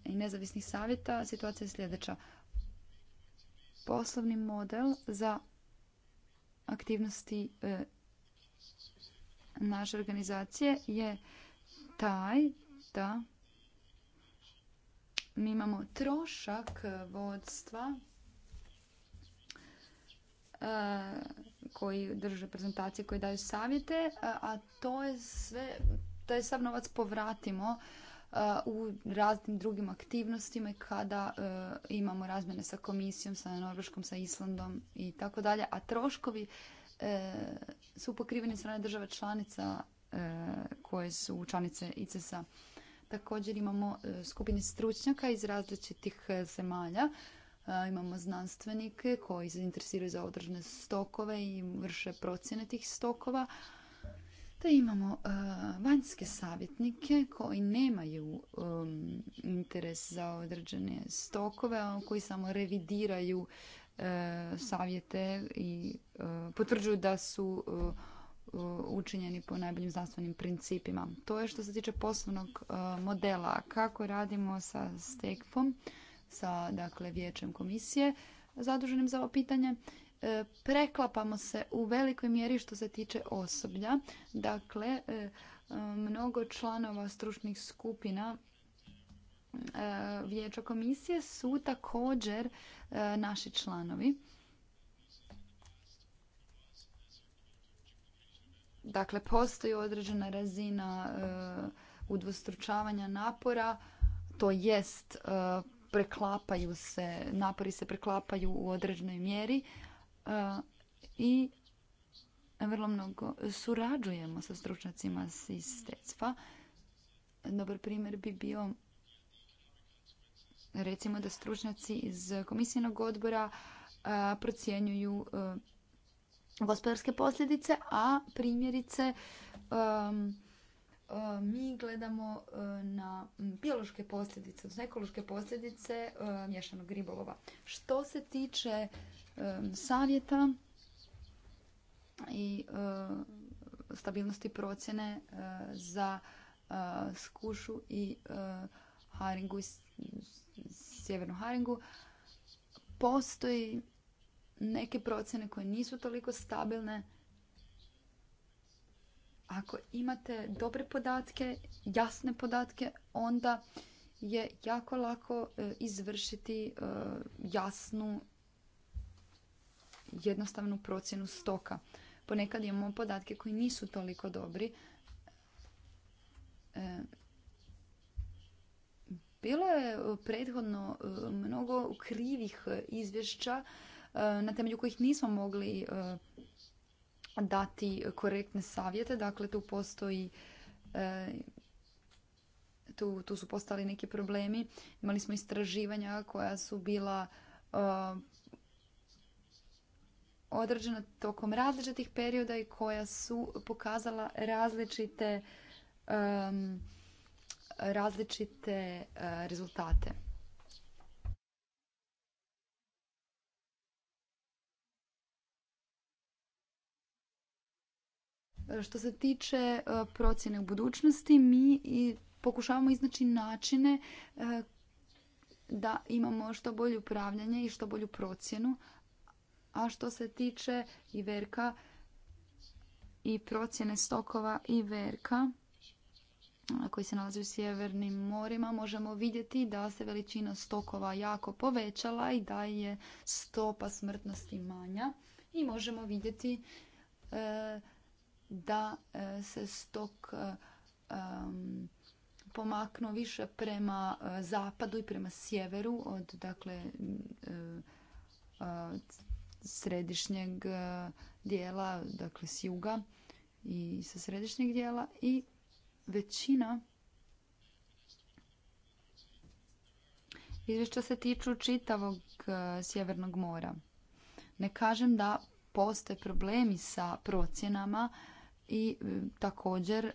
i nezavisnih savjeta situacija je sljedeća. Poslovni model za aktivnosti e, naše organizacije je taj da mi imamo trošak vodstva e, koji drže prezentacije, koji daju savjete, a to je sve, taj sav novac povratimo Eh, u raznim drugim aktivnostima i kada eh, imamo razmjene sa komisijom, sa Norveškom, sa Islandom i tako dalje. A troškovi eh, su pokriveni strane država članica koje su članice ICES-a. Također imamo skupine stručnjaka iz različitih zemalja. Imamo znanstvenike koji se interesiraju za određene stokove i vrše procjene tih stokova te imamo e, vanjske savjetnike koji nemaju interes za određene stokove, koji samo revidiraju e, savjete i e, potvrđuju da su učinjeni po najboljim znanstvenim principima. To je što se tiče poslovnog modela. Kako radimo sa Stekpom, sa dakle, vijećem komisije zaduženim za ovo pitanje E, preklapamo se u velikoj mjeri što se tiče osoblja. Dakle, e, e, mnogo članova stručnih skupina vijeća komisije su također naši članovi. Dakle, postoji određena razina udvostručavanja napora, to jest preklapaju se, napori se preklapaju u određenoj mjeri, i vrlo mnogo surađujemo sa stručnjacima iz sredstva. Dobar primjer bi bio recimo da stručnjaci iz komisijenog odbora procjenjuju gospodarske posljedice, a primjerice mi gledamo na biološke posljedice, ekološke posljedice mješanog ribolova. Što se tiče savjeta i stabilnosti procjene za skušu i haringu i sjevernu haringu. Postoji neke procjene koje nisu toliko stabilne. Ako imate dobre podatke, jasne podatke, onda je jako lako izvršiti jasnu jednostavnu procjenu stoka. Ponekad imamo podatke koji nisu toliko dobri. E, bilo je prethodno e, mnogo krivih izvješća e, na temelju kojih nismo mogli dati korektne savjete. Dakle, tu postoji tu, tu su postali neki problemi. Imali smo istraživanja koja su bila određena tokom različitih perioda i koja su pokazala različite različite e, rezultate. Što se tiče e, procjene u budućnosti, mi i pokušavamo iznaći načine e, da imamo što bolje upravljanje i što bolju procjenu, a što se tiče verka i procjene stokova i Iverka koji se nalazi u sjevernim morima, možemo vidjeti da se veličina stokova jako povećala i da je stopa smrtnosti manja. I možemo vidjeti e, da e, se stok pomaknu e, pomaknuo više prema zapadu i prema sjeveru od dakle središnjeg e, dijela, dakle s juga i sa središnjeg dijela i većina izvješća se tiču čitavog e, Sjevernog mora. Ne kažem da postoje problemi sa procjenama i e, također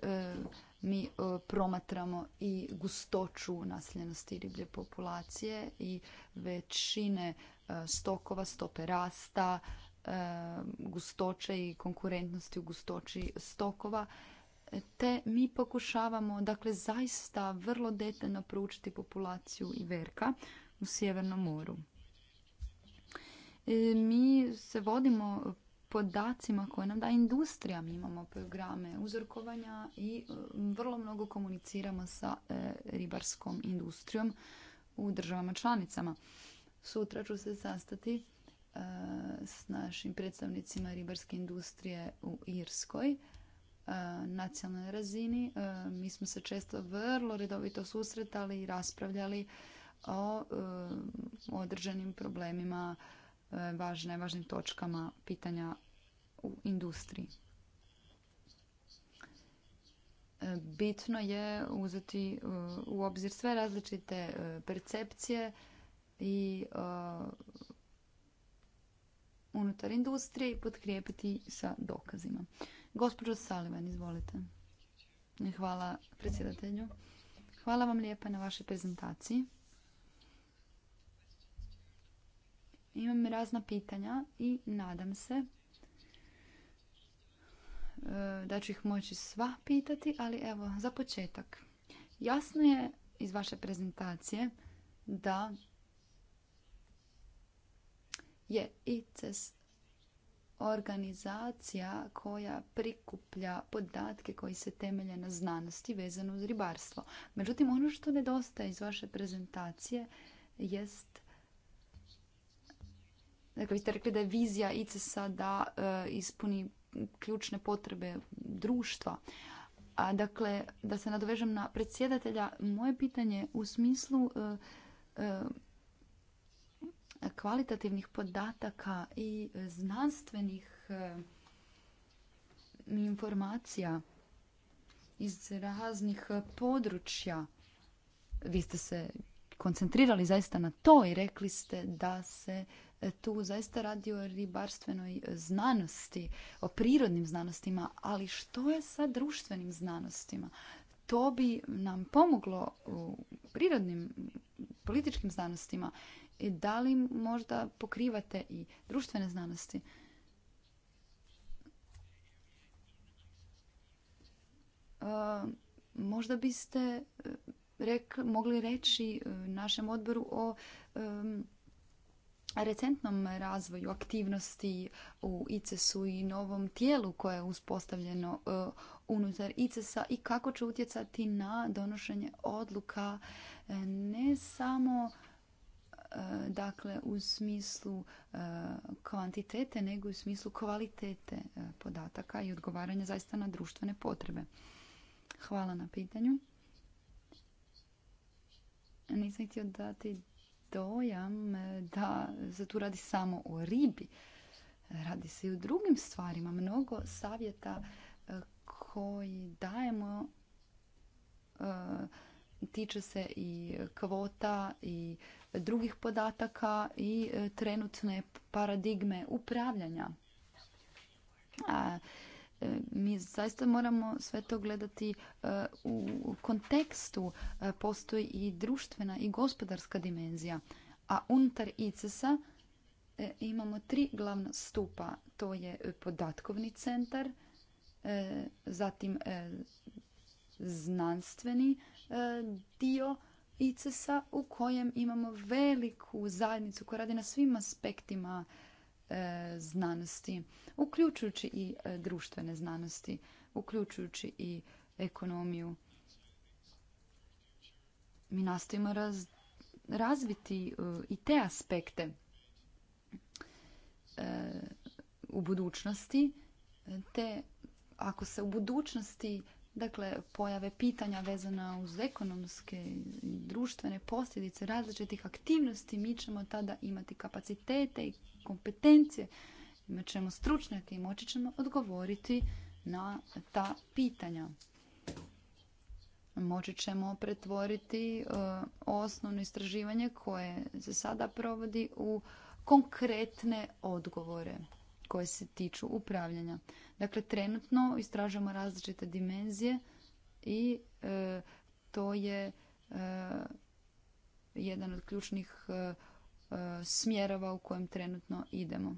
mi promatramo i gustoću naseljenosti riblje populacije i većine E, stokova, stope rasta, e, gustoće i konkurentnosti u gustoći stokova te mi pokušavamo dakle zaista vrlo detaljno proučiti populaciju verka u Sjevernom moru. E, mi se vodimo podacima koje nam da industrija. Mi imamo programe uzorkovanja i vrlo mnogo komuniciramo sa ribarskom industrijom u državama članicama. Sutra ću se sastati e, s našim predstavnicima ribarske industrije u Irskoj e, nacionalnoj razini. E, mi smo se često vrlo redovito susretali i raspravljali o određenim problemima, važne, važnim točkama pitanja u industriji. Bitno je uzeti u obzir sve različite percepcije i uh, unutar industrije i potkrijepiti sa dokazima. Gospođo Salivan, izvolite. Hvala predsjedatelju. Hvala vam lijepa na vašoj prezentaciji. Imam razna pitanja i nadam se e, da ću ih moći sva pitati, ali evo, za početak. Jasno je iz vaše prezentacije da je ICES organizacija koja prikuplja podatke koji se temelje na znanosti vezano uz ribarstvo. Međutim, ono što nedostaje iz vaše prezentacije jest Dakle, vi ste rekli da je vizija ICES-a da e, ispuni ključne potrebe društva. A dakle, da se nadovežem na predsjedatelja, moje pitanje u smislu e, e, kvalitativnih podataka i znanstvenih eh, informacija iz raznih eh, područja. Vi ste se koncentrirali zaista na to i rekli ste da se eh, tu zaista radi o ribarstvenoj znanosti, o prirodnim znanostima, ali što je sa društvenim znanostima? To bi nam pomoglo u prirodnim političkim znanostima i da li možda pokrivate i društvene znanosti? E, možda biste e, mogli reći e, našem odboru o recentnom razvoju aktivnosti u ICES-u i novom tijelu koje je uspostavljeno unutar ices i kako će utjecati na donošenje odluka ne samo E, dakle u smislu e, kvantitete nego u smislu kvalitete e, podataka i odgovaranja zaista na društvene potrebe. Hvala na pitanju. Nisam htio dati dojam da se tu radi samo o ribi. Radi se i o drugim stvarima. Mnogo savjeta koji dajemo tiče se i kvota i drugih podataka i e, trenutne paradigme upravljanja. E, mi zaista moramo sve to gledati e, u kontekstu. Postoji i društvena i gospodarska dimenzija. A unutar ICES-a imamo tri glavna stupa. To je podatkovni centar, zatim znanstveni dio ices u kojem imamo veliku zajednicu koja radi na svim aspektima e, znanosti, uključujući i e, društvene znanosti, uključujući i ekonomiju. Mi nastojimo razviti e, i te aspekte u budućnosti, te ako se u budućnosti Dakle, pojave pitanja vezana uz ekonomske i društvene posljedice različitih aktivnosti, mi ćemo tada imati kapacitete i kompetencije, imat ćemo stručnjake i moći ćemo odgovoriti na ta pitanja. Moći ćemo pretvoriti e, osnovno istraživanje koje se sada provodi u konkretne odgovore koje se tiču upravljanja. Dakle, trenutno istražujemo različite dimenzije i e, to je e, jedan od ključnih e, smjerova u kojem trenutno idemo.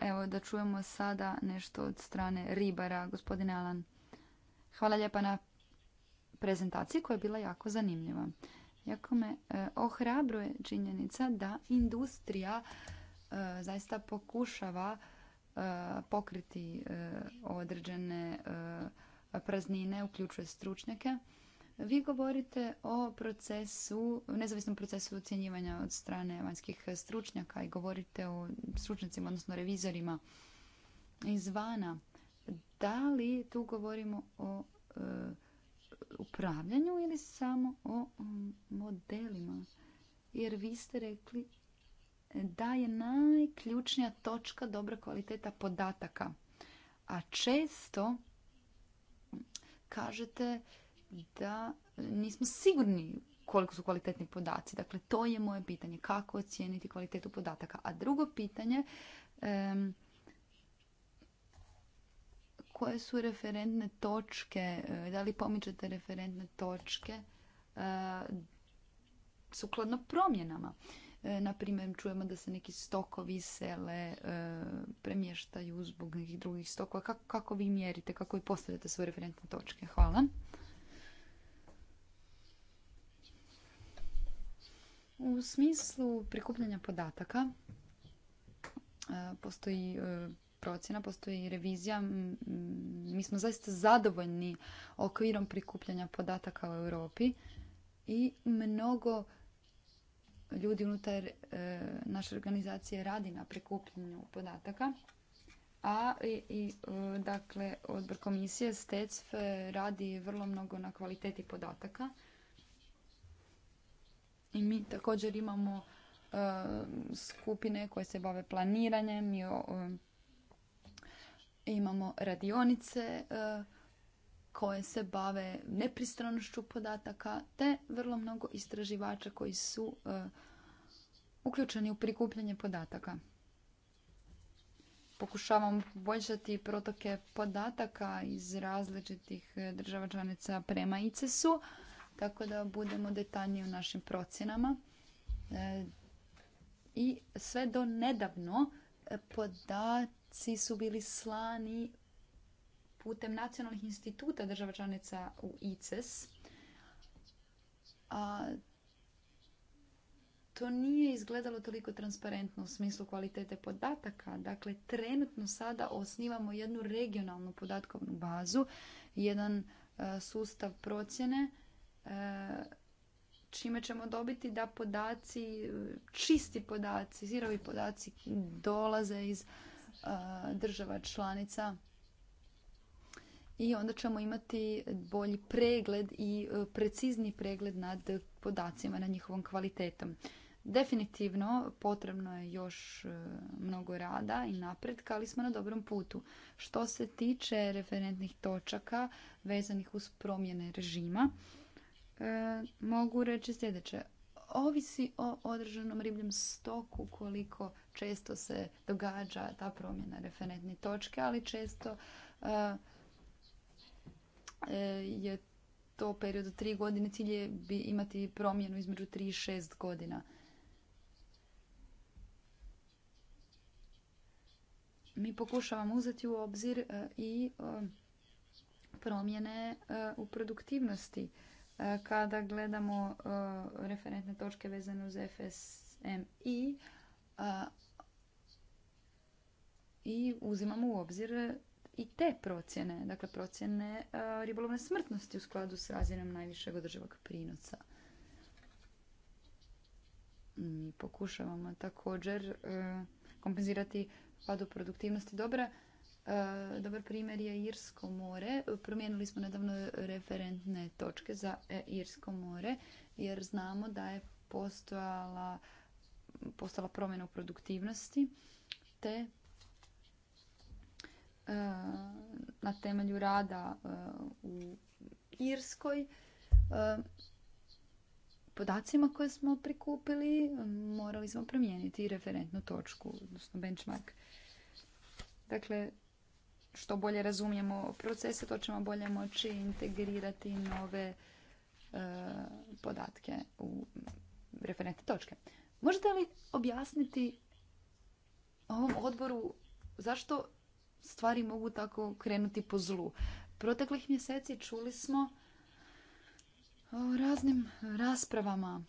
Evo da čujemo sada nešto od strane ribara, gospodine Alan. Hvala lijepa na prezentaciji koja je bila jako zanimljiva. Jako me e, ohrabruje činjenica da industrija e, zaista pokušava e, pokriti određene praznine, uključuje stručnjake. Vi govorite o procesu, nezavisnom procesu ocjenjivanja od strane vanjskih stručnjaka i govorite o stručnjacima, odnosno revizorima izvana. Da li tu govorimo o upravljanju ili samo o modelima? Jer vi ste rekli da je najključnija točka dobra kvaliteta podataka. A često kažete da nismo sigurni koliko su kvalitetni podaci. Dakle, to je moje pitanje. Kako ocijeniti kvalitetu podataka? A drugo pitanje, koje su referentne točke, e, da li pomičete referentne točke e, sukladno promjenama. E, na primjer, čujemo da se neki stokovi sele, premještaju zbog nekih drugih stokova. Kako, kako vi mjerite, kako vi postavljate svoje referentne točke? Hvala. U smislu prikupljanja podataka postoji procjena, postoji i revizija. Mi smo zaista zadovoljni okvirom prikupljanja podataka u Europi i mnogo ljudi unutar e, naše organizacije radi na prikupljanju podataka. A i, e, dakle, odbor komisije STECF e, radi vrlo mnogo na kvaliteti podataka. I mi također imamo skupine koje se bave planiranjem i Imamo radionice e, koje se bave nepristranošću podataka te vrlo mnogo istraživača koji su e, uključeni u prikupljanje podataka. Pokušavam poboljšati protoke podataka iz različitih e, država članica prema ICES-u, tako da budemo detaljniji u našim procjenama. I sve do nedavno podaci svi su bili slani putem nacionalnih instituta država članica u ICES. A to nije izgledalo toliko transparentno u smislu kvalitete podataka. Dakle, trenutno sada osnivamo jednu regionalnu podatkovnu bazu, jedan e, sustav procjene e, čime ćemo dobiti da podaci, e, čisti podaci, zirovi podaci dolaze iz država članica i onda ćemo imati bolji pregled i e, precizni pregled nad podacima, na njihovom kvalitetom. Definitivno potrebno je još e, mnogo rada i napretka, ali smo na dobrom putu. Što se tiče referentnih točaka vezanih uz promjene režima, e, mogu reći sljedeće ovisi o određenom ribljem stoku koliko često se događa ta promjena referentne točke, ali često e, e, je to period od tri godine. Cilj je bi imati promjenu između tri i šest godina. Mi pokušavamo uzeti u obzir e, i promjene u produktivnosti kada gledamo eh, referentne točke vezane uz FSMI i uzimamo u obzir i te procjene, dakle procjene eh, ribolovne smrtnosti u skladu s razinom najvišeg održivog prinosa. Mi pokušavamo također eh, kompenzirati padu produktivnosti dobra E, dobar primjer je Irsko more. Promijenili smo nedavno referentne točke za e, Irsko more jer znamo da je postojala, postala promjena u produktivnosti te e, na temelju rada u Irskoj podacima koje smo prikupili morali smo promijeniti referentnu točku, odnosno benchmark. Dakle, što bolje razumijemo procese, to ćemo bolje moći integrirati nove e, podatke u referentne točke. Možete li objasniti ovom odboru zašto stvari mogu tako krenuti po zlu? Proteklih mjeseci čuli smo o raznim raspravama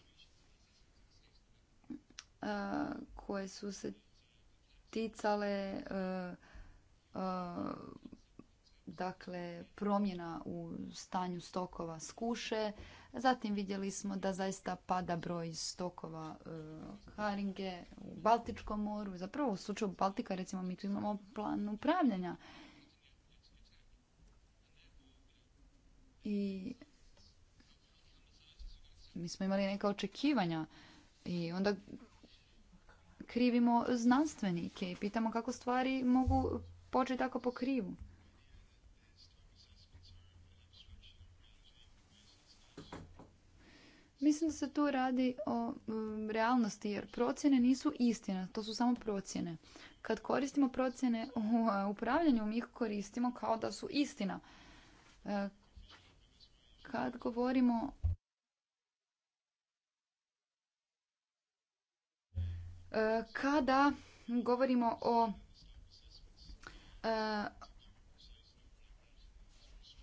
e, koje su se ticale e, Eh, dakle promjena u stanju stokova skuše. Zatim vidjeli smo da zaista pada broj stokova eh, haringe u Baltičkom moru. Zapravo u slučaju Baltika recimo mi tu imamo plan upravljanja. I mi smo imali neka očekivanja i onda krivimo znanstvenike i pitamo kako stvari mogu Pođe tako po krivu. Mislim da se tu radi o mm, realnosti jer procjene nisu istina, to su samo procjene. Kad koristimo procjene u upravljanju, mi ih koristimo kao da su istina. E, kad govorimo e, kada govorimo o E,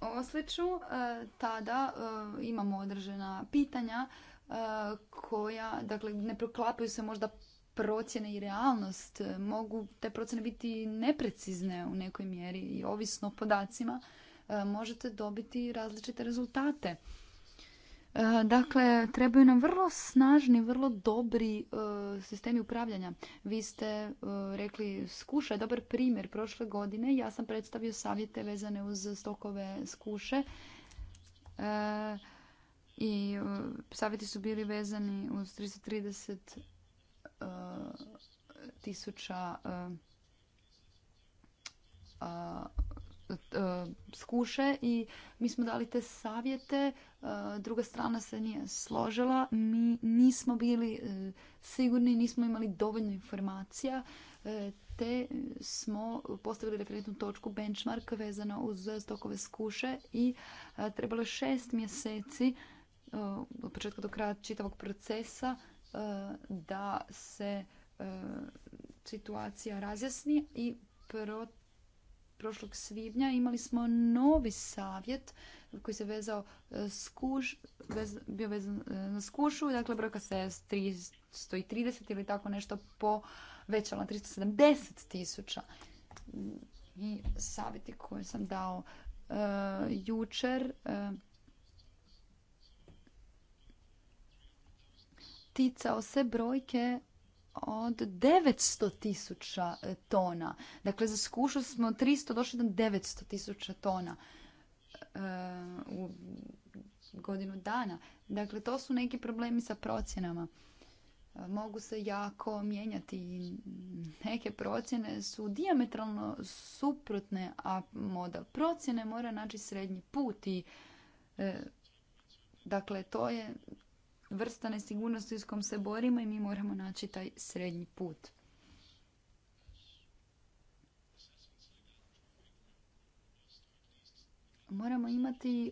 osliču, e, tada e, imamo određena pitanja koja, dakle, ne proklapaju se možda procjene i realnost. Mogu te procjene biti neprecizne u nekoj mjeri i ovisno o podacima možete dobiti različite rezultate. E, dakle, trebaju nam vrlo snažni, vrlo dobri e, sistemi upravljanja. Vi ste e, rekli, skuša je dobar primjer. Prošle godine ja sam predstavio savjete vezane uz stokove skuše i savjeti su bili vezani uz 330 tisuća E, skuše i mi smo dali te savjete, e, druga strana se nije složila, mi nismo bili e, sigurni, nismo imali dovoljno informacija, te smo postavili referentnu točku benchmark vezano uz stokove skuše i trebalo je šest mjeseci od početka do kraja čitavog procesa da se situacija razjasni i protiv prošlog svibnja imali smo novi savjet koji se vezao e, skuš, vez, bio vezan e, na skušu, dakle brojka se 330 ili tako nešto povećala, 370 tisuća. I savjeti koje sam dao e, jučer ticao se brojke od 900 e, dakle, tisuća tona. Dakle, za skušu smo 300 došli do 900 tisuća tona u godinu dana. Dakle, to su neki problemi sa procjenama. E, mogu se jako mijenjati. Neke procjene su diametralno suprotne, a model procjene mora naći srednji put i e, Dakle, to je vrsta nesigurnosti s kom se borimo i mi moramo naći taj srednji put. Moramo imati e,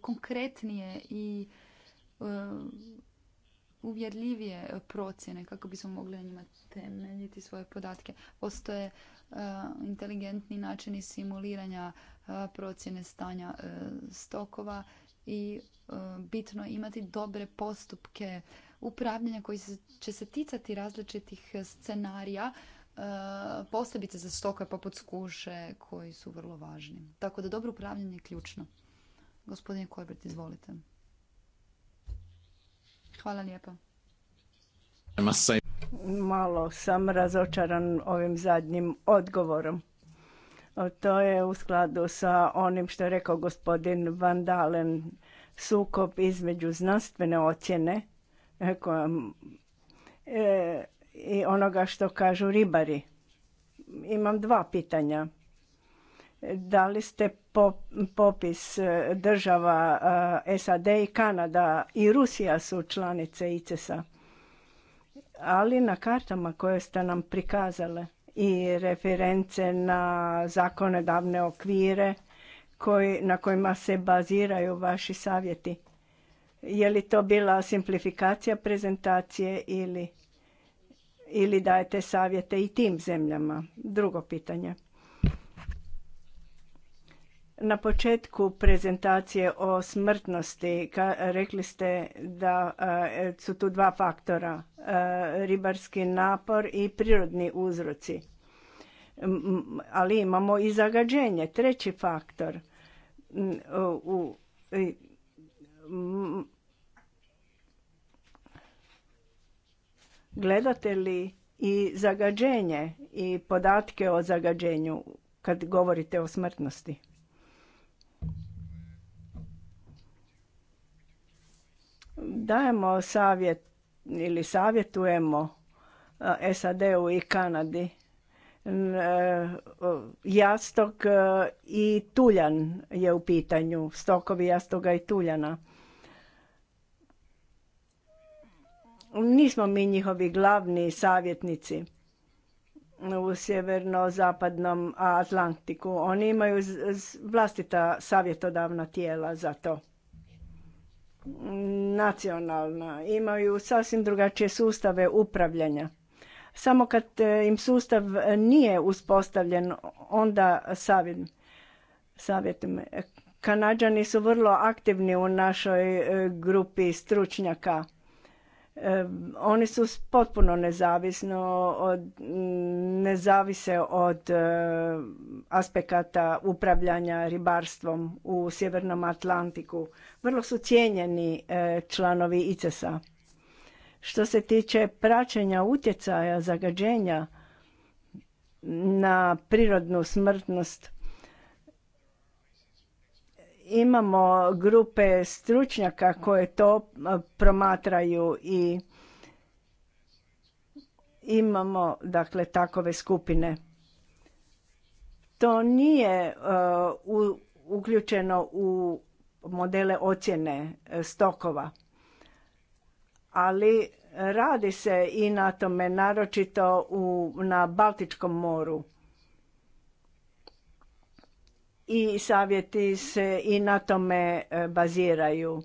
konkretnije i uh, uvjerljivije procjene kako bismo mogli na njima temeljiti svoje podatke. Postoje e, inteligentni načini simuliranja procjene stanja stokova i e, bitno imati dobre postupke upravljanja koji će se ticati različitih scenarija, e, posebice za stoka poput skuše koji su vrlo važni. Tako da dobro upravljanje je ključno. Gospodine Korbert, izvolite. Hvala lijepa. Malo sam razočaran ovim zadnjim odgovorom. To je u skladu sa onim što je rekao gospodin Van Dalen, sukob između znanstvene ocjene e, e, i onoga što kažu ribari. Imam dva pitanja. Da li ste popis e, država SAD i Kanada i Rusija su članice ICES-a, ali na kartama koje ste nam prikazale i reference na zakonodavne okvire koji, na kojima se baziraju vaši savjeti. Je li to bila simplifikacija prezentacije ili, ili dajete savjete i tim zemljama? Drugo pitanje. Na početku prezentacije o smrtnosti rekli ste da su tu dva faktora, ribarski napor i prirodni uzroci. ali imamo i zagađenje, treći faktor. u, gledate li i zagađenje i podatke o zagađenju kad govorite o smrtnosti? Dajemo savjet ili savjetujemo SAD-u i Kanadi e, jastok e, i tuljan je u pitanju, stokovi jastoga i tuljana. Nismo mi njihovi glavni savjetnici u sjeverno-zapadnom Atlantiku. Oni imaju vlastita savjetodavna tijela za to nacionalna, imaju sasvim drugačije sustave upravljanja. Samo kad e, im sustav nije uspostavljen, onda savjet Savjet Kanađani su vrlo aktivni u našoj e, grupi stručnjaka oni su potpuno nezavisno od, nezavise od e, aspekata upravljanja ribarstvom u Sjevernom Atlantiku. Vrlo su cijenjeni e, članovi ICES-a. Što se tiče praćenja utjecaja zagađenja na prirodnu smrtnost, imamo grupe stručnjaka koje to e, promatraju i imamo dakle takove skupine. To nije e, uključeno u modele ocjene e, stokova. Ali radi se i na tome naročito na Baltičkom moru i savjeti se i na tome e, baziraju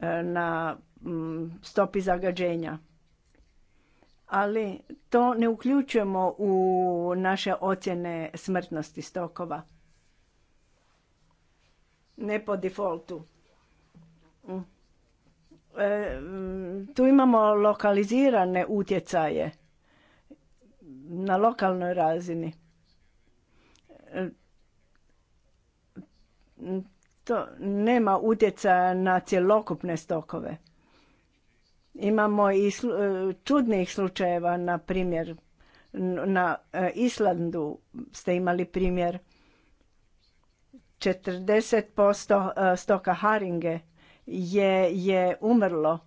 e, na mm, stopi zagađenja. Ali to ne uključujemo u naše ocjene smrtnosti stokova. Ne po defaultu. Mm. E, tu imamo lokalizirane utjecaje na lokalnoj razini to nema utjecaja na cjelokupne stokove. Imamo i e, čudnih slučajeva, na primjer, na e, Islandu ste imali primjer 40% e, stoka haringe je, je umrlo.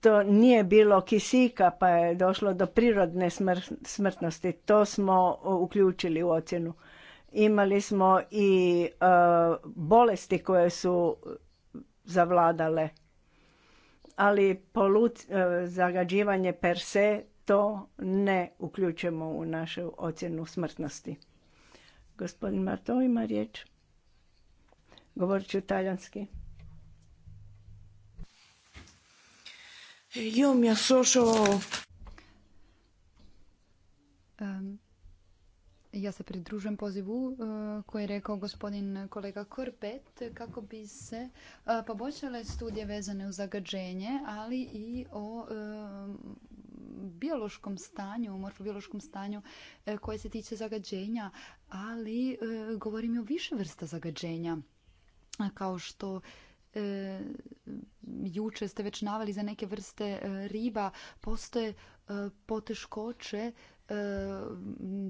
To nije bilo kisika pa je došlo do prirodne smrtnosti. To smo uključili u ocjenu. Imali smo i e, bolesti koje su zavladale, ali e, zagađivanje per se to ne uključujemo u našu ocjenu smrtnosti. Gospodin Marto ima riječ. Govorit ću talijanski. Io mi associo ja se pridružujem pozivu e, koji je rekao gospodin kolega Korpet kako bi se e, poboljšale studije vezane uz zagađenje, ali i o e, biološkom stanju, morfobiološkom stanju koje se tiče zagađenja, ali govorim i o više vrsta zagađenja kao što juče ste već naveli za neke vrste riba, postoje poteškoće E,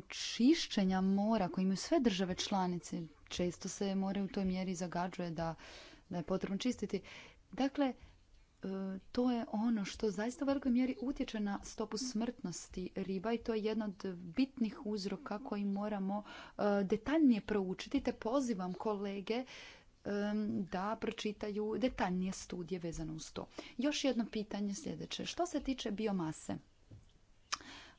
čišćenja mora koji imaju sve države članice. Često se more u toj mjeri zagađuje da, je potrebno čistiti. Dakle, e, to je ono što zaista u velikoj mjeri utječe na stopu smrtnosti riba i to je jedan od bitnih uzroka koji moramo e, detaljnije proučiti te pozivam kolege da pročitaju detaljnije studije vezano uz to. Još jedno pitanje sljedeće. Što se tiče biomase?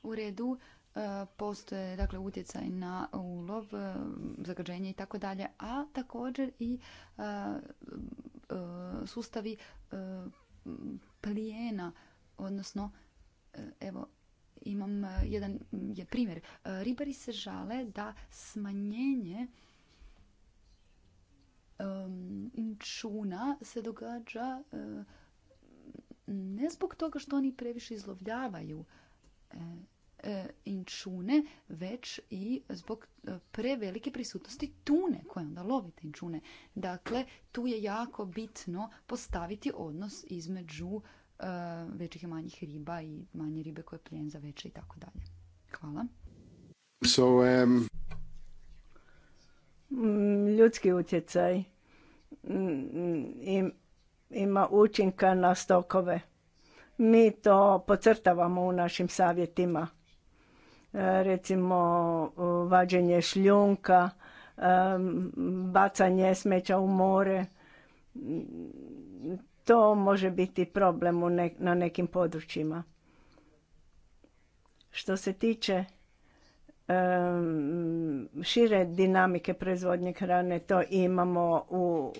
u redu e, postoje dakle utjecaj na ulov, e, zagađenje i tako dalje, a također i e, sustavi plijena, odnosno evo imam jedan je primjer. Ribari se žale da smanjenje čuna se događa ne zbog toga što oni previše izlovljavaju E, inčune, već i zbog e, prevelike prisutnosti tune koje onda lovite inčune. Dakle, tu je jako bitno postaviti odnos između e, većih i manjih riba i manje ribe koje plijen za veće i tako dalje. Hvala. Um, mm, ljudski utjecaj mm, ima učinka na stokove. Mi to pocrtavamo u našim savjetima recimo vađenje šljunka, bacanje smeća u more. To može biti problem na nekim područjima. Što se tiče šire dinamike proizvodnje hrane, to imamo u,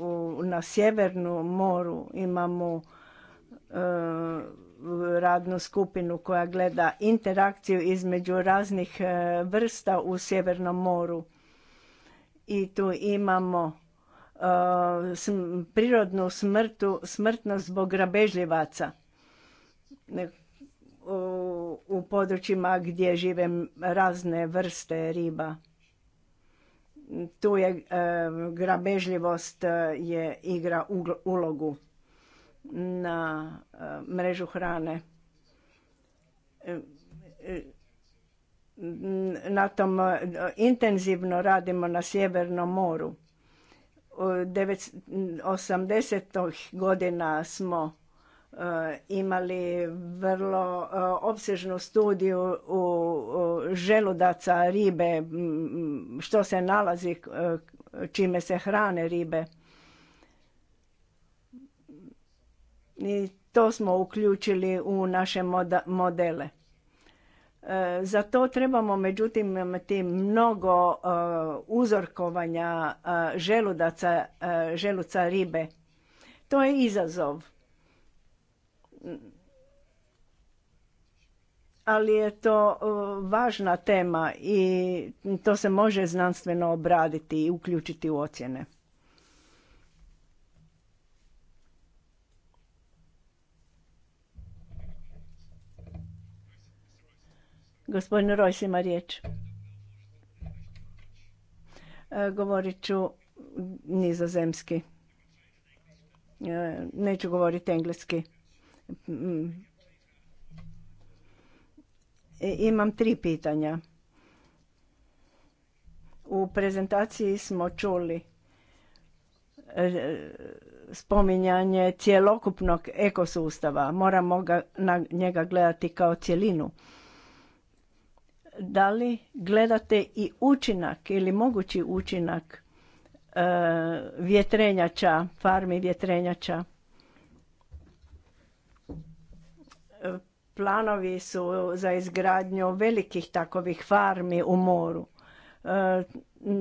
na Sjevernom moru, imamo radnu skupinu koja gleda interakciju između raznih e, vrsta u Sjevernom moru. I tu imamo e, prirodnu smrtu, smrtnost zbog grabežljivaca u područjima gdje žive razne vrste riba. Tu je e, grabežljivost je igra ulogu na e, mrežu hrane. E, e, na tom intenzivno radimo na Sjevernom moru. 80. godina smo imali vrlo obsežnu studiju u želudaca ribe, što se nalazi, čime se hrane ribe. I to smo uključili u naše modele. E, za to trebamo međutim imati mnogo e, uzorkovanja e, želudaca, želuca ribe. To je izazov. Ali je to važna tema i to se može znanstveno obraditi i uključiti u ocjene. Gospodin Rojs ima riječ. E, govorit ću nizozemski. E, neću govoriti engleski. E, imam tri pitanja. U prezentaciji smo čuli spominjanje cjelokupnog ekosustava. Moramo ga, na njega gledati kao cjelinu da li gledate i učinak ili mogući učinak e, vjetrenjača, farmi vjetrenjača? E, planovi su za izgradnju velikih takovih farmi u moru. E,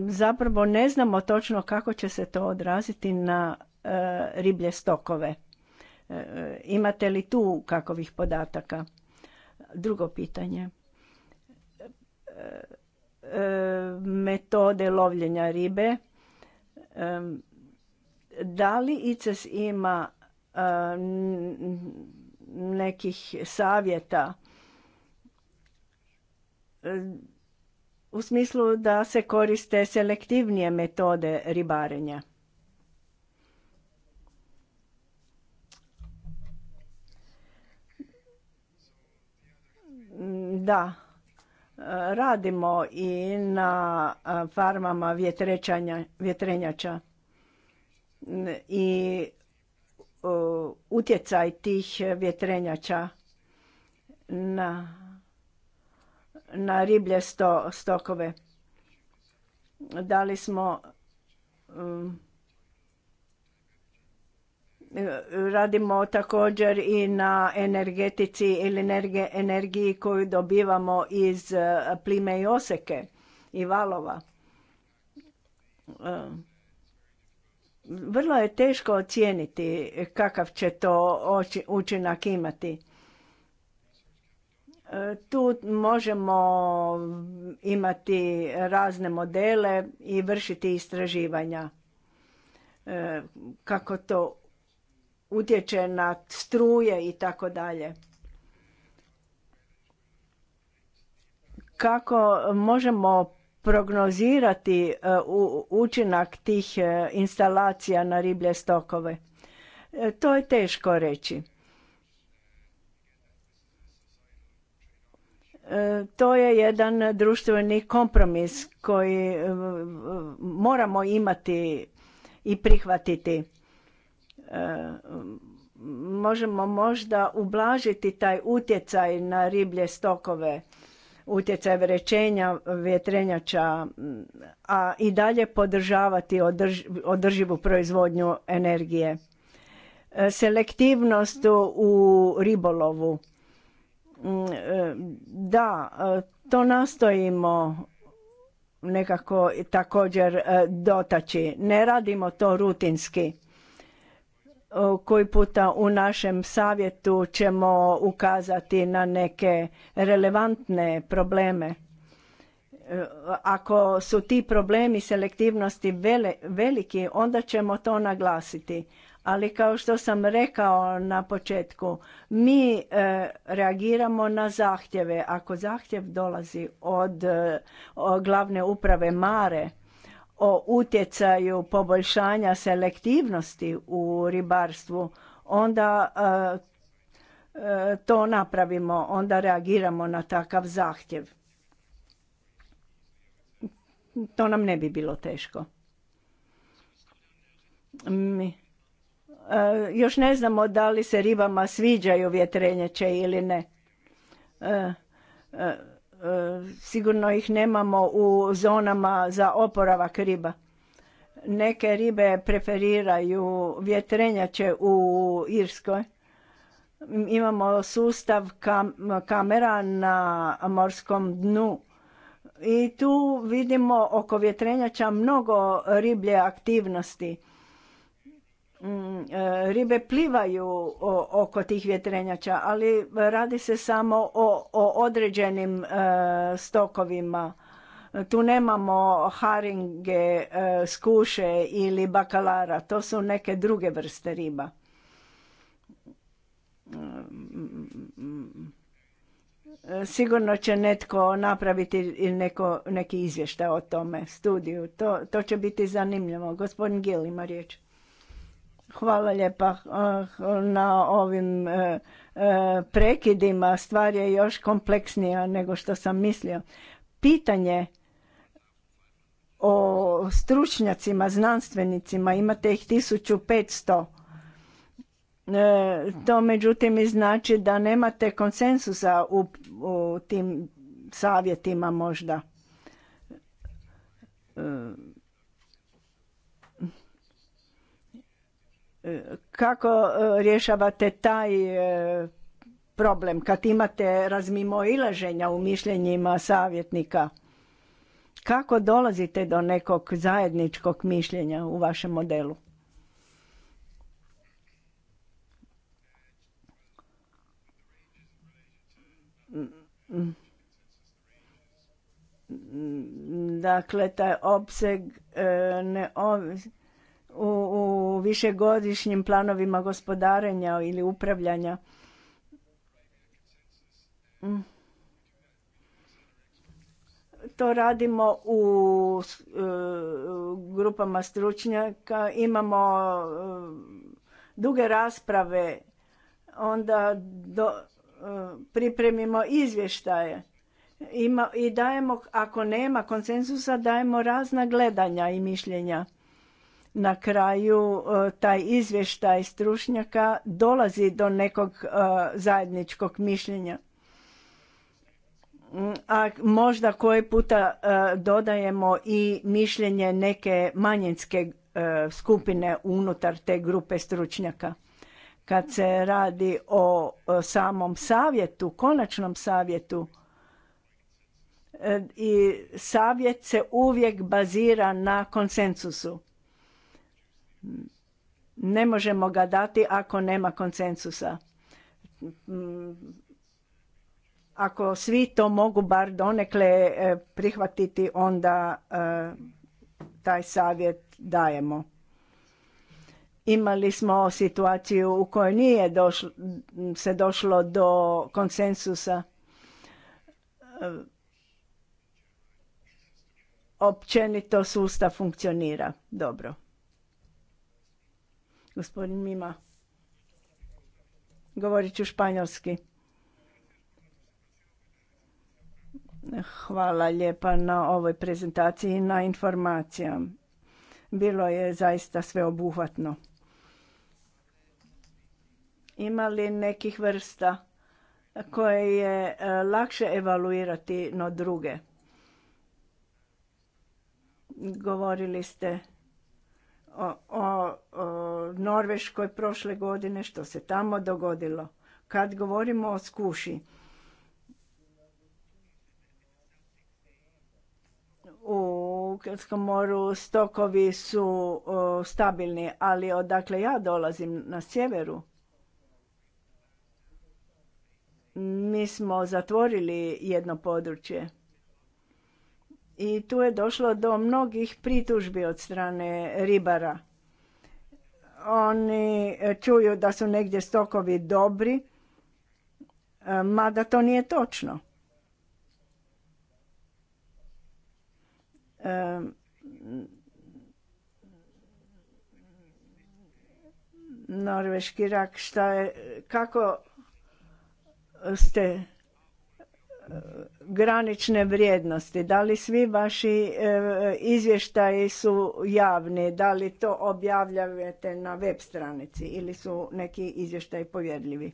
zapravo ne znamo točno kako će se to odraziti na riblje stokove. Imate li tu kakovih podataka? Drugo pitanje. E, metode lovljenja ribe. E, da li ICES ima e, nekih savjeta u smislu da se koriste selektivnije metode ribarenja? Da, radimo i na farmama vjetrenjača i utjecaj tih vjetrenjača na, na riblje sto, stokove. Dali smo um, radimo također i na energetici ili energiji koju dobivamo iz e, plime i oseke i valova. E, vrlo je teško ocijeniti kakav će to učinak imati. E, tu možemo imati razne modele i vršiti istraživanja kako to utječe na struje i tako dalje. Kako možemo prognozirati e, učinak tih e, instalacija na riblje stokove? E, to je teško reći. To je jedan društveni kompromis koji moramo imati i prihvatiti možemo možda ublažiti taj utjecaj na riblje stokove, utjecaj vrećenja, vjetrenjača, a i dalje podržavati održivu proizvodnju energije. Selektivnost u ribolovu. Da, to nastojimo nekako također e, dotaći. Ne radimo to rutinski koji puta u našem savjetu ćemo ukazati na neke relevantne probleme. E, ako su ti problemi selektivnosti veliki, onda ćemo to naglasiti. Ali kao što sam rekao na početku, mi e, reagiramo na zahtjeve. Ako zahtjev dolazi od e, glavne uprave Mare, o utjecaju poboljšanja selektivnosti u ribarstvu, onda e, e, to napravimo, onda reagiramo na takav zahtjev. To nam ne bi bilo teško. E, još ne znamo da li se ribama sviđaju vjetrenjače ili ne. E, sigurno ih nemamo u zonama za oporavak riba. Neke ribe preferiraju vjetrenjače u Irskoj. Imamo sustav kamera na morskom dnu i tu vidimo oko vjetrenjača mnogo riblje aktivnosti Mm, e, ribe plivaju oko tih vjetrenjača, ali radi se samo o, određenim e, stokovima. Tu nemamo haringe, e, skuše ili bakalara, to su neke druge vrste riba. Sigurno će netko napraviti neko, neki izvještaj o tome, studiju. To, to će biti zanimljivo. Gospodin Gil ima riječ. Hvala lijepa eh, na ovim eh, eh, prekidima. Stvar je još kompleksnija nego što sam mislio. Pitanje o stručnjacima, znanstvenicima, imate ih 1500. To međutim i znači da nemate konsensusa u, u tim savjetima možda. Kako e, rješavate taj e, problem kad imate razmimo ilaženja u mišljenjima savjetnika? Kako dolazite do nekog zajedničkog mišljenja u vašem modelu? Dakle, taj opseg e, ne u, višegodišnjim planovima gospodarenja ili upravljanja. Mm. To radimo e, u grupama stručnjaka, imamo e, duge rasprave, onda e, pripremimo izvještaje. I dajemo, ako nema konsenzusa, dajemo razna gledanja i mišljenja na kraju e, taj izvještaj stručnjaka dolazi do nekog e, zajedničkog mišljenja mm, a možda koji puta e, dodajemo i mišljenje neke manjinske skupine unutar te grupe stručnjaka kad se radi o samom savjetu konačnom savjetu i savjet se uvijek bazira na konsenzusu ne možemo ga dati ako nema konsensusa. Ako svi to mogu bar donekle e, prihvatiti, onda e, taj savjet dajemo. Imali smo situaciju u kojoj nije došlo, se došlo do konsensusa e, općenito sustav funkcionira dobro. Gospodin Mima. Govorit ću španjolski. Hvala lijepa na ovoj prezentaciji i na informacijama. Bilo je zaista sveobuhvatno. Ima li nekih vrsta koje je e, lakše evaluirati no druge? Govorili ste o, o, Norveškoj prošle godine, što se tamo dogodilo. Kad govorimo o skuši, u Krtskom moru stokovi su stabilni, ali odakle ja dolazim na sjeveru, mi smo zatvorili jedno područje i tu je došlo do mnogih pritužbi od strane ribara. Oni e, čuju da su negdje stokovi dobri, e, mada to nije točno. E, Norveški rak, šta je, kako ste granične vrijednosti, da li svi vaši e, izvještaji su javni, da li to objavljujete na web stranici ili su neki izvještaji povjerljivi?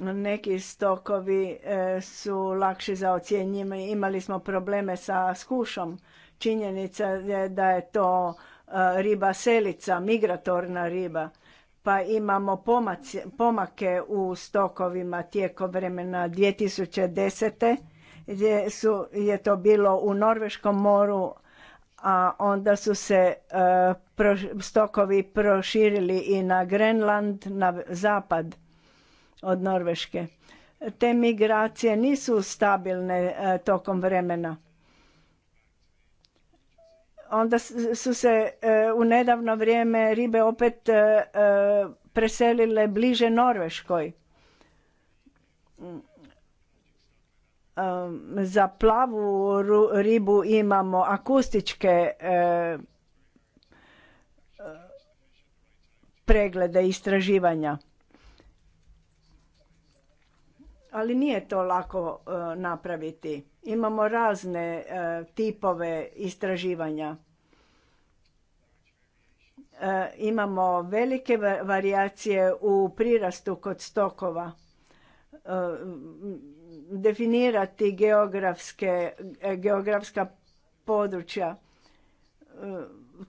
Neki stokovi e, su lakši za ocjenjivanje. Imali smo probleme sa skušom. Činjenica je da je to e, riba selica, migratorna riba pa imamo pomake u stokovima tijekom vremena 2010. Gdje su, je to bilo u Norveškom moru, a onda su se e, stokovi proširili i na Grenland, na zapad od Norveške. Te migracije nisu stabilne e, tokom vremena onda su se e, u nedavno vrijeme ribe opet e, e, preselile bliže Norveškoj. Mm, za plavu ribu imamo akustičke preglede istraživanja ali nije to lako e, napraviti. Imamo razne e, tipove istraživanja. E, imamo velike varijacije u prirastu kod stokova. Definirati geografska područja.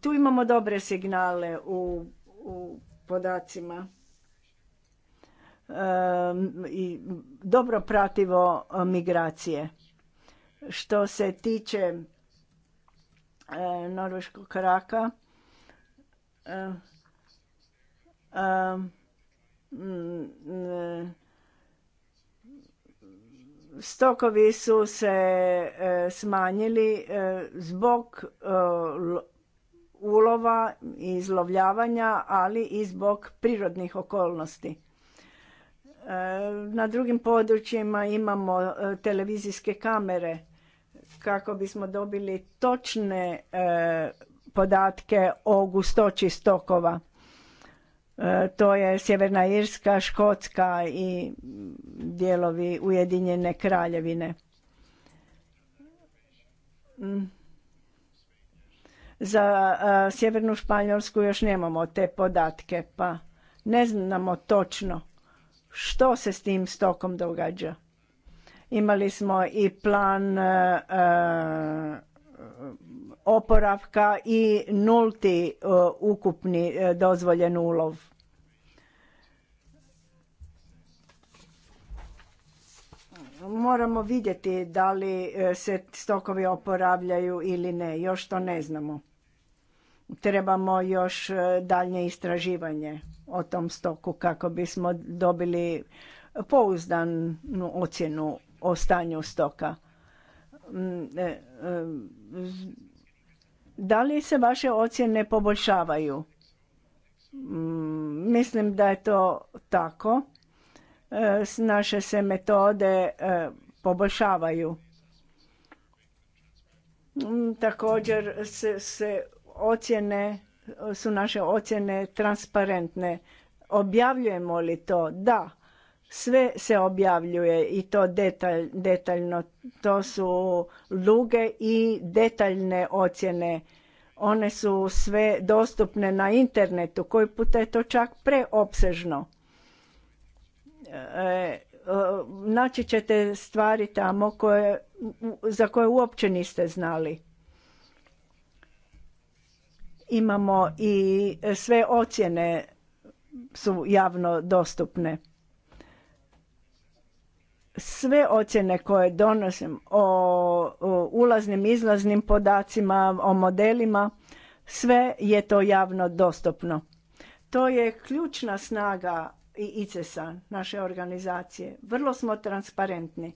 Tu imamo dobre signale u podacima i dobro prativo migracije. Što se tiče norveškog kraka, stokovi su se smanjili zbog ulova i izlovljavanja, ali i zbog prirodnih okolnosti. Eh, na drugim područjima imamo eh, televizijske kamere kako bismo dobili točne eh, podatke o gustoći stokova. To je Sjeverna Irska, Škotska i dijelovi Ujedinjene kraljevine. Mm. Za Sjevernu Španjolsku još nemamo te podatke, pa ne znamo točno što se s tim stokom događa. Imali smo i plan e, e, oporavka i nulti e, ukupni dozvoljeni dozvoljen ulov. Moramo vidjeti da li se stokovi oporavljaju ili ne, još to ne znamo trebamo još e, daljnje istraživanje o tom stoku kako bismo dobili pouzdanu ocjenu o stanju stoka. Mm, e, e, da li se vaše ocjene poboljšavaju? Mm, mislim da je to tako. Naše se metode poboljšavaju. Mm, također se, se ocjene, su naše ocjene transparentne. Objavljujemo li to? Da. Sve se objavljuje i to detaljno. To su luge i detaljne ocjene. One su sve dostupne na internetu, koji puta je to čak preopsežno. E, e naći ćete stvari tamo koje, za koje uopće niste znali imamo i sve ocjene su javno dostupne. Sve ocjene koje donosim o ulaznim, izlaznim podacima, o modelima, sve je to javno dostupno. To je ključna snaga i ICES-a, naše organizacije. Vrlo smo transparentni.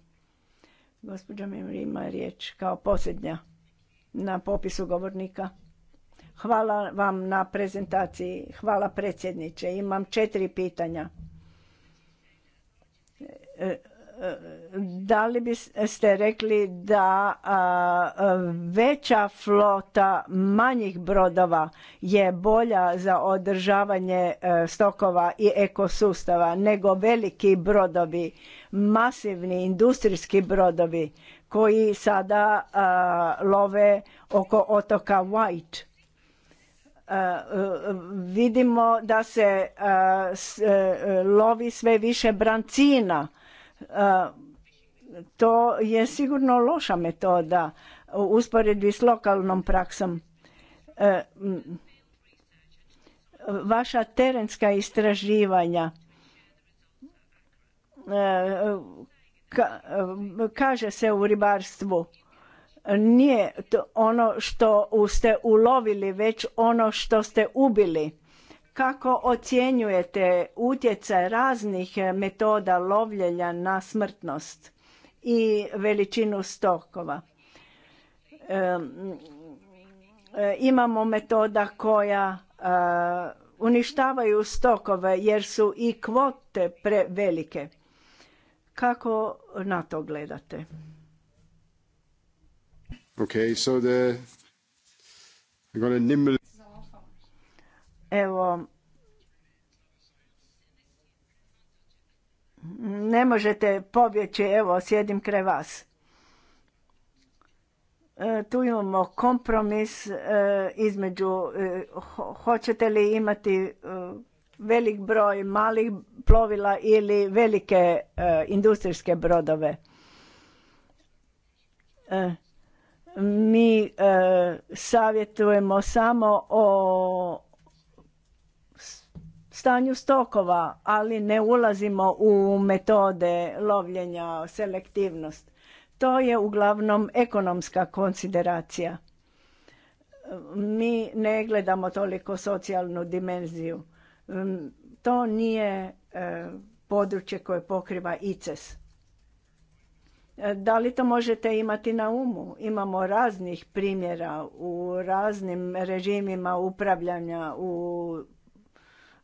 Gospođa Mimri ima riječ kao posljednja na popisu govornika. Hvala vam na prezentaciji. Hvala predsjedniče. Imam četiri pitanja. E, e, da li biste rekli da veća flota manjih brodova je bolja za održavanje e, stokova i ekosustava nego veliki brodovi, masivni industrijski brodovi koji sada love oko otoka White? vidimo da se e, e, lovi sve više brancina. E, to je sigurno loša metoda u usporedbi s lokalnom praksom. Vaša terenska istraživanja kaže se u ribarstvu nije ono što ste ulovili, već ono što ste ubili. Kako ocjenjujete utjecaj raznih metoda lovljenja na smrtnost i veličinu stokova? imamo metoda koja uništavaju stokove jer su i kvote prevelike. Kako na to gledate? Okay, Evo, ne možete pobjeći, evo, sjedim kraj vas. E, tu imamo kompromis e, između, e, hoćete li imati velik broj malih plovila ili velike industrijske brodove. E, mi e, savjetujemo samo o stanju stokova, ali ne ulazimo u metode lovljenja, selektivnost. To je uglavnom ekonomska konsideracija. Mi ne gledamo toliko socijalnu dimenziju. Mm, to nije e, područje koje pokriva ICES. E, da li to možete imati na umu? Imamo raznih primjera u raznim režimima upravljanja u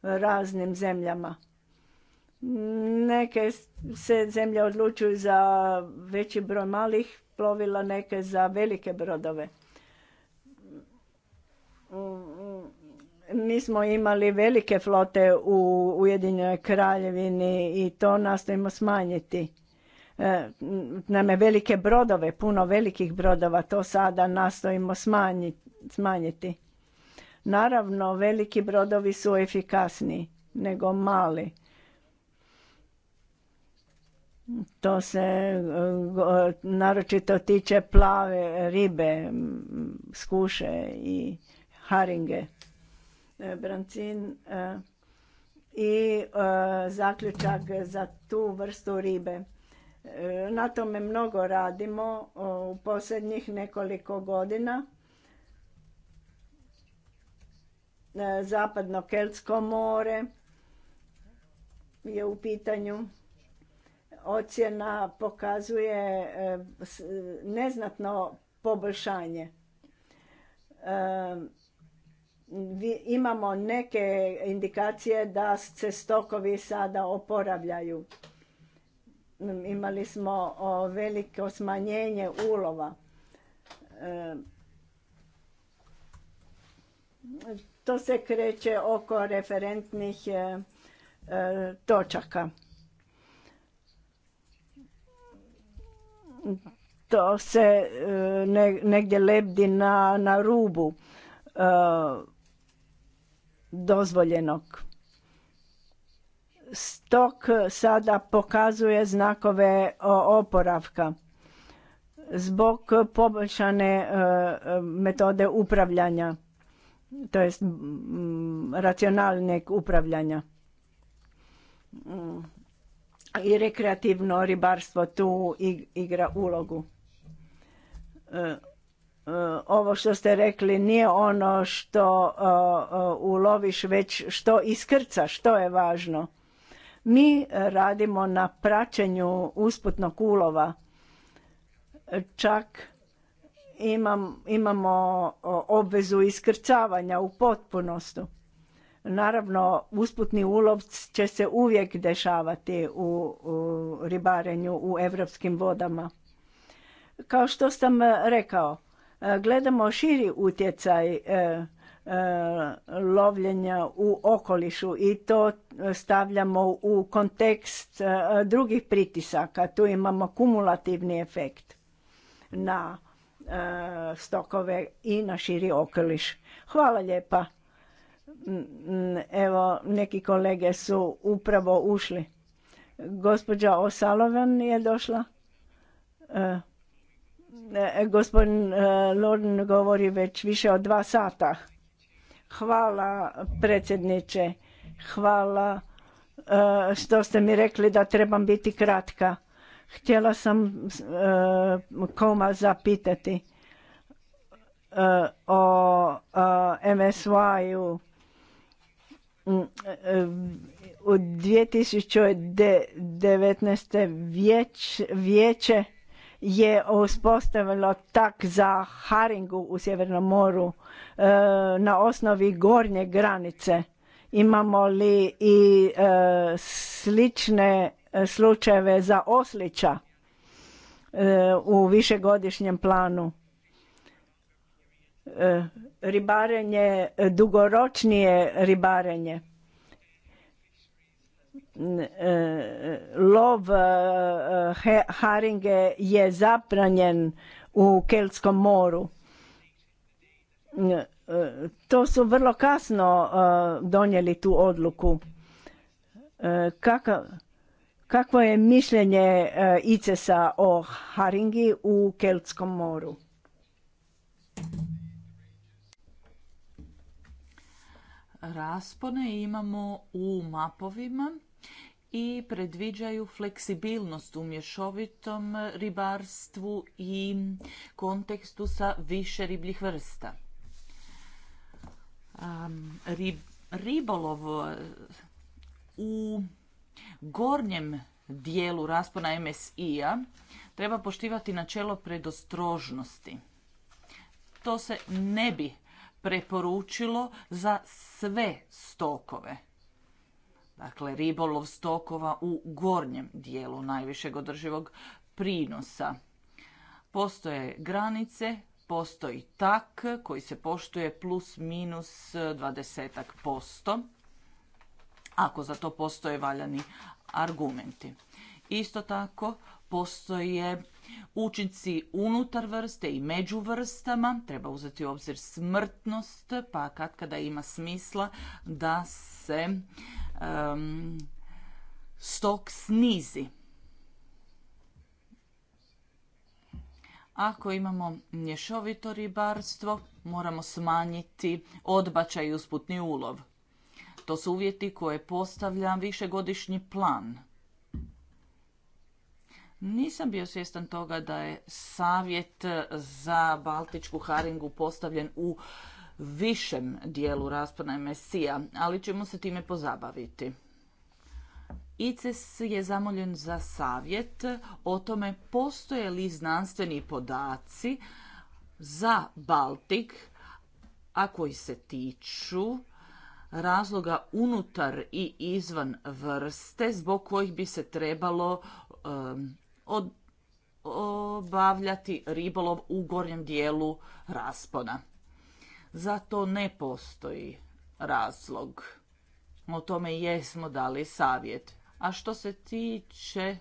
raznim zemljama. Neke se zemlje odlučuju za veći broj malih plovila, neke za velike brodove. Mi smo imali velike flote u Ujedinjenoj kraljevini i to nastojimo smanjiti E, naime velike brodove, puno velikih brodova, to sada nastojimo smanjiti. Naravno, veliki brodovi su efikasniji nego mali. To se e, naročito tiče plave ribe, skuše i haringe. E, brancin i zaključak za tu vrstu ribe na tome mnogo radimo u posljednjih nekoliko godina. E, Zapadno Keltsko more je u pitanju. Ocjena pokazuje e, neznatno poboljšanje. E, imamo neke indikacije da se stokovi sada oporavljaju Imali smo veliko smanjenje ulova. E, to se kreće oko referentnih e, e, točaka. To se negdje lebdi na, na rubu dozvoljenog stok sada pokazuje znakove oporavka zbog poboljšane e, metode upravljanja, to jest racionalnijeg upravljanja. Mm. I rekreativno ribarstvo tu igra ulogu. E, e, ovo što ste rekli nije ono što uloviš, već što iskrca, što je važno mi eh, radimo na praćenju usputnog ulova. Čak imam, imamo obvezu iskrcavanja u potpunosti. Naravno, usputni ulov će se uvijek dešavati u, ribarenju u europskim vodama. Kao što sam eh, rekao, eh, gledamo širi utjecaj E, lovljenja u okolišu i to e, stavljamo u kontekst e, drugih pritisaka. Tu imamo kumulativni efekt na stokove i na širi okoliš. Hvala lijepa. Evo, neki kolege su upravo ušli. Gospođa Osalovan je došla. gospodin Lorden govori već više od dva sata. Hvala predsjedniče. Hvala e, što ste mi rekli da trebam biti kratka. Htjela sam e, koma zapitati e, o MSY-u mm, u 2019. vijeće je uspostavilo tak za haringu u Sjevernom moru e, na osnovi gornje granice. Imamo li i e, slične e, slučajeve za oslića u višegodišnjem planu? Ribarenje, dugoročnije ribarenje E, e, lov e, haringe je zapranjen u Keltskom moru. To su vrlo kasno donijeli tu odluku. Kaka, kakvo je mišljenje icesa o haringi u Keltskom moru? Raspone imamo u mapovima i predviđaju fleksibilnost u mješovitom ribarstvu i kontekstu sa više ribljih vrsta. Ribolov u gornjem dijelu raspona MSI-a treba poštivati načelo predostrožnosti. To se ne bi preporučilo za sve stokove Dakle, ribolov stokova u gornjem dijelu najvišeg održivog prinosa. Postoje granice, postoji tak koji se poštuje plus minus 20%, ako za to postoje valjani argumenti. Isto tako postoje učinci unutar vrste i među vrstama, treba uzeti u obzir smrtnost, pa kad kada ima smisla da se stok snizi. Ako imamo mješovito ribarstvo, moramo smanjiti odbačaj i usputni ulov. To su uvjeti koje postavlja višegodišnji plan. Nisam bio svjestan toga da je savjet za Baltičku haringu postavljen u višem dijelu raspona mesija, ali ćemo se time pozabaviti. ICES je zamoljen za savjet o tome postoje li znanstveni podaci za Baltik, a koji se tiču razloga unutar i izvan vrste zbog kojih bi se trebalo obavljati ribolov u gornjem dijelu raspona. Za to ne postoji razlog. O tome jesmo dali savjet. A što se tiče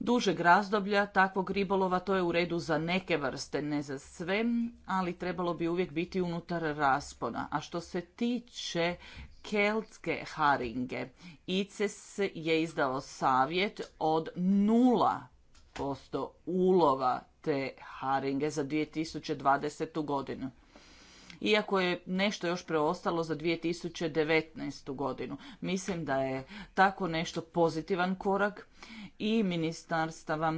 dužeg razdoblja takvog ribolova to je u redu za neke vrste, ne za sve, ali trebalo bi uvijek biti unutar raspona. A što se tiče keltske haringe, ICES je izdao savjet od nula posto ulova te haringe za 2020. godinu iako je nešto još preostalo za 2019. godinu. Mislim da je tako nešto pozitivan korak i ministarstava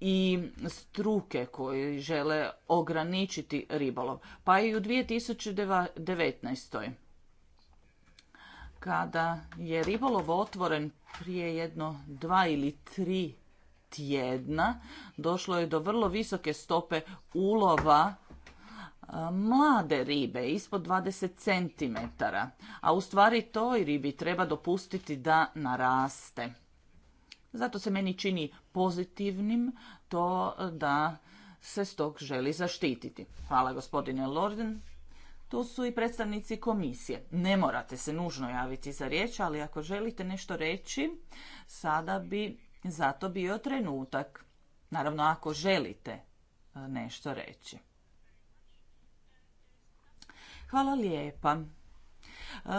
i struke koji žele ograničiti ribolov. Pa i u 2019. Kada je ribolov otvoren prije jedno dva ili tri tjedna, došlo je do vrlo visoke stope ulova mlade ribe ispod 20 cm, a u stvari toj ribi treba dopustiti da naraste. Zato se meni čini pozitivnim to e, da se stok želi zaštititi. Hvala gospodine Lorden. Tu su i predstavnici komisije. Ne morate se nužno javiti za riječ, ali ako želite nešto reći, sada bi zato bio trenutak. Naravno, ako želite e, nešto reći. Hvala lijepa. E,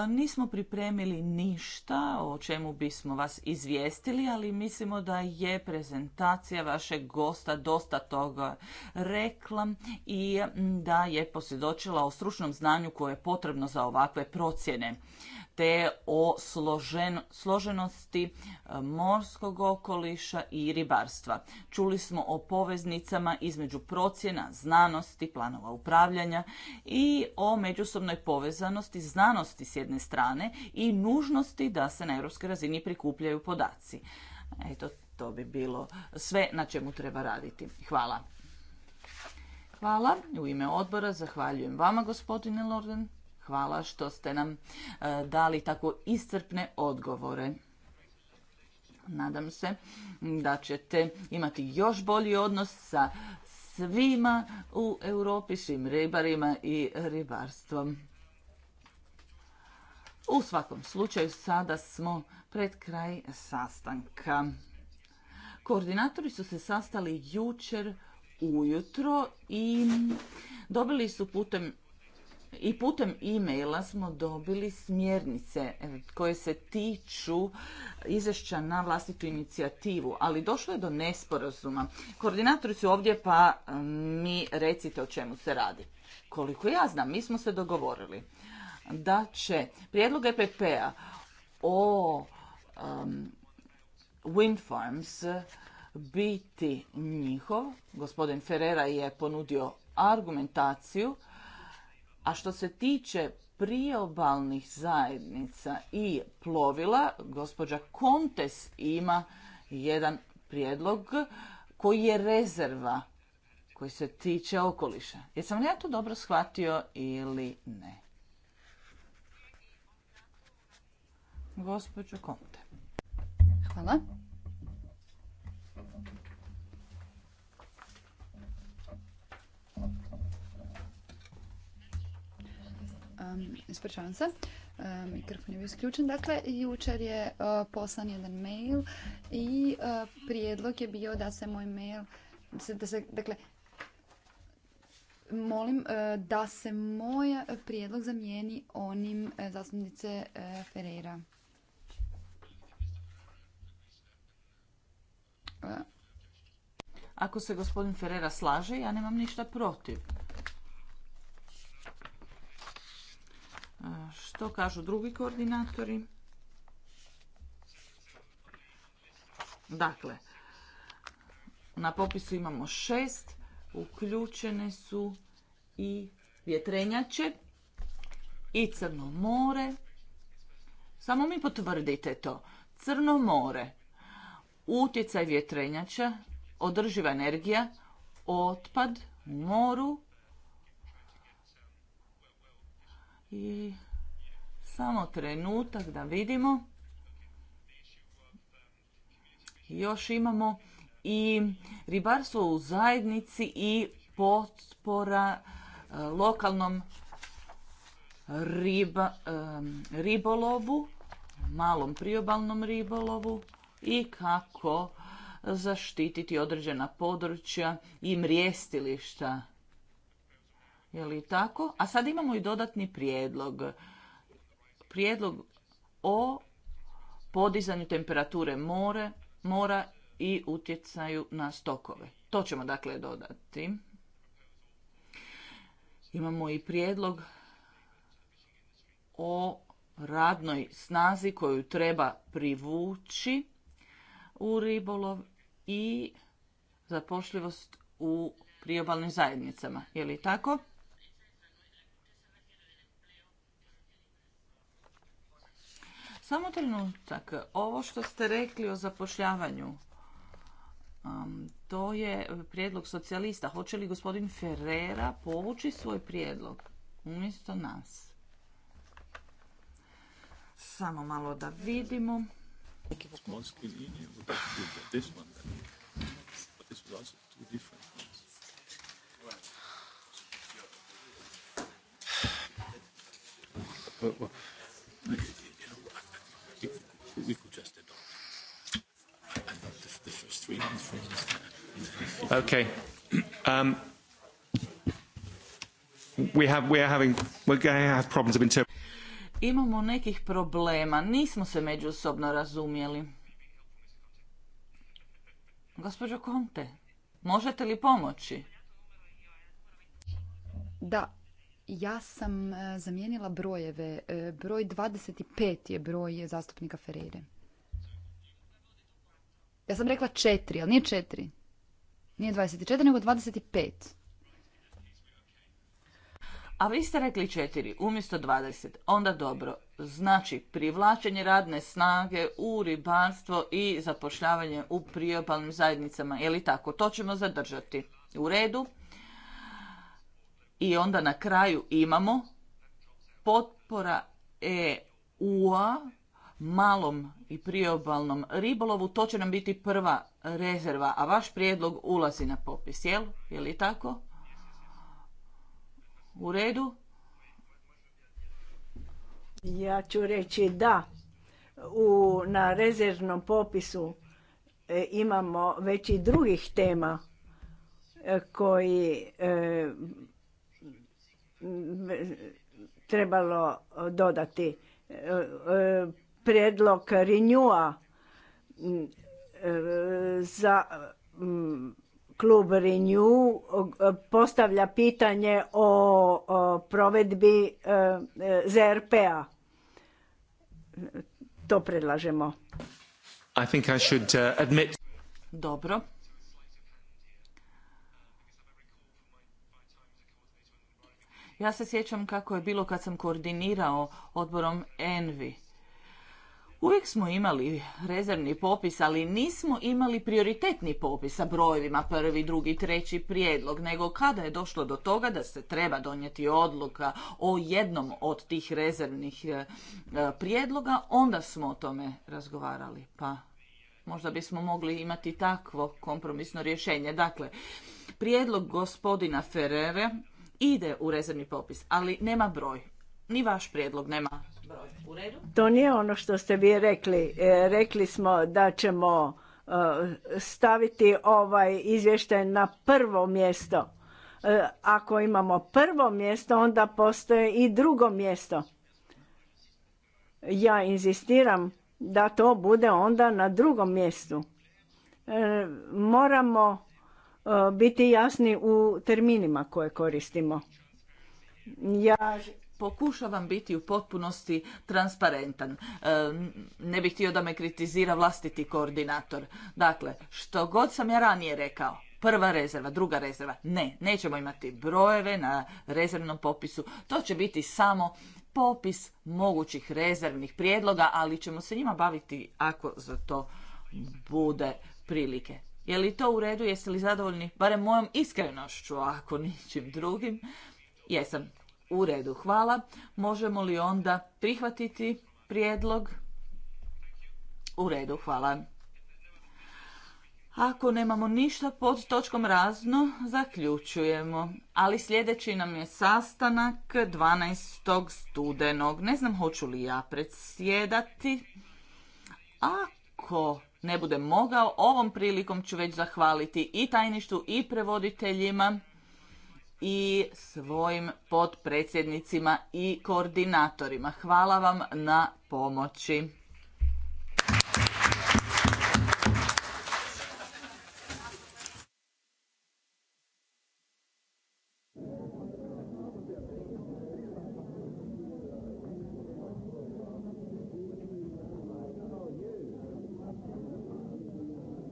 nismo pripremili ništa o čemu bismo vas izvijestili, ali mislimo da je prezentacija vašeg gosta dosta toga rekla i da je posvjedočila o stručnom znanju koje je potrebno za ovakve procjene te o složenosti e, morskog okoliša i ribarstva. Čuli smo o poveznicama između procjena, znanosti, planova upravljanja i o međusobnoj povezanosti znanosti s jedne strane i nužnosti da se na europskoj razini prikupljaju podaci. Eto, to bi bilo sve na čemu treba raditi. Hvala. Hvala. U ime odbora zahvaljujem vama, gospodine Lorden. Hvala što ste nam e, dali tako iscrpne odgovore. Nadam se da ćete imati još bolji odnos sa svima u Europi, svim ribarima i ribarstvom. U svakom slučaju sada smo pred kraj sastanka. Koordinatori su se sastali jučer ujutro i dobili su putem i putem e-maila smo dobili smjernice e, koje se tiču izvješća na vlastitu inicijativu, ali došlo je do nesporazuma. Koordinatori su ovdje pa mm, mi recite o čemu se radi. Koliko ja znam, mi smo se dogovorili da će prijedlog EPP-a o um, wind farms biti njihov. Gospodin Ferrera je ponudio argumentaciju a što se tiče priobalnih zajednica i plovila, gospođa Kontes ima jedan prijedlog koji je rezerva koji se tiče okoliša. Jesam li ja to dobro shvatio ili ne? Gospođo Konte. Hvala. ispričavam se, mikrofon je isključen. Dakle, jučer je poslan jedan mail i prijedlog je bio da se moj mail, se, dakle, molim da se moj prijedlog zamijeni onim e, zastupnice e, Ferreira. Ako se gospodin Ferreira slaže, ja nemam ništa protiv. što kažu drugi koordinatori? Dakle, na popisu imamo šest, uključene su i vjetrenjače i Crno more. Samo mi potvrdite to. Crno more, utjecaj vjetrenjača, održiva energija, otpad u moru i samo trenutak da vidimo. Još imamo i ribarstvo u zajednici i potpora e, lokalnom e, ribolovu, malom priobalnom ribolovu i kako zaštititi određena područja i mrijestilišta. Je tako? A sad imamo i dodatni prijedlog prijedlog o podizanju temperature more, mora i utjecaju na stokove. To ćemo dakle dodati. Imamo i prijedlog o radnoj snazi koju treba privući u ribolov i zapošljivost u priobalnim zajednicama. Je li tako? Samo trenutak, ovo što ste rekli o zapošljavanju, um, to je prijedlog socijalista. Hoće li gospodin Ferrera povući svoj prijedlog umjesto nas? Samo malo da vidimo. Okay. Um, we have, we are having, we're going to have problems of Imamo nekih problema. Nismo se međusobno razumjeli. Gospođo Conte, možete li pomoći? Da, ja sam e, zamijenila brojeve. E, broj 25 je broj zastupnika Ferreira. Ja sam rekla četiri, ali nije četiri. Nije 24, nego 25. A vi ste rekli četiri umjesto 20. Onda dobro. Znači privlačenje radne snage u ribarstvo i zapošljavanje u priobalnim zajednicama. Je li tako? To ćemo zadržati. U redu. I onda na kraju imamo potpora EU-a malom i priobalnom ribolovu, to će nam biti prva rezerva, a vaš prijedlog ulazi na popis, jel? Je tako? U redu? Ja ću reći da. U, na rezervnom popisu e, imamo već i drugih tema e, koji e, trebalo dodati predlog Renewa e, za klub Renew e, postavlja pitanje o provedbi e, ZRP-a. To predlažemo. Uh, Dobro. Ja se sjećam kako je bilo kad sam koordinirao odborom Envi. Uvijek smo imali rezervni popis, ali nismo imali prioritetni popis sa brojevima prvi, drugi, treći prijedlog, nego kada je došlo do toga da se treba donijeti odluka o jednom od tih rezervnih e, e, prijedloga, onda smo o tome razgovarali. Pa možda bismo mogli imati takvo kompromisno rješenje. Dakle, prijedlog gospodina Ferrere ide u rezervni popis, ali nema broj. Ni vaš prijedlog nema to nije ono što ste vi rekli. E, rekli smo da ćemo e, staviti ovaj izvještaj na prvo mjesto. E, ako imamo prvo mjesto, onda postoje i drugo mjesto. Ja inzistiram da to bude onda na drugom mjestu. Moramo biti jasni u terminima koje koristimo. Ja pokušavam biti u potpunosti transparentan. E, ne bih htio da me kritizira vlastiti koordinator. Dakle, što god sam ja ranije rekao, prva rezerva, druga rezerva, ne, nećemo imati brojeve na rezervnom popisu. To će biti samo popis mogućih rezervnih prijedloga, ali ćemo se njima baviti ako za to bude prilike. Je li to u redu? Jeste li zadovoljni? Barem mojom iskrenošću, ako ničim drugim. Jesam. U redu, hvala. Možemo li onda prihvatiti prijedlog? U redu, hvala. Ako nemamo ništa pod točkom razno, zaključujemo. Ali sljedeći nam je sastanak 12. studenog. Ne znam hoću li ja predsjedati. Ako ne budem mogao, ovom prilikom ću već zahvaliti i tajništu i prevoditeljima i svojim potpredsjednicima i koordinatorima. Hvala vam na pomoći.